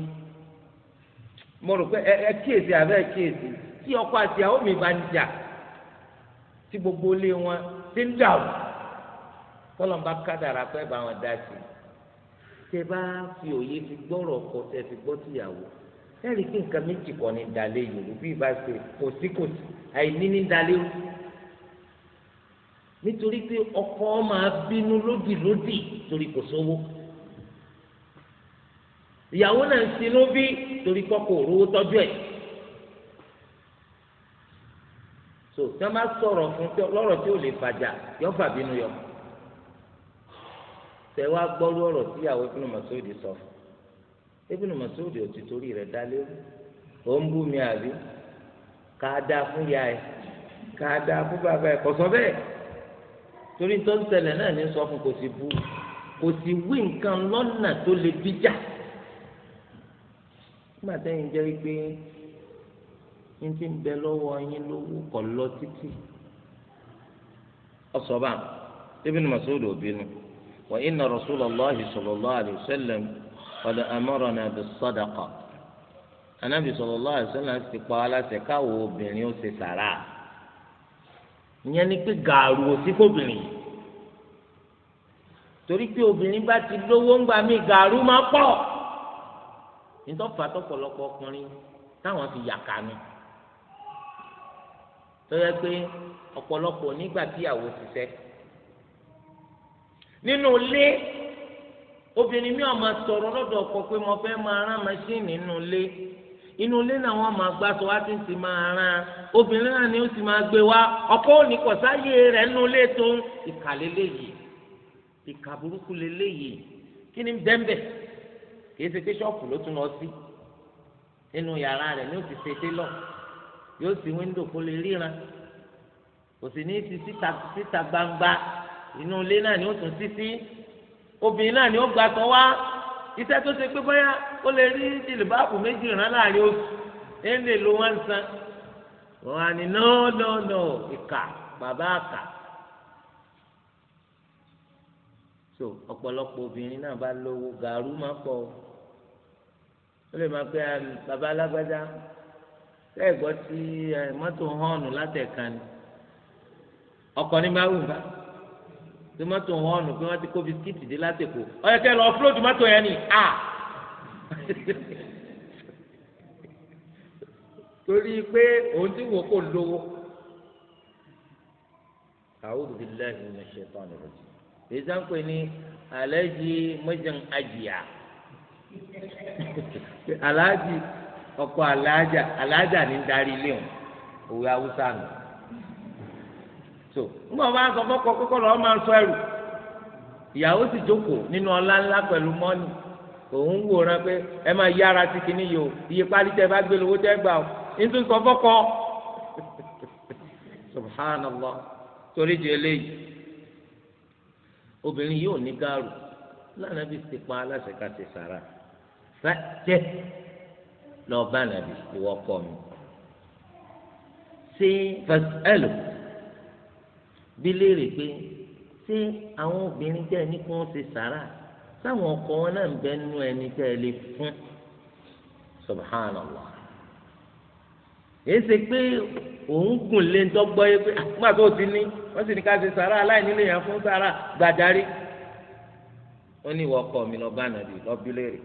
mo rò pé ẹ kíyèsí àbẹ́ kíyèsí tí ọkọ àti ìyàwó mi bá ń jà tí gbogbo ilé wọn ti ń dà o tọ́lọ́n bá kádàrà pé bá wọn dá sí tẹ bá fi òye fi gbọ́rọ̀ ọkọ tẹ fi gbọ́ tìyàwó ẹ rí i pé nǹkan méjì kọ́ ni dalẹ́ yòówù bí ìbá ṣe kòsíkòsí àìní ní dalẹ́ yòówù nítorí pé ọkọ máa bínú lódìlódì torí kò sówó ìyàwó náà ń sinú bí torí kọkọ òrówó tọ́jú ẹ̀ so tí wọn bá sọ̀rọ̀ fún lọ́rọ̀ tí ò lè fàjà yọ fàbínú yọ tẹ wá gbọ́rú ọ̀rọ̀ tí ìyàwó Ibn Mas'ud sọ fún Ibn Mas'ud ò ti torí rẹ̀ dálé ó ń bú mi àbí ká dáa fún ya ẹ ká dáa fún bàbá ẹ kò sọ torí tó ń ṣẹlẹ̀ náà ní sọ fún kò sí bú kò sí wí nǹkan lọ́nà tó lè bíjà nígbà tẹ́yìn jẹ́ pé ní ti ń bẹ lọ́wọ́ yín lówó kọ̀ lọ títí ọ̀sọ̀bà ibn Mas'ud òbínú wa inna Rasulullahi sallallahu alaihi wasallam qad amarna bis-sadaqa anábì sallallahu alaihi wasallam ti pa aláṣẹ káwọ obìnrin ó ṣe sàrà ìyẹn ni pé gàrú òsì fóbìnrin torí pé obìnrin bá ti lówó ń gbà mí gàrú máa pọ̀ nítòfà tọ̀pọ̀lọpọ̀ ọkùnrin táwọn fi yàkà mi tó yẹ pé ọ̀pọ̀lọpọ̀ nígbà tíyàwó ṣiṣẹ́ nínú ilé obìnrin mi ò máa sọ̀rọ̀ lọ́dọ̀ ọkọ pé mo fẹ́ máa rán maṣíìnì nínú ilé inú ilé náà wọ́n máa gbá sọ wá tí ń sì máa rán obìnrin náà ni ó sì máa gbé wá ọkọ òní kò sáyé rẹ̀ nú ilé tó ń ìkà lélẹ́yìí ìkà burúkú lélẹ́yìí kí ni bẹ́ńbẹ́ kìí ṣe pé ṣọ́ọ̀pù ló tún lọ sí nínú yàrá rẹ̀ ni ó ti ṣe télọ̀ yóò sì wíńdò kó lè ríran kò sì ní ti síta gbangba inú ilé náà ni ó tún sí sí obìnrin náà ni ó gbà tán wá iṣẹ́ tó ṣe pé bóyá ó lè rí jìlìbáàbù méjì rán láàrin oṣù ẹ lè lo wọn san wọn á ní nọ́ọ̀nọ́ọ̀nọ́ ìkà bàbá àkà so ọ̀pọ̀lọpọ̀ obìnrin náà bá lówó gàrú má pọ̀ ó lè máa pé um, bàbá alágbádá ṣé ẹ̀gbọ́n tí um, mọ́tò hàn látẹ̀kan ni ọkọ̀ ní máa wù bá tomato wọn nù pé wọn ti kó bisikíìtì dé lásìkò ọyọ kẹ lọ fúlò tomato yẹn ni a torí pé òun ti wò kó lówó a'udhu billahi minash shaitanir rajim èyí pé ní aláàjì mọ́jàn àjìyà aláàjì ọkọ aláàjà aláàjà ní darí ilé òun òwe haúsá nù so ńgbọ́n bá sọ fọ́kọ kọ́kọ́ lọ́ọ́ máa sọ ẹrù ìyàwó sì jókòó nínú ọlá ńlá pẹ̀lú mọ́nì òun wòran pé ẹ máa yára sí kinní yìí o iye pálí tẹ bá gbé lówó tẹ gbà o nítorí sọ fọ́kọ subhanallah torí di eléyìí obìnrin yìí ò ní gáàrù lánàá bí ti pa aláṣẹ ká ti sàrà fẹ́ẹ́ lọ bá nàbì ìwọ kọ mi ṣé fẹsẹ̀lù bí léèrè pé ṣé àwọn obìnrin tẹ́ ẹ ní kí wọ́n ṣe sàrà sáwọn ọkọ wọn náà ń bẹ nínú ẹni tẹ́ ẹ lè fún subhanallah èyí ṣe pé òun gùn lé ń tọ́gbọ́ yé pé àgbà ah, tó ti ní wọ́n sì ní ká ṣe sàrà aláìní lè yàn fún sàrà gbàdárí ó ní ìwọ ọkọ mi lọ bá nàbì lọ bí léèrè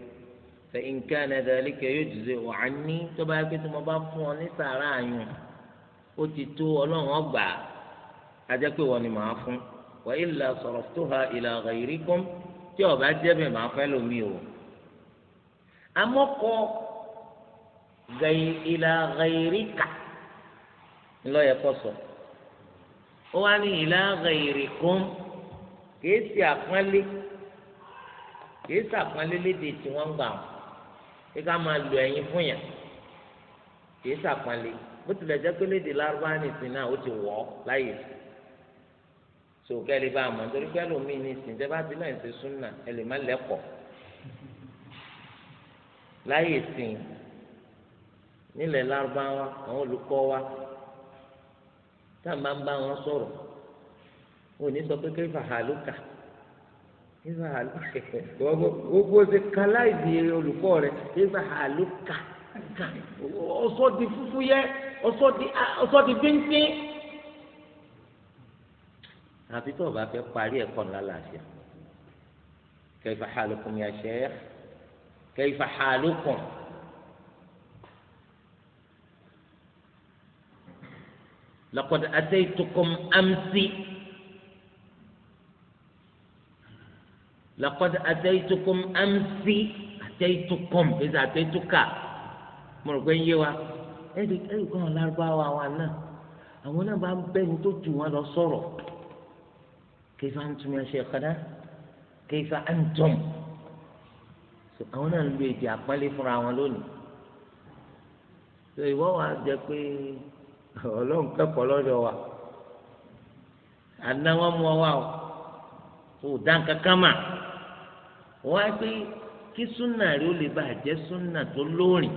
fa in kana dhalika yujzi anni tó bá yẹ pé tí mo bá fún ọ ní sàrà àyùn ó ti tó ọlọ́run ọgbà á ajẹ́ pé wọ́n ni màá fún wa illa saraftuha ila ghayrikum tí ọba jẹ́bẹ̀ màá fẹ́ lómi o. amọ́kọ ila ghayrika ńlọ́yẹ kọ́ sọ ó wá ní ila ghayrikum kìí ṣe àpọ́nlé kìí ṣe àpọ́nlé léde tí wọ́n ń gbà wọ́n kí ká máa lo ẹ̀yin fún yàn kìí ṣe àpọ́nlé bó tilẹ̀ jẹ́ pé léde lárúbáwá nìsín náà ó ti wọ̀ ọ́ láyè sí so kẹ́lẹ́ bá a mọ̀ nítorí pé ẹlòmíì ní ìsìn tẹ́ bá ti náà ṣe súnà ẹ lè má lẹ́kọ̀ọ́ láyé ìsìn nílẹ̀ lárúbáwá àwọn olùkọ́ wa tá à ń bá ń bá wọn sọ̀rọ̀ wọn ò ní sọ pé kí fàhálùkà kí fàhálùkà gbogbo ṣe kan láì di olùkọ́ rẹ kí fàhálùkà ọsọ di fúfú yẹ ọsọ di bíntín àfi tó o bá fẹ́ parí ẹ̀kọ́ ńlá làásìá kayfa halukum ya sheikh kayfa halukum. لقد أتيتكم أمسي لقد أتيتكم أمسي أتيتكم إذا أتيتك مرغين يوا ẹ̀rí ẹ̀rí kan lárúbáwá wa náà àwọn náà bá ń bẹ́ni tó jù wọn lọ sọ̀rọ̀ كيف أنتم يا شيخنا كيف أنتم àwọn náà ń lo èdè àpọ́nlé fúnra wọn lónìí ìwọ wa jẹ pé ọlọ́run kẹ́kọ̀ọ́ lọ́dọ̀ wa àná wọn mú ọ wá o kò dá nǹkan kan mà wọ́n á pé kí súnà rí ó lè bá jẹ́ súnà tó lóòrìn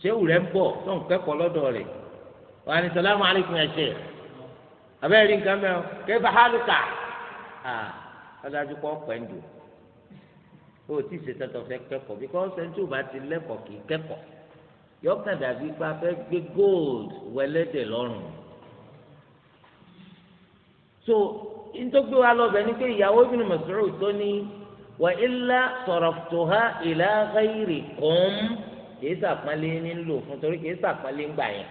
ṣé òwúrẹ́ ń bọ̀ tó ń kẹ́kọ̀ọ́ lọ́dọ̀ rẹ̀ wà ní sàlámù aláìkùm yà ṣẹ́yà abẹ́rẹ́ nǹkan mẹ́wọ́ kẹfà hálùkà ọ̀dájú kọ́ pẹ̀ndù o tí ì ṣètọ́tọ̀ fẹ́ kẹ́kọ̀ọ́ because ẹni tí o bá ti lẹ́kọ̀ọ́ kì í kẹ́kọ̀ọ́ yọkàn dàbí ipa fẹ́ gbé gold wẹlẹ́dẹ̀ lọ́rùn so ntọ́gbé wa lọ́bẹ̀ ni pé ìyàwó Ibn Mas'ud tó ní wa illa saraftuha ila ghairikum kìí sàpálẹ̀ ní lò fún torí kìí sàpálẹ̀ ń gbà yẹn.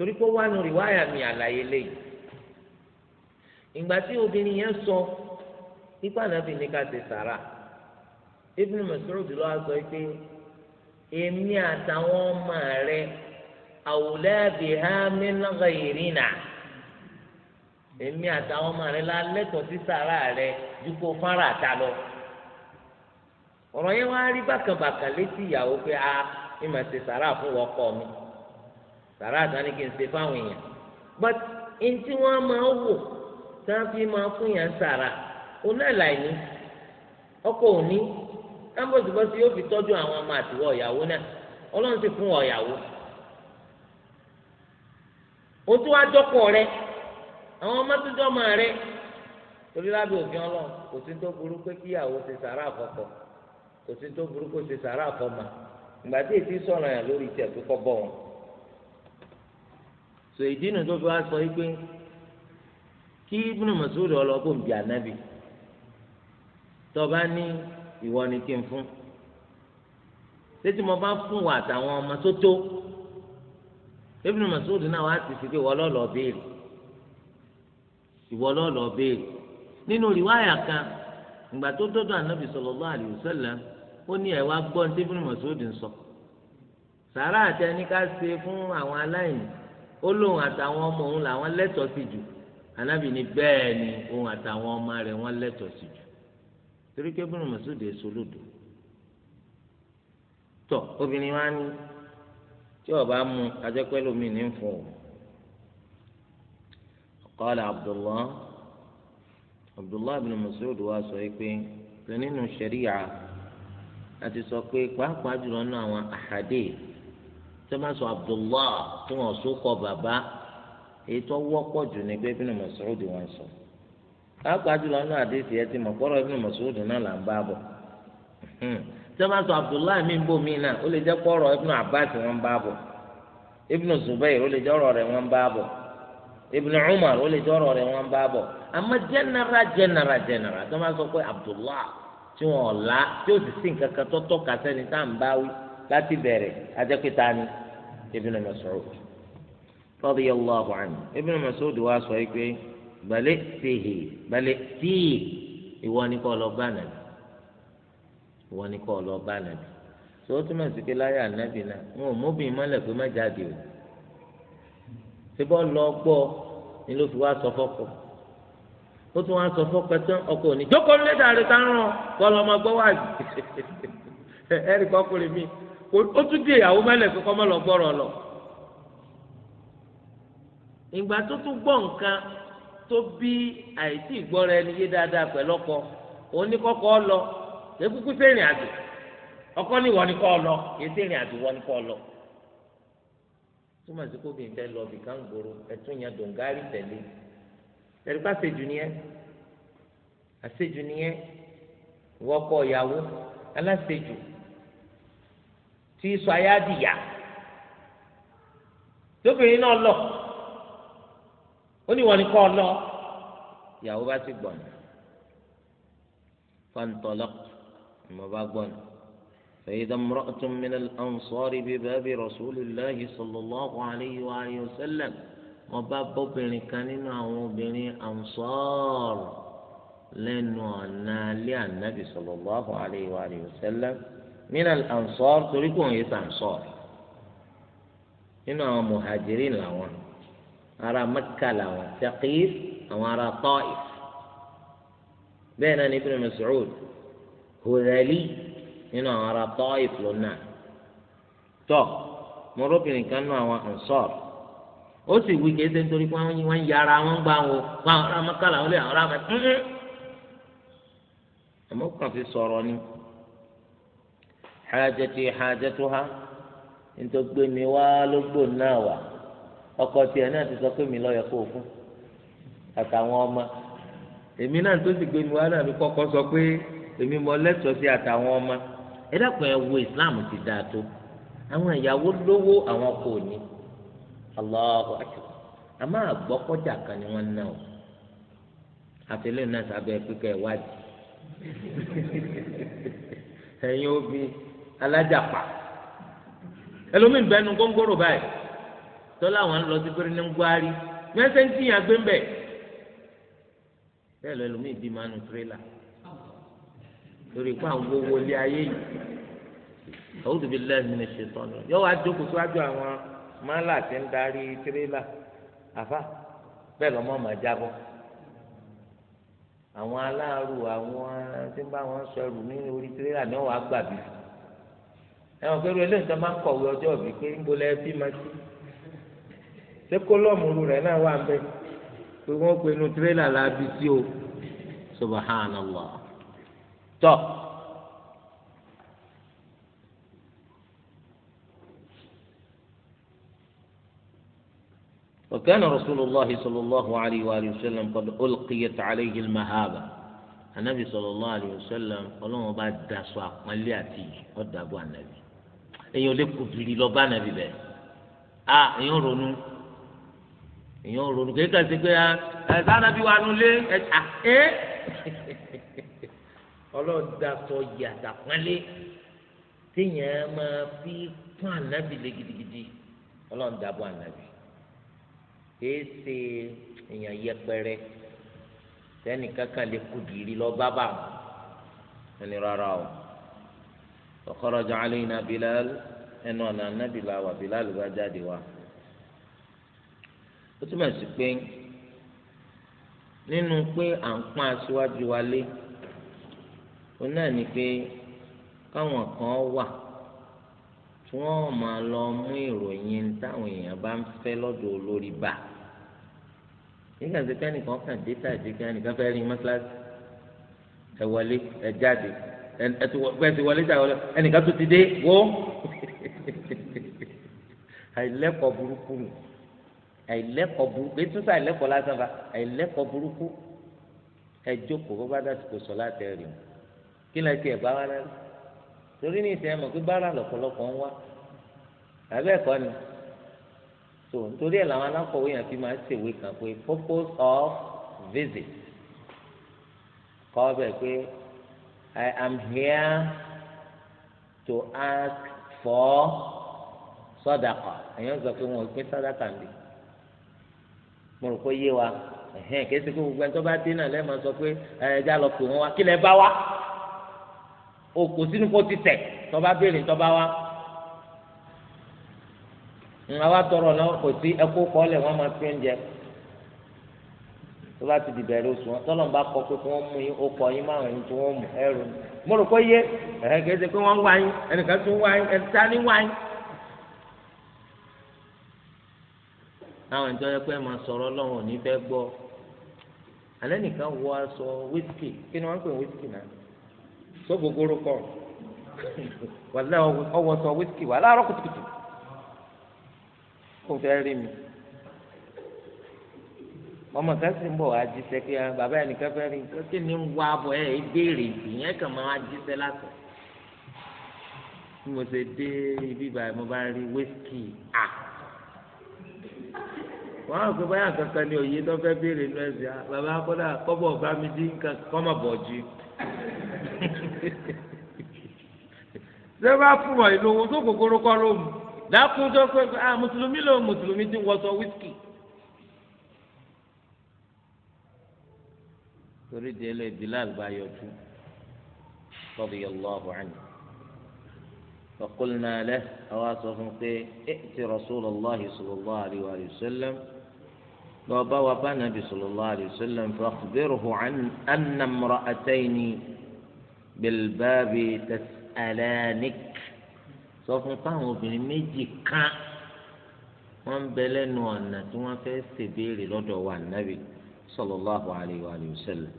torí pé wà nù rìwáyà mi àlàyé lẹ́yìn ìgbà tí obìnrin yẹn sọ nípa nàbì ní ká ṣe sàrà Ibn Mas'ud ló wá sọ pé èmi àtàwọn ọmọ rẹ àwùlẹ́ ha mi nàgà ìrìnà èmi àtàwọn ọmọ rẹ la lẹ́tọ̀ọ́ sí sàrà rẹ ju fara ta lọ ọ̀rọ̀ yẹn wá rí bákànbàkàn létí ìyàwó a ah, ìmọ̀ ṣe sàrà fún mi. sàrà àtàní kì í ṣe fáwọn èèyàn but ntí wọn máa wò tí wọn fi máa fún yàn sàrà onáìláìní ọkọ òní ambosibosi yóò fi tọ́jú àwọn ọmọ àtiwọ́ ọ̀yàwó náà ọlọ́run ti fún ọ̀yàwó o tún wá jọ́pọ̀ rẹ àwọn ọmọ tó jọ́mọ rẹ torí lábẹ́ òfin ọlọ́run kò sí tó burú pé kíyàwó ṣe sàrà àkọ́kọ́ kò sí tó burú pé ṣe sàrà àkọ́mọ ìgbà tí èsì sọ̀rọ̀ yàn lórí ìtẹ̀ tó kọ́ bọ̀ so ìdí nu tó fi wá sọ yìí pé kí ibùnú mọ̀sùlùmí ọlọ́gbọ̀n bíi ànábì tọba ní ìwọ ni kí n fún tètè mo bá fún wa àtàwọn ọmọ tó tó ibùnú mọ̀sùlùmí náà wá ti fi pé ìwọ lọ́ọ̀lọ́ béèrè ìwọ lọ́ọ̀lọ́ béèrè nínú rìwáyà kan ìgbà tó dọ́dọ̀ ànábì sallallahu alaihi wasallam ó ní ẹ̀ wá gbọ́ ní sọ sàrà àti ó lóun àtàwọn ọmọ òun làwọn lẹ́tọ̀ọ́ sí jù anábì ní bẹ́ẹ̀ ni òun àtàwọn ọmọ rẹ̀ wọ́n lẹ́tọ̀ọ́ sí jù torí pé bùnú mọ̀sódì èso lòdù tọ obìnrin wa ní tí ọba mú ajẹ́pẹ́ lómi ní fún ọ qala Abdullah Abdullah ibn wa sọ pé tó nínú ṣẹ̀ríyà àti sọ pé pàápàá jùlọ náà àwọn àhàdéè. tó abdullahi tí wọn sọ kọ baba èyí tó wọ́pọ̀ jù ní pé ibn Mas'ud wọn sọ pàápàá jùlọ nínú àdéhìí ẹ ti mọ̀ kọrọ ibn Mas'ud náà là ń bá bọ̀ tó máa mi bò mí náà ó lè jẹ́ pọ́rọ̀ ibn Abbas wọn bá bọ̀ Zubair ó lè wọn bá Umar ó lè wọn bá pé tí wọn tí ó sì tó tọ́ka sẹ́ni tá à ń láti bẹ̀rẹ̀ ajẹ́pẹ́ta ni Ibn Mas'ud radiyallahu anhu Ibn Mas'ud wa sọ yìí pé balẹ̀ tìhì balẹ̀ tìhì ìwọ ni kọ́ lọ bá nàbì ìwọ ni kọ́ lọ bá nàbì tó o túmọ̀ sí pé láyé ànábì náà wọn ò móbìnrin mọ́lẹ̀ pé má jáde o ṣé bọ́ lọ gbọ́ ni ló fi wá sọ fọ́kọ ó tún wá sọ fọ́kọ tán ọkọ òní jókòó lẹ́dàá rẹ̀ tá rán bọ́ọ̀lù ọmọ gbọ́ mi otu tún dé ìyàwó mẹ́lẹ̀ pé kọ́ mọ́ lọ gbọ́rọ̀ lọ. ìgbà tó tún gbọ́ nǹkan tó bí àìsí ìgbọ́ra ẹni yé dáadáa pẹ̀lú ọkọ òun ní kọ́kọ́ lọ ọkọ ní ìwọ ni kọ́ lọ kì í àjò ìwọ kọ́ lọ. túmọ̀ sí kó fẹ́ lọ bìkan gbòòrò ẹ̀tún yẹn dòǹgárì tẹ̀lé tẹ̀lé tí sọ ayé adìyà tóbìnrin náà lọ ó ní wọn ni kọ́ ọ lọ ìyàwó bá ti gbọ̀nà fàǹtọ̀lọ́ ìmọ̀ bá gbọ̀nà فإذا امرأة من الأنصار بباب رسول الله صلى الله عليه وآله وسلم وباب بني كان أو بني أنصار لأنه أنا النبي صلى الله عليه وآله وسلم mina ansor torí kò ń yẹ sansor nínú àwọn muhajirin làwọn ará mẹ́kà làwọn saqif àwọn ará ta'if bẹ́ẹ̀ náà ní ibn Mas'ud hudali nínú àwọn ará ta'if lọ́nà tọ́ mọ́rọ́bìnrin kan nínú àwọn ansor ó sì wí kí ẹsẹ̀ nítorí pé wọ́n ń yára wọn gbà wọn pa àwọn ará làwọn lè àwọn ará mẹ́kà àmọ́ kàn fi sọ̀rọ̀ ni. hajati hajatuha nítorí mi wá lógbò náà wà ọkọ tiẹ̀ náà ti sọ mi lọ àtàwọn ọmọ èmi náà tó sì gbé mi wá náà sọ pé èmi mọ lẹ́tọ̀ọ́ sí àtàwọn ọmọ ẹ ẹ wo islam ti dáa tó àwọn ìyàwó lówó àwọn kò ní Allahu kan ni wọ́n ná o náà sábẹ́ pípẹ́ alájàpá ẹlòmíín bẹ́ẹ̀ nu góńgóró báyìí tọ́lá wọn lọ sí péré ní ngbárí mẹsẹ̀ ń tìyàn gbé ń bẹ̀ bẹ́ẹ̀ lọ ẹlòmíín bí máa nu tirẹ́là lórí ipá ń wọ́wọ́ lé ayé yìí àwùjọ bíi lẹ́yìn ní ṣe tọ́nu yọ wá jókòó síwájú àwọn mọ́là tí ń darí tirẹ́là àfa bẹ́ẹ̀ lọ́mọ́ máa jábọ́ àwọn aláàrù àwọn tí ń bá wọn sọ̀rọ̀ ní orí tirẹ́là ni wọ́n wá gbà bíi ẹ̀wọ̀n pẹ̀lú eléyìí tó máa ń kọ̀wé ọjọ́ òbí pé ń bolẹ̀ bí máa ti ṣé kólọ́ọ̀mù rẹ̀ náà wà ń pé wọ́n pe inú tirẹ́là la bí sí o subhanallah tọ́ وكان رسول الله صلى الله عليه وآله وسلم قد ألقيت عليه المهابة النبي صلى الله عليه وسلم قال ما بعد دعوة ملياتي قد أبو النبي èyàn lè kùbìrì lọ bá nàbì bẹ́ẹ̀ a èyàn ronú èyàn ronú kéka sí pé ah, ẹ sànàbí wa nulẹ̀ ẹ à ẹ ọlọ́dà sọ yàtà pọ́nlé téèyàn máa fi pọ́n ànábì lé gidigidi ọlọ́dà bọ́ ànábì kìí ṣe èyàn yẹpẹrẹ sẹ́nìkankan lè kùbìrì lọ bá bá wọn ẹni rárá o. فخرج علينا بلال ẹnu ọ̀nà anábì la wà bílá ló bá jáde wá. ó túmọ̀ sí pé nínú pé à ń pọ́n aṣíwájú wa lé ó náà ní pé káwọn kan wà tí wọ́n máa lọ mú ìròyìn táwọn èèyàn bá ń fẹ́ lọ́dọ̀ olórí bá nígbà tí kẹ́nìkan kàn dé tàdé kẹ́nìkan fẹ́ rí mọ́ṣáláṣí ẹ wọlé ẹ jáde ẹtùwẹsì wọlé tà wọlé ẹnìkan tó ti dé wó àìlẹ́kọ̀ọ́ burúkú nù àìlẹ́kọ̀ọ́ burúkú ètò sá àìlẹ́kọ̀ọ́ lásán fa àìlẹ́kọ̀ọ́ burúkú ẹjókòó bó bá dásìkò sọ láti ẹ̀rì mu kí lẹ́sì ẹ̀ bá wá náà torí ní ìsìn ẹ̀ mọ̀ pé bára lọ̀pọ̀lọpọ̀ ń wá àbẹ́ ẹ̀kọ́ ni so nítorí ẹ̀ làwọn alákọ̀wé yẹn fi máa ń ṣèwé kan pé purpose of visit kọ́ bẹ́ẹ̀ pé I am here to ask for sadaqa èèyàn sọ pé wọn ò pín sadaqa mi mo rò pé yé wa ẹhẹn kìí ṣe pé gbogbo ẹni tó bá dé náà lẹ́ẹ̀ma sọ pé ẹja lọ pè wọ́n wá kí lẹ bá wá o kò sínú kó ti tẹ̀ tó bá béèrè tó bá wá ń wá tọrọ náà kò sí ẹkú kọ́ wọ́n máa pín oúnjẹ tó bá ti dìbẹ̀rẹ̀ oṣù wọn tọ́lọ̀ ń bá kọ pé kí wọ́n mú yín ó kọ yín márùn yín tí wọ́n mú ẹrù ni mo rò pé yé ẹ̀ kì í ṣe pé wọ́n wá yín ẹnìkan tún wá yín ẹnì tá ní wá yín. táwọn ìjọ yẹn pé máa sọ̀rọ̀ ọlọ́run ò ní fẹ́ gbọ́ alẹ́ nìkan wọ aṣọ wíṣkì kí ni wọ́n ń pè wíṣkì náà tó gbogbooro kọ wàlẹ́ ọwọ́ sọ wíṣkì wà láàárọ̀ kùtùkùtù kò fẹ́ rí mi ọmọ kan sì ń bọ̀ wá jíṣẹ́ pé ah, bàbá ẹnìkan fẹ́ rí nǹkan kí ni ń wá bọ̀ ẹ̀ béèrè ìyẹn kàn máa wá jíṣẹ́ látọ̀ bí mo ṣe dé ibi báyìí mo bá rí wíṣkì à wọ́n á pè báyà kankan ní òye tó fẹ́ béèrè inú ẹ̀sìn à bàbá kọ́dà kọ́bọ̀ bá mi dín nǹkan kọ́mọ̀ bọ̀ jù ṣé bá fún ọ ìlówó tó kòkòrò kọ́ ló mú dákúndó pé ah, mùsùlùmí ló mùsùlùmí ti wọ́sọ wíṣkì. torí de lè bilal bá yọjú radiyallahu anhu فقلنا له أواصفهم ائت رسول الله صلى الله عليه وآله وسلم وبا وبا النبي صلى الله عليه وسلم فأخبره عن أن امرأتين بالباب تسألانك sọ fún káwọn obìnrin méjì kan wọn ń bẹ lẹ́nu ọ̀nà tí wọ́n fẹ́ ṣèbéèrè lọ́dọ̀ wa nàbì sallallahu alaihi wa sallam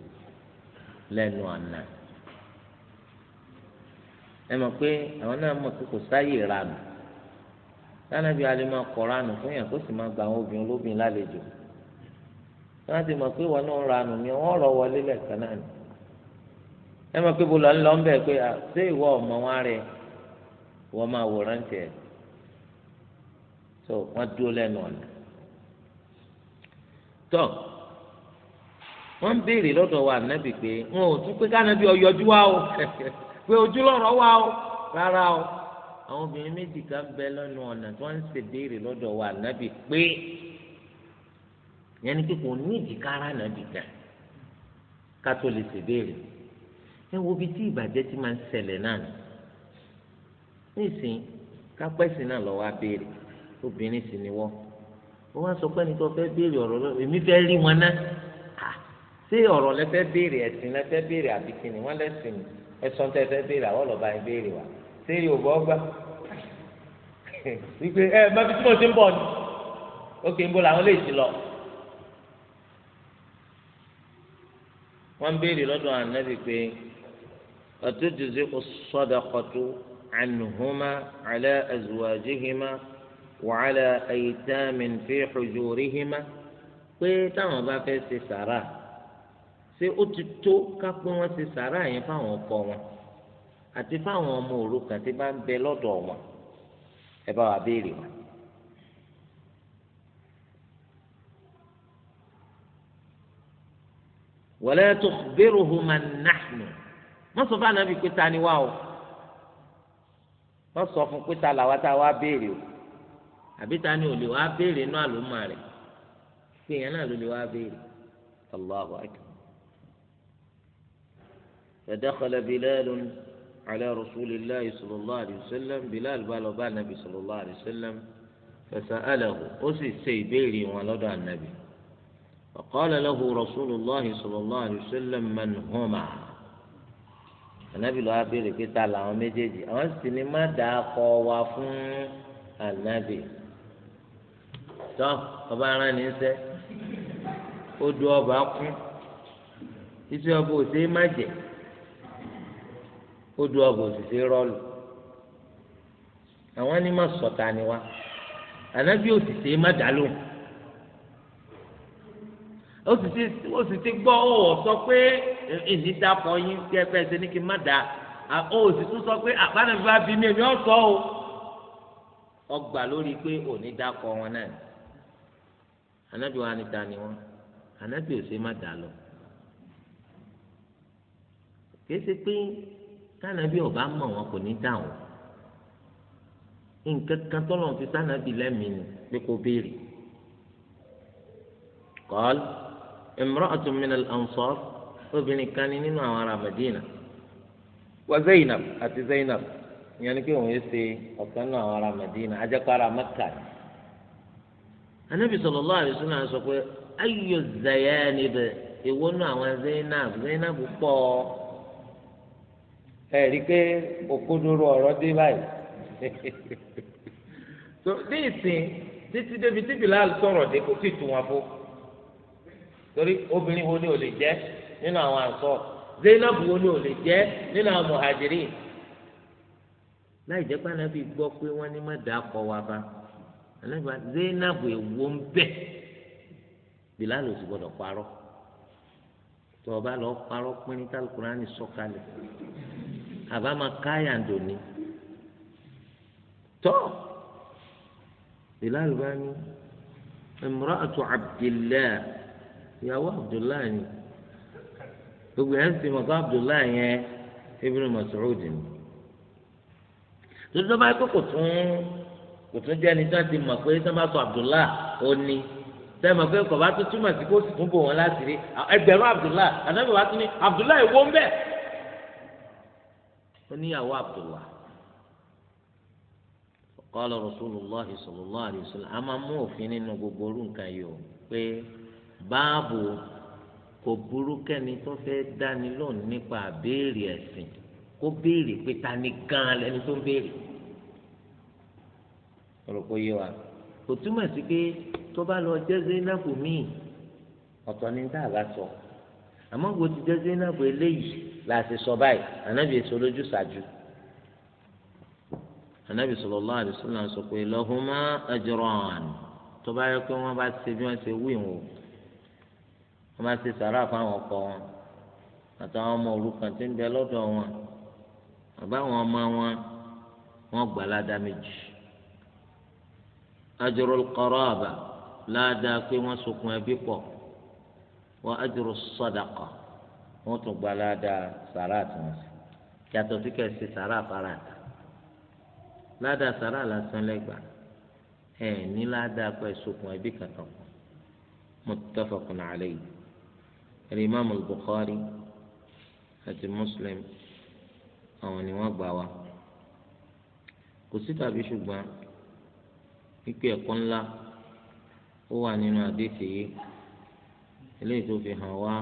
lẹ́nu àná ẹ mọ̀ pé àwọn náà mọ̀ pé kò sáyè ranù máa ranù fún yàn kó sì máa gba àwọn obìnrin olóbìnrin lálejò wọn á ti mọ̀ pé wọn náà ranù ni wọn rọ wọlé lẹ́ẹ̀kan náà ni ẹ mọ̀ pé bọ́lá ńlọ ńbẹ pé ṣé ìwọ ọmọ rẹ máa tó dúró ọ̀nà tó. wọ́n ń béèrè lọ́dọ̀ wa ànábì pé wọn ò tún pé kánábì ọyọjú wa o pé ojúlọ́rọ̀ wa o rárá o àwọn obìnrin méjì kan bẹ lọ́nu ọ̀nà tí wọ́n ń ṣe béèrè lọ́dọ̀ wa ànábì pé yẹn ni pé kò ní ìdíkára ànábì kan ká tó lè ṣe béèrè ẹ wo ibi tí ìbàjẹ́ ti máa ń ṣẹlẹ̀ náà nísìnyí kápẹ́sì náà lọ́wọ́ á béèrè obìnrin sì ni wọ́n wọ́n wá sọ pé ẹni tó fẹ́ béèrè ọ̀rọ̀ lọ́wọ́ èmi fẹ́ rí wọn náà ṣé ọ̀rọ̀ lẹ́fẹ́ béèrè ẹ̀sìn lẹ́fẹ́ béèrè àbí wọ́n lẹ́sìn ẹ̀sán tẹ́fẹ́ béèrè àwọn ọ̀lọ́ba yẹn béèrè wa ṣé yorùbá ọgbà wípé ẹ má fi tí mo ń bọ̀ ni lọ. wọ́n béèrè lọ́dọ̀ ànábì pé ọ̀tútùsí sọ́dọ̀kọ̀tù ànùhùmá àlẹ́ ẹ̀zùwàjìhìmá wàhálà pé ṣé ó ti tó ká pé wọ́n ṣe sàárà yẹn fáwọn ọkọ wọn àti fáwọn ọmọ òrukàn tí bá ń bẹ lọ́dọ̀ wọn ẹ bá wa béèrè wọn. wala tukhbiruhum man nahnu wọ́n sọ fún ànábì pé ta ni wá o wọ́n sọ fún pé ta tá a wá béèrè o àbí ta ni ò lè wá béèrè inú àlùmọ́ rẹ̀ pé èèyàn náà ló lè wá béèrè Allahu akbar. فدخل بلال على رسول الله صلى الله عليه وسلم بلال بالو النبي صلى الله عليه وسلم فسأله أسي سيبيري ولد النبي فقال له رسول الله صلى الله عليه وسلم من هما النبي لو أبيري كتا لهم مجيجي أنسي ما داقوا وفن النبي tọ́ ọba ara ní sẹ́ ó du ọba kún ó du ọgọ òṣìṣẹ́ rọlù àwọn ni má sọta ni wa ànábì òṣìṣẹ́ má dá lóhùn òṣìṣẹ́ gbọ́ ọ sọ pé èmi dàpọ̀ yín kí ẹ fẹ́ ṣe ní kí n má dà ó sì tún sọ pé àbánibí bá bí mi èmi ọ̀ sọ o ọgbà lórí pé òní dàpọ̀ wọn náà ànábì wa ni ta ni wọn ànábì òṣìṣẹ́ má dá lọ kìí ṣe pé tánàbí ọba mọ̀ wọn kò ní dà nǹkan kan tọ́lọ̀ fi sánàbí lẹ́mìí pé kò béèrè kọ́l al obìnrin kan ní nínú àwọn ará Madina wa Zainab àti Zainab ìyẹn ni pé òun yóò ṣe ọ̀kan náà àwọn ará Madina ajẹ́kọ̀ ará Mẹ́kà ni. Ànábì sallallahu alaihi sọ pé Zainab Zainab pọ̀ ẹ̀rí pé òkodoro ọ̀rọ̀ dé báyìí so ní ìsìn títí débi tí Bilal sọ̀rọ̀ dé kò tíì tu torí obìnrin wo ni ò lè jẹ́ nínú àwọn àǹsọ̀ Zainab wo ni ò lè jẹ́ nínú àwọn muhajirin láì jẹ́ pé anábì gbọ́ pé wọ́n ní má dàá kọ́ wa bá anábì Zainab èwo ń bẹ̀ Bilal ò sì gbọ́dọ̀ parọ́ tọ́ ọ bá lọ àbá máa káyà ń dòní tọ́ Bilal bá ní imra'atu Abdillah ìyàwó Abdullah ni gbogbo ẹ̀ ń sìn mọ̀tò Abdullah yẹn Ibn Mas'ud ni dodo bá yẹ kó tún kò tún jẹ́ ẹni tí wọ́n ti mọ̀ pé tí wọ́n bá sọ Abdullah ó ní sẹ́mi pé kò bá tún túmọ̀ sí kó sì tún bò wọ́n láti rí ẹgbẹ̀rún Abdullah àdébò wá tún ní bẹ́ẹ̀ oníyàwó abdullah qala rasulullah sallallahu alayhi wa sallam a máa mú òfin nínú gbogbo orú nǹkan yìí o pé báàbò kò burú kẹ́ni tó fẹ́ dáni lóhùn nípa àbéèrè ẹ̀sìn kó béèrè pé ta ni gan lẹni tó ń béèrè olùkọ́ yé wa kò túmọ̀ sí pé tó bá lọ jẹ́ zainabu míì ọ̀tọ̀ ni tá sọ. So àmọ́ wo ti jẹ́ Zainab eléyìí la ṣe sọ báyìí ànábì èso lójú ṣáájú ànábì sallallahu alaihi wasallam sọ pé lahuma ajran tó bá yẹ pé wọ́n bá ṣe bí wọ́n ṣe wí wọn wọ́n bá ṣe sàrà fáwọn ọkọ wọn àtàwọn ọmọ òrukàn tí ń bẹ lọ́dọ̀ wọn àbáwọn ọmọ wọn wọ́n gbà ládàá méjì ajrul qaraba ládàá pé wọ́n sokùn ẹbí pọ̀ wa ajru sadaqa wọ́n tún gba ládàá sàrà àtúnṣe yàtọ̀ sí kẹsì sàrà àfaràtà ládàá sàrà lásán lẹ́gbà ẹ̀ ní ládàá pẹ̀ sokùn ẹbí kankan kan muttafaqun alayhi al-imam al-bukhari àti muslim àwọn ni wọ́n gbà wá kò sí tàbí ṣùgbọ́n pípé ẹ̀kọ́ ńlá ó wà nínú àdéhìí eléyìí tó fi hàn wá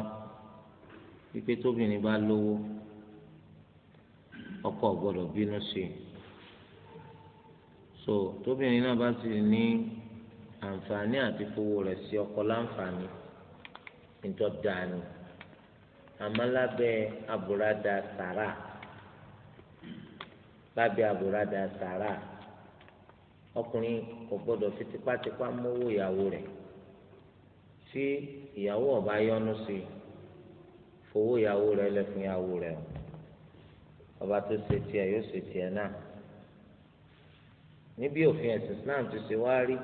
wípé tóbìnrin bá lówó ọkọ gbọ́dọ̀ bínú sí i so tóbìnrin náà bá sì ní àǹfààní àti fowó rẹ̀ sí ọkọ láǹfààní níjọ́ dání àmọ́ lábẹ́ àbúradà sàrà lábẹ́ àbúradà sàrà ọkùnrin kò gbọ́dọ̀ fi tipátipá mówó ìyàwó rẹ̀. tí ìyàwó ọba yọnu sí fowó ìyàwó rẹ lẹ fún ìyàwó rẹ ọba tó ṣe tiẹ̀ yóò ṣe tiẹ̀ náà níbi òfin ẹ̀sìn Islam ti ṣe wá rí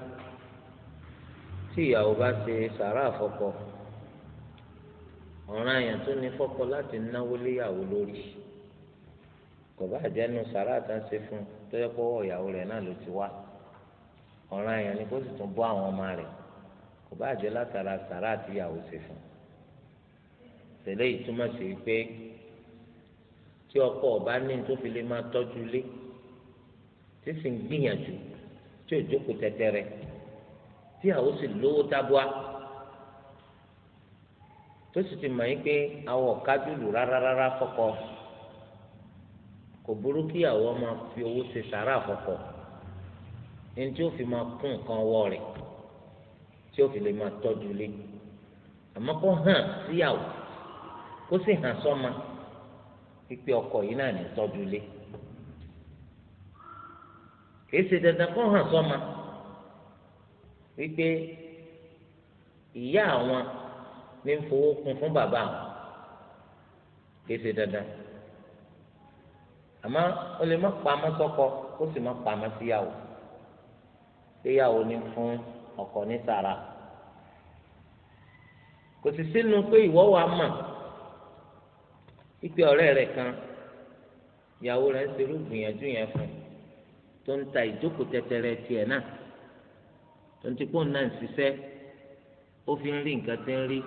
tí ìyàwó bá ṣe sàrà àfọkọ ọ̀ràn àyàn tó ní fọ́kọ láti náwó léyàwó lórí kò bá jẹ́nu sàrà àtàṣe fún tọ́jọ́ pọ́wọ́ ìyàwó rẹ̀ náà ló ti wá ọ̀ràn àyàn ni kó sì tún bọ́ àwọn ọmọ rẹ̀ kò bá jẹ́ látara sàrà àti ìyàwó ṣe fún tẹ́lẹ̀ ìtumọ̀ sí pé tí ọkọ ọba ní tó fi lè máa tọ́jú ilé tí sì ń gbìyànjú tí ò jókòó tẹtẹrẹ tí ìyàwó sì lówó tábúà tó sì ti mọ̀ yín pé àwọn ọ̀kájúlù rárárárá fọ́kọ kò burú kí ìyàwó máa fi owó ṣe sàrà fọ́kọ ní tí ó fi máa kún nǹkan wọ rẹ̀ tí o fi lè máa tọ́jú lé àmọ́ kó hàn síyàwó kó sì hàn sọ́mọ pípé ọkọ yìí náà ní tọ́jú lé kìí ṣe dandan kó hàn sọ́mọ wípé ìyá àwọn ní ń fowó kún fún bàbá àwọn kìí ṣe dandan àmọ́ ó lè má pa amọ́ sọ́kọ ó sì má pa amọ́ síyàwó síyàwó ní fún ọkọ ní sàrà kò sì sínú pé ìwọ wa mà ìpè ọ̀rẹ́ rẹ kan ìyàwó rẹ ń serú gbìyànjú yẹn fún tó ń ta ìjókòó tẹtẹrẹ tiẹ̀ náà tó ń ti pọ́n náà ń ṣiṣẹ́ ó fi ń rí nǹkan tí ń rí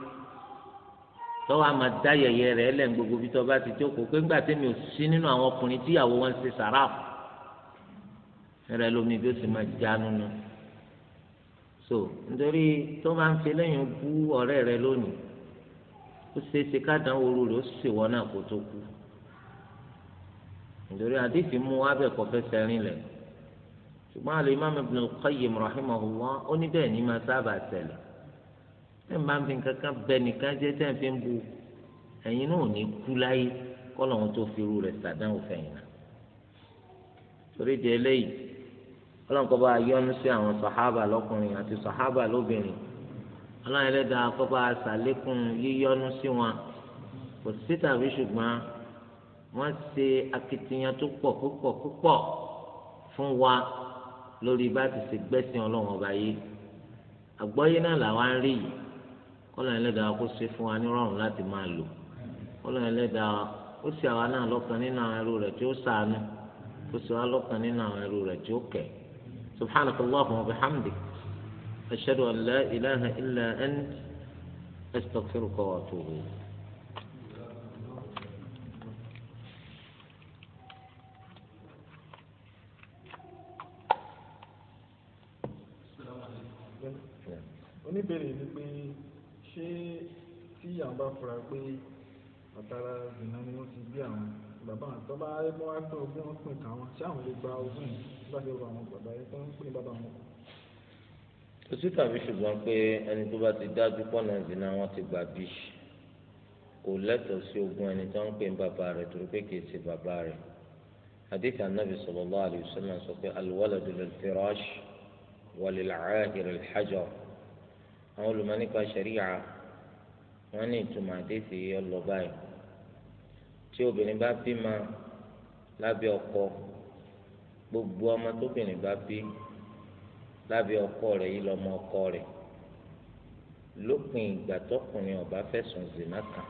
tọ́wọ́ a máa dá yẹ̀yẹ́ rẹ̀ lẹ́nu gbogbo bí tọ́ bá ti jókòó pé ńgbà tẹ́mi ò sí nínú àwọn ọkùnrin tíyàwó wọn ṣe sàrà rẹ̀ lómi bí ó sì máa jánu nù so nítorí tó máa ń fi lẹ́yìn bú ọ̀rẹ́ rẹ lónìí ó ṣe é ṣe káàdán ooru rẹ ó sì wọ́n náà kó tó kú nítorí àdìsí mú wá bẹ́ẹ̀ kọ́ fẹ́ sẹ́rin lẹ̀ ṣùgbọ́n al-Imam Ibn al-Qayyim rahimahullah ó ní bẹ́ẹ̀ ni máa sábà ṣẹlẹ̀ ẹ̀ máa ń fi kankan bẹ́ẹ̀ nìkan jẹ́ tẹ́ ń fi ń bu ẹ̀yin náà ò ní kú láyé kọ́ lọ́run tó fi irú rẹ̀ sàdánwò fẹ̀yìn náà torí di eléyìí ọlọ́run kọ́ bá yọ́nú sí àwọn sàhábà lọ́kùnrin àti sàhábà lóbìnrin ọlọ́run ẹlẹ́dàá kọ́ bá ṣàlékún yíyọ́nú sí wọn kò sí tàbí ṣùgbọ́n wọ́n ṣe akitiyan tó pọ̀ púpọ̀ púpọ̀ fún wa lórí bá ti ṣe gbẹ́sìn ọlọ́run ọba yìí àgbọ́yé náà làwa ń rí yìí fún wa láti máa lò ẹlẹ́dàá ó àwa náà àwọn ẹrú rẹ̀ tí ó ṣàánú ó àwọn ẹrú rẹ̀ tí ó سبحانك اللهم وبحمدك أشهد أن لا إله إلا أنت أستغفرك وأتوب إليك oníbèrè ni pé ṣé tí àwọn bá fura pé àtàrà ìnáwó ti ba fura pe atara ti gbe awon bàbá wọn tó bá mú wá pín ogún wọn pín tàwọn ṣé àwọn lè gba ogún yìí nígbà tí ó wà wọn bàbá yẹn tó ń pín bàbá wọn. kò sí tàbí ṣùgbọ́n pé ẹni tó bá ti dájú pọ̀nà ìdìnnà wọn ti gbà bí kò lẹ́tọ̀ọ́ sí ogún ẹni tó ń pín bàbá rẹ̀ torí pé kì ṣe bàbá rẹ̀ hadith anabi sallallahu alayhi wa sọ pé alwaladu lil tí obìnrin bá bímọ lábẹ́ ọkọ gbogbo ọmọ tóbìnrin bá bí lábẹ́ ọkọ rẹ̀ yìí lọ́mọ ọkọ rẹ̀ lópin ìgbà tọkùnrin ọba fẹ̀sùn zina kàn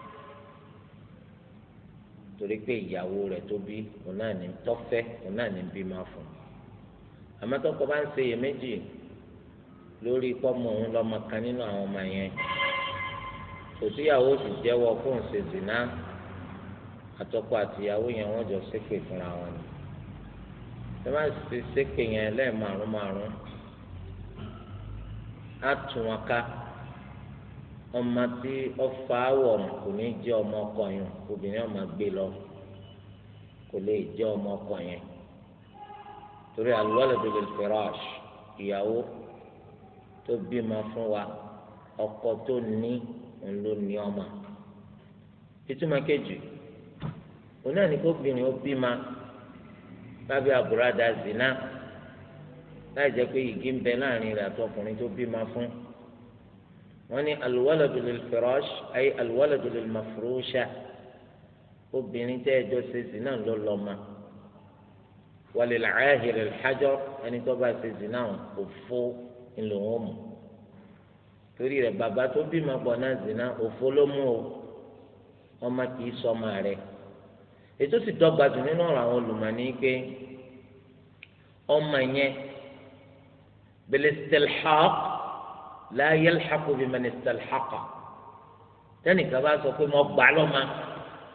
torí pé ìyàwó rẹ̀ tó bí òun náà ní tọ́fẹ́ òun náà ní bímọ fún un àmọ́ tọkọ bá ń ṣe iyèméjì lórí pọ́mọ òun lọ́mọ kan nínú àwọn ọmọ yẹn kò síyàwó sì jẹ́wọ́ fóun ṣe zina àtọkọ àtìyàwó yẹn wọ́n jọ ṣépè fúnra wọn ni ẹ má ṣe ṣépè yẹn lẹ́ẹ̀márùn márùn á tún wọn ká ọmọ tí ọfà àwọ̀ kò ní jẹ́ ọmọ ọkọ yẹn obìnrin ọmọ gbé lọ kò lè jẹ́ ọmọ ọkọ yẹn torí alwaladu bil firash ìyàwó tó bímọ fún wa ọkọ tó ní òun ló ní ọmọ ìtumọ̀ kejì òun náà ní kó obìnrin ó bí ma lábẹ́ àbúradà zina láì jẹ́ pé igi ń bẹ láàrin rẹ̀ àtọkùnrin tó bí ma fún wọ́n ní alwaladu lil firash ayé alwaladu lil mafrusha obìnrin tẹ́ ẹjọ́ ṣe zina ló lọ ma walil aahir al ẹni tó bá ṣe zina òfó ńlò wọn mú torí rẹ̀ bàbá tó bí pọ̀ náà zina òfó ló mú o ọmọ kì í sọ ọmọ rẹ̀ ètò sì dọ́gba jù nínú ọ̀rọ̀ àwọn olùmọ̀ọ́ni pé ọmọ yẹn bilistilhaq la yalhaqu bimanistilhaqa tẹnìkan bá sọ pé mo gbà lọ́mọ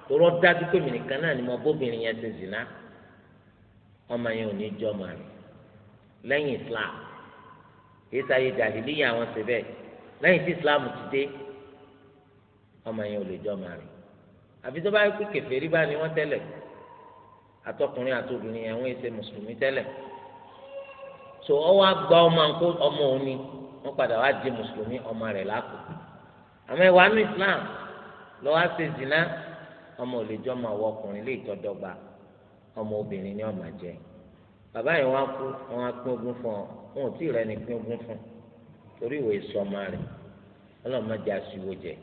torọ́ dájú pé mìnìkan náà ni mo bóbìnrin yẹn ti zìnà ọmọ yẹn ò ní jọ ọmọ rẹ lẹ́yìn islam èyí sáyé jàhìlì yà wọn síbẹ̀ lẹ́yìn tí islam ti dé ọmọ yẹn ò lè jọ ọmọ rẹ àfi tó bá yẹ kó kèfèrí bá ní wọn tẹ́lẹ̀ àtọkùnrin àtobìnrin àwọn èsè mùsùlùmí tẹ́lẹ̀ so ọwọ àgbà ọmọ nǹkó ọmọ òní wọn padà wá di mùsùlùmí ọmọ rẹ̀ lápò àmọ́ ìwà nù islam lọ wá ṣe zina ọmọ ò lè jọ ọmọ àwọn ọkùnrin lè tọdọgba ọmọ obìnrin ni ọmọ jẹ bàbá yìí wọn kú wọn pín ogún fún ọ wọn ò tí ì rẹ ni pín ogún fún torí ìwé sọmọ rẹ̀ ọlọmọdé aṣíwò jẹ.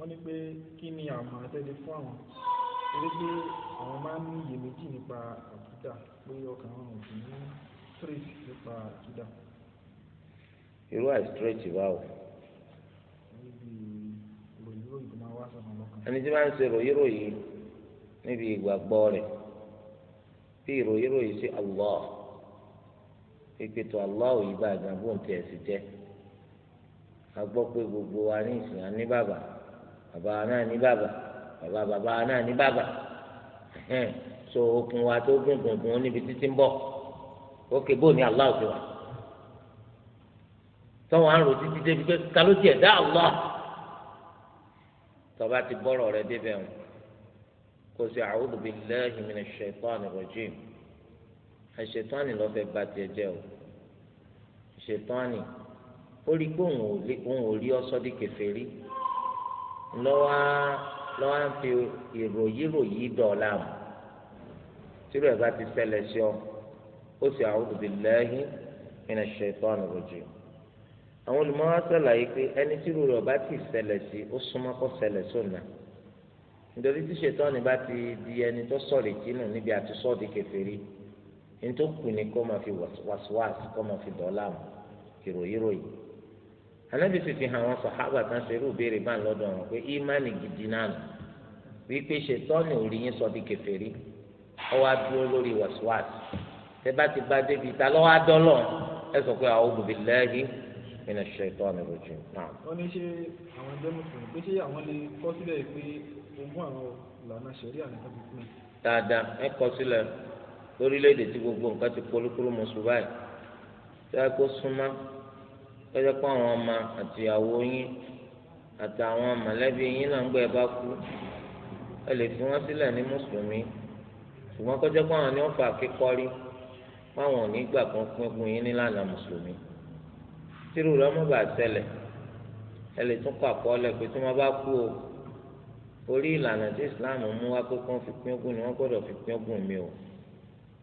wọ́n ní pé kí ni àmọ̀ràn tẹ́lẹ̀ fún àwọn torí pé àwọn máa ń ní iyèméjì nípa àkídà pé ọkàn àwọn òbí ní straight nípa àkídà. irú àìstraight wà o. ẹni tí wọ́n ń ṣe ròyìnròyìn níbi ìgbàgbọ́ rẹ̀ bí ìròyìnròyìn sí Allah ìpètò Allah òyìnbá àgbà bóun tiẹ̀ sì jẹ́ gbogbo wa ní ìsìn bàbá wa náà ní bàbá bàbá bàbá wa náà ní bàbá so okùn wa tó gùn gùn gùn níbi títí ń bọ̀ ókè bó ni Allah ti wà tọ́wọ́n àrùn títí débi pé kálọ́ tiẹ̀ dá Allah tọ́ba ti bọ́rọ̀ rẹ débẹ̀ wọn kò sí a'udhu billahi minash shaitanir rajim àṣetọ́ni ló fẹ́ ba tiẹ̀ jẹ́ o àṣetọ́ni ó rí pé òun ò rí ọsọ́ di kèfèrí lọ́wọ́ lọ́wọ́ ń fi ìròyìn ròyìn dọ̀ọ̀la mọ̀ tírú ẹ̀ bá ti ṣẹlẹ̀ sí ọ ó sì a'udhu billahi minash shaitani rajim àwọn olùmọ̀wá sọ̀làyé pé ẹni tírú rẹ̀ bá ti ṣẹlẹ̀ sí ó súnmọ́ kó ṣẹlẹ̀ sọ̀nà nítorí tí ṣètọ́ni bá ti di ẹni tó sọ̀rọ̀ ìtinú níbi àti sọ́ọ̀dì kèfèrí ní tó kù ni kó máa fi wàsíwàsí kó máa fi dọ̀ọ́lá mọ̀ ìròyìn anabi sì fi hàn wọn sọhábà tán ṣe irú ìbéèrè bá ń lọ́dọ̀ wọn pé ìmánì gidi náà nù wípé ṣètọ́nì ò rí yín sọ di kèfèrí ọwọ́ adúró lórí wàsíwàsí tẹ bá ti bá débi ta lọ́wọ́ adọ́lọ́ ẹ sọ pé àwọn òbí lẹ́yìn nínú ṣètọ́nì lójú náà. wọ́n ní ṣe àwọn ẹgbẹ́ mùsùlùmí pé ṣé àwọn lè kọ́ sílẹ̀ pé ogún àwọn ìlànà ṣẹ̀ríà ní tàbí pé. dáadáa ẹ kọ sílẹ̀ lórílẹ̀ tí gbogbo nǹkan ti polúkúrú mùsùlùmí báyìí lọ́jọ́ pé àwọn ọmọ àtìyàwó yín àtàwọn mọ̀lẹ́bí yín náà ń gbé ẹ bá kú ẹ lè fi wọ́n sílẹ̀ ní mùsùlùmí ṣùgbọ́n kọjá pé àwọn ni wọ́n fa àkíkọ́rí fáwọn onígbà kan pínpín yín nílànà mùsùlùmí tírú rẹ ọmọ bá ṣẹlẹ̀ ẹ lè tún kọ àkọọ́lẹ̀ pé tí wọ́n bá kú o orí ìlànà tí Islam mú wá pé kí wọ́n fi pín ogún ni wọ́n gbọ́dọ̀ fi pín ogún mi o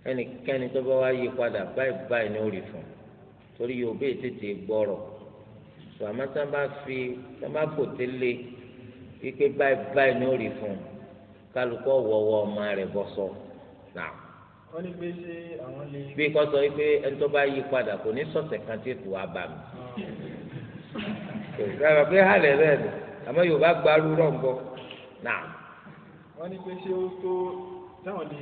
ẹnikẹ́ni tó bá wá yí padà báyìí báyìí ni ó rí fún un torí yorùbá ètètè gbọ́rọ̀ tó àmọ́ tí wọ́n bá fi tí wọ́n bá gòtè lé wípé báyìí báyìí ní ó rí fún un kálukọ́ wọ̀wọ́ ọmọ rẹ̀ bọ́ sọ náà. wọ́n ní pé ṣé àwọn lè. bí kò sọ wípé ẹni tó bá yí padà kò ní sọ̀tẹ̀ kan tí ètò wa bà mí. ìgbàgbọ́ pé hàlẹ̀ rẹ̀ ni àmọ́ yorùbá gbarú rọ̀ ń bọ̀ náà. wọ́n ní pé ṣé ó tó táwọn lè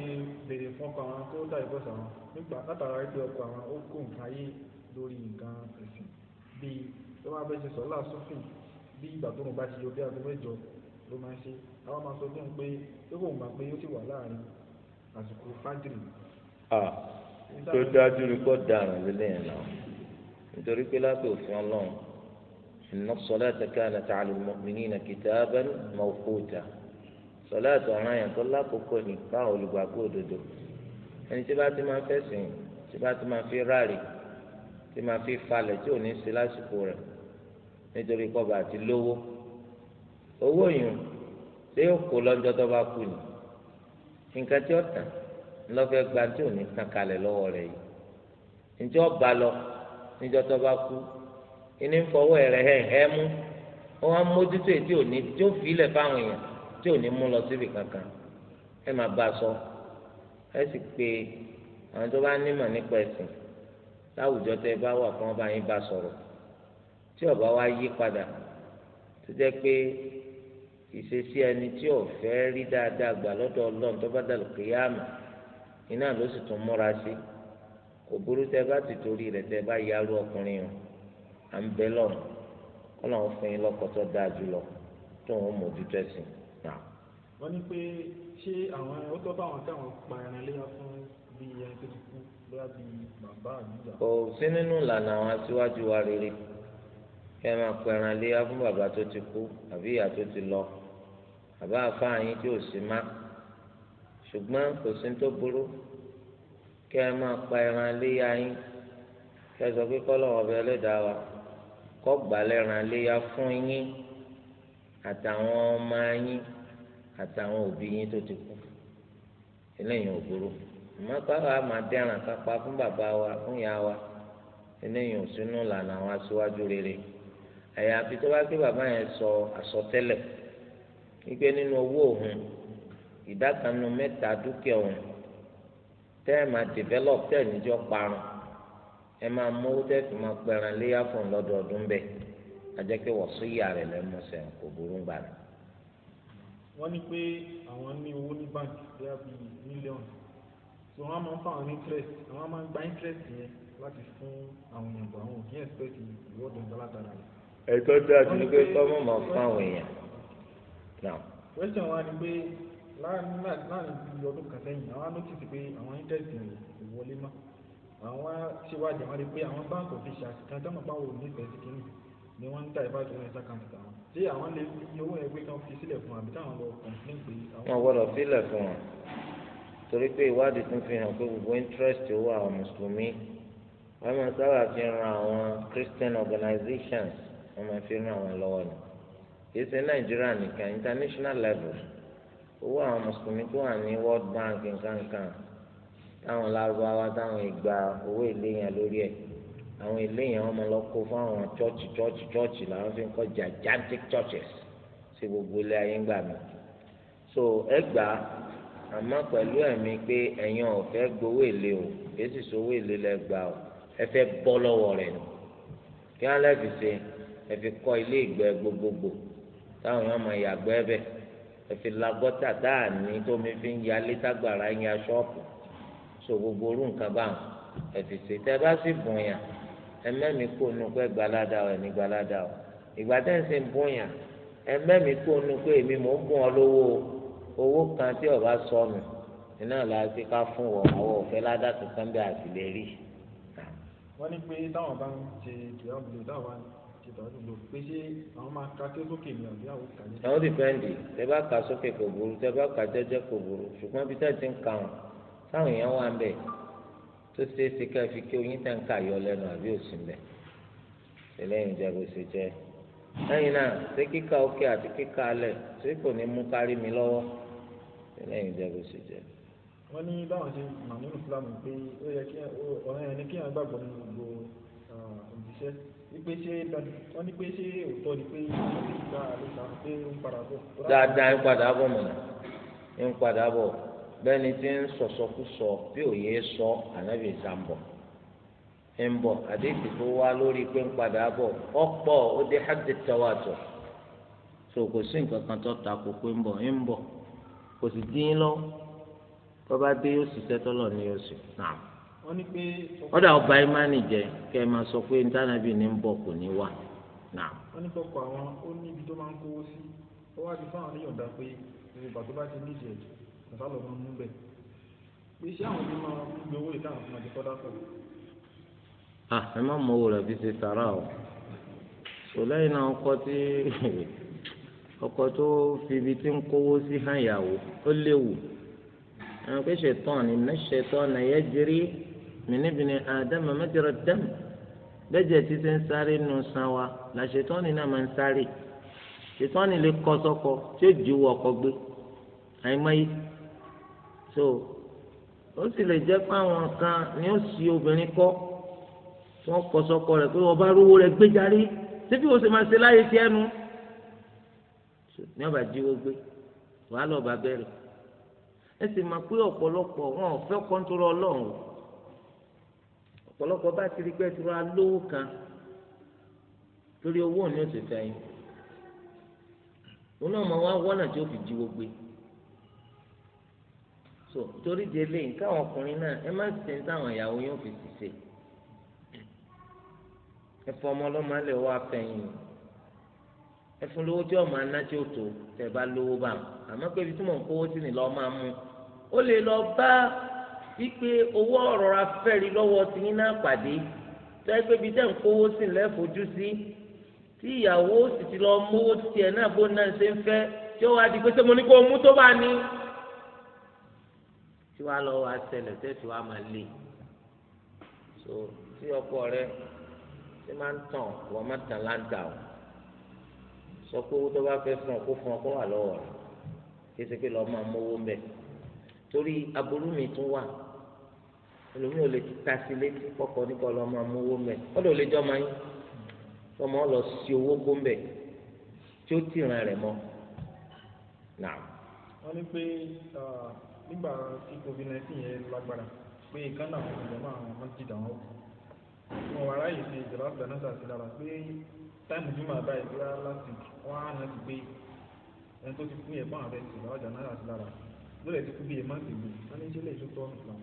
béèrè fún ọkọ̀ àwọn tó dá ìbọ̀sọ̀ àwọn nígbà látara ẹgbẹ́ ọkọ̀ àwọn ó kó nǹkan ayé lórí nǹkan ẹ̀sìn bíi tó bá fẹ́ ṣe sọ́lá sófin bí ìgbà tó ń bá ti yọ bí aago mẹ́jọ ló máa ń ṣe àwọn máa sọ fún un pé tó kò gbà pé ó sì wà láàrin àsìkò fájìrì. tó dájú ni kò dáràn lélẹ̀ yẹn náà nítorí pé lábẹ́ òfin ọlọ́run inna as-salata kanat 'ala al-mu'minina kitaban mawquta sọláàtì ọ̀ràn yẹn tó lákòókò ní ká olùgbàgbọ́ òdodo ẹni tí bá ti máa fẹ́ sìn tí bá ti máa fi ráàrí tí máa fi falẹ̀ tí ò ní sí lásìkò rẹ̀ nítorí kọ́ba àti lówó owó yìí ṣé yóò kó lọ́jọ́ tó bá kú ni nǹkan tí ó tàn lọ́fẹ́ gba tí ò ní tàn kalẹ̀ lọ́wọ́ rẹ̀ yìí njẹ́ ọba lọ níjọ́ tó bá kú ìní fọwọ́ rẹ̀ hẹ́ hẹ́ mú wọ́n á mójútó èyí tí ò ní tí ó fi ilẹ̀ fáwọn èèyàn tí ò ní mú lọ síbi kankan ẹ máa bá a sọ ẹ sì pé àwọn tó bá nímọ̀ nípa ẹ̀sìn láwùjọ tẹ bá wà kí wọ́n bá yín bá sọ̀rọ̀ tí ọba wa yí padà tó jẹ́ pé ìṣesí ẹni tí ò fẹ́ rí dáadáa gbà lọ́dọ̀ ọlọ́run tó bá dàlù kéyàmù iná ló sì tún múra sí kò burú tẹ bá ti torí rẹ̀ tẹ bá yarú ọkùnrin o à ń bẹ lọ́run kọ́ làwọn fún yín lọ́kọ tó dáa jùlọ tó ń mójútó ẹ̀sìn náà. wọ́n ní pé ṣé àwọn ó bá àwọn táwọn pa ẹran léyà fún bíi ẹni tó ti kú kò sí nínú ìlànà àwọn aṣíwájú wa rere kí ẹ máa pẹran léyà fún bàbá tó ti kú àbí ìyá tó ti lọ bàbá àfáà yín tí ò sí má ṣùgbọ́n kò sí tó burú kí ẹ máa pa ẹran léyà yín kí ẹ sọ pé kọ́lọ́wọ́ ọbẹ̀ ẹlẹ́dàá wa kọ́ gbàlẹ́ran léyà fún yín àtàwọn ọmọ yín àtàwọn òbí yín tó ti kú eléyìí ò burú. ìmọ̀pá wa máa dẹ́ràn kápá fún bàbá wa fún ìyá wa eléyìí ò sínú ìlànà àwọn aṣíwájú rere àyàfi tó bá gbé bàbá yẹn sọ àsọtẹ́lẹ̀ wípé nínú owó òun ìdá kan mẹ́ta dúkìá òun tẹ́ ẹ̀ máa develop parun ẹ máa fi máa pẹran léyà fún ìyá kò burú gbà. so wọ́n máa ń fún àwọn interest àwọn máa ń gba interest yẹn láti fún àwọn èèyàn bọ̀ àwọn òkè expect ìwọ́dọ̀ ìgbàlátara rẹ̀. ẹ̀tọ́ dáa ju ní pé kọ́mọ̀ máa fún àwọn èèyàn question wa ni pé láàrin bí ọdún kan sẹ́yìn àwọn notice pé àwọn interest yẹn kò wọlé mọ́ àwọn ṣèwádìí àwọn rí pé àwọn bank officials kan tó máa bá wò ní ìfẹ̀sì kìíní ni wọ́n ń ta ìbájú ní ẹ̀sà kan tàwọn ṣé àwọn lè fi owó ẹgbẹ́ kan fi sílẹ̀ fún àbí táwọn lọ kàn torí pé ìwádìí tún fi hàn pé gbogbo interest owó àwọn mùsùlùmí wọ́n máa sábà fi ran àwọn Christian organizations wọ́n máa fi ran àwọn lọ́wọ́ ni kìí ṣe Nàìjíríà nìkan international level owó àwọn mùsùlùmí tó wà ní World Bank nkankan táwọn lárúbáwá táwọn ìgbà owó ilé yẹn lórí ẹ̀ àwọn ilé yẹn wọ́n máa lọ kó fún àwọn chọ́ọ̀chì chọ́ọ̀chì chọ́ọ̀chì làwọn fi ń kọ́ gigantic churches sí gbogbo ilé ayé ń gbà mí so ẹgbàá àmọ́ pẹ̀lú ẹ̀mí pé ẹ̀yin ò fẹ́ gbowó èlé o èsì sówó èlé lẹ gbà o ẹ fẹ́ bọ́ lọ́wọ́ rẹ̀ nù kí alẹ́ fi ṣe ẹ fi kọ́ ilé ìgbẹ́ gbogbogbò táwọn yóò máa yàgbẹ́ bẹ̀ ẹ fi la gọ́tà dáàní fi ń ya létágbàrá ń ya ṣọ́ọ̀pù so gbogbo orú nǹkan báwọn ẹ fi ṣe tẹ bá sì bùn yàn ẹ kó nu pé gbalada o ẹni gbalada o ìgbà tẹ́ ń sìn bùn yàn ẹ mẹ́mi kó nu pé èmi mò ń bùn ọ lówó o owó kan tí ọba sọnù iná la ti ká fún wọn àwọn òfẹ́ ládàtú kan bẹ́ẹ̀ àtìlẹ́ rí. wọ́n ní pé táwọn bá ń ṣe ìjọba ìlú táwọn bá ń ṣe ìtọ́jú lò pé ṣé àwọn máa ka ké sókè ní ọ̀dí àwọn kà ní. àwọn dìpẹ́ǹdì tẹ bá ka sókè kò burú tẹ bá ka jẹ́jẹ́ kò burú ṣùgbọ́n bí tẹ́ ti ń ka wọn táwọn èèyàn wà ń bẹ̀ tó ṣeé ṣe ká fi kí oyin tẹ̀ ń kà yọ lẹ́nu àbí òsì ńbẹ̀ ṣẹlẹ́yìn lẹ́yìn ìjẹ́bù sì jẹ́. wọ́n ní báwọn ṣe mọ̀ nínú pé ó yẹ kí ọ̀rẹ́ ẹni kí wọ́n gbàgbọ́ nínú gbogbo òjíṣẹ́ wípé ṣé wọ́n ní pé ṣé òótọ́ ni pé ìgbà àlùkà pé ń padà bọ̀. dáadáa ń padà bọ̀ mọ̀nà ń padà bọ̀ bẹ́ẹ̀ni tí ń bí òye sọ ànábì ìsàmbọ̀ ń bọ̀ àdéhùn tó wá lórí pé ń padà bọ̀ ọ̀pọ̀ ó dé hàdìtàwàtò so kò sí nǹkan kan tó ta kó pé ń bọ̀ ń bọ̀. kò sì dín in lọ bọ́ba dé yóò ṣiṣẹ́ tọ́lọ̀ ni oṣù náà ọ̀dà ọba imani jẹ kẹ́ ẹ máa sọ pé ntànàbí ní ń bọ̀ kò ní wà náà. wọ́n ní kọ́kọ́ àwọn ó ní ibi tó máa ń kówó sí ó wá ti fáwọn oníyọ̀ǹda pé ìgbà tó bá ti ní ìjẹ́ ọ̀sán lọ́mọ mú bẹ̀. pé iṣẹ́ àwọn tó gbé owó ìtàn àti màdìkọ́ dákọ̀. Ah, ẹ má mọ owó rẹ̀ fi ṣe sàrà o sọlẹ́yìn náà ń kọ́ tí ọkọ tó fi ibi tí ń kówó sí hàn yàwó ó léwu àwọn pé ṣètọ́n iná ṣètọ́n ẹ̀yẹ jírí mìníbìnrin àdámà mẹ́tẹ̀rọ dẹ́m bẹ́jẹ̀ tí ti ń sáré nu san wa là ṣètọ́n iná máa ń sáré ṣètọ́n lè kọ́ sọ́kọ tí ó ju ọkọ gbé àìmọye so ó sì lè jẹ́ pé kan ni ó sì obìnrin kọ́ wọ́n kọ́ sọ́kọ rẹ̀ pé ọba rówó rẹ̀ gbéjarí síbi ó sì máa ṣe láyé tiẹ́ nu ní ọba jíwó gbé wàá lọ bá bẹ̀rẹ̀ ẹ sì máa pé ọ̀pọ̀lọpọ̀ wọn ò fẹ́ kọ́ńtúrọ̀ ọlọ́run ọ̀pọ̀lọpọ̀ bá ti rí pé ti ra lówó kan torí owó ni ó sì fẹ́ yín òun náà máa wá wọ́nà tí ó fi jíwó gbé so torí di eléyìí káwọn ọkùnrin náà ẹ má sì ń táwọn ìyàwó yóò fi ṣiṣẹ́ ẹ fọ ọmọ ọlọ́mọ alẹ́ wọ́ afẹ́yìn o ẹfun lówó tí ọmọ aná tí ó tó tẹ bá lówó bá àmọ́ pé ibi tí mò ń kówó sí ni lọ máa mú ó lè lọ bá wípé owó ọ̀rọ̀ afẹ́rí lọ́wọ́ ti yín náà pàdé tẹ pé ibi tẹ́ ń kówó sí lẹ́fojú sí tí ìyàwó sì ti lọ mówó tiẹ̀ náà bó náà ṣe ń fẹ́ tí ó wá di pé ṣé mo ní kó mú tó bá ní tí wàá lọ wá ṣẹlẹ̀ tẹsí wàá máa lè so tí ọkọ rẹ ṣe máa ń tàn wọn máa tàn láǹtà o sọ pé owó tó bá fẹ́ fún ọ kó fún ọ kó wà lọ́wọ́ rẹ kése pé lọ́ọ́ máa mówó mbẹ torí aburú mi tún wà olómi ò lè ta sí létí kọkọ nípa lọ́ọ́ máa mówó mbẹ ọdọ ò lè jọ máa yín tọmọ ọ lọ sí owó kó mbẹ tí ó tìran rẹ mọ náà. wọ́n ní pé nígbà tí covid nineteen yẹn lágbára pé kánà kò lè máa mọ́ ti dàn án wọ́n wá ráyè ṣe ìjọba gbẹ̀nàṣà sí lára pé táìmù tí màá báyìí bí wọ́n láti wọ́n á rántí pé ẹni tó ti kú yẹn fún ààrẹ ti lọ́jà náírà sí lára lórí ẹ̀ ti kú bí yẹn má ti gbé wọ́n ní ìṣẹ̀lẹ̀ ìṣó tọ́ ọ̀nà.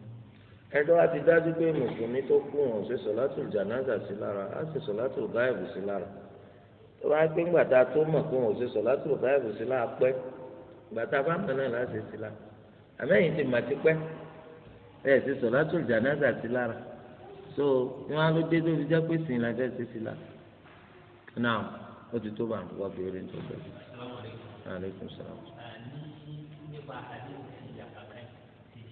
ẹjọ́ a ti dájú pé mùsùlùmí tó kú wọn ò ṣe sọ̀látù jánásà sí lára á sì sọ̀látù gáìbù sí lára tó bá pé ńgbà tá a tó mọ̀ pé wọn ò ṣe sọ̀látù gáìbù sí lára pẹ́ ìgbà bá mọ̀ náà láti sí lára àmẹ́yìn ti mà ti pẹ́ ẹ̀ ṣe sọ̀látù jánásà sí lára so wọn á ló dé tó fi jẹ́ pé sìn náà ó ti tó bá ń wá béèrè ní ọjọ́ yìí. aleykum salaam. nípa àdéhùn ìyá kàbẹ́ ti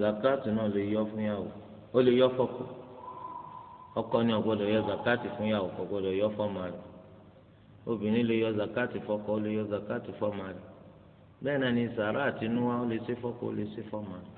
zakat náà lè yọ fún yàwó ó lè yọ fọ́kọ ọkọ ni ó yọ zakat fún yàwó kò gbọ́dọ̀ yọ fọ́mọ rẹ̀ obìnrin lè yọ zakati fọ́kọ ó lè yọ zakati fọ́mọ rẹ̀ bẹ́ẹ̀ náà ni sàrà àtinúwá lè ṣe fọ́kọ lè ṣe fọ́mọ rẹ̀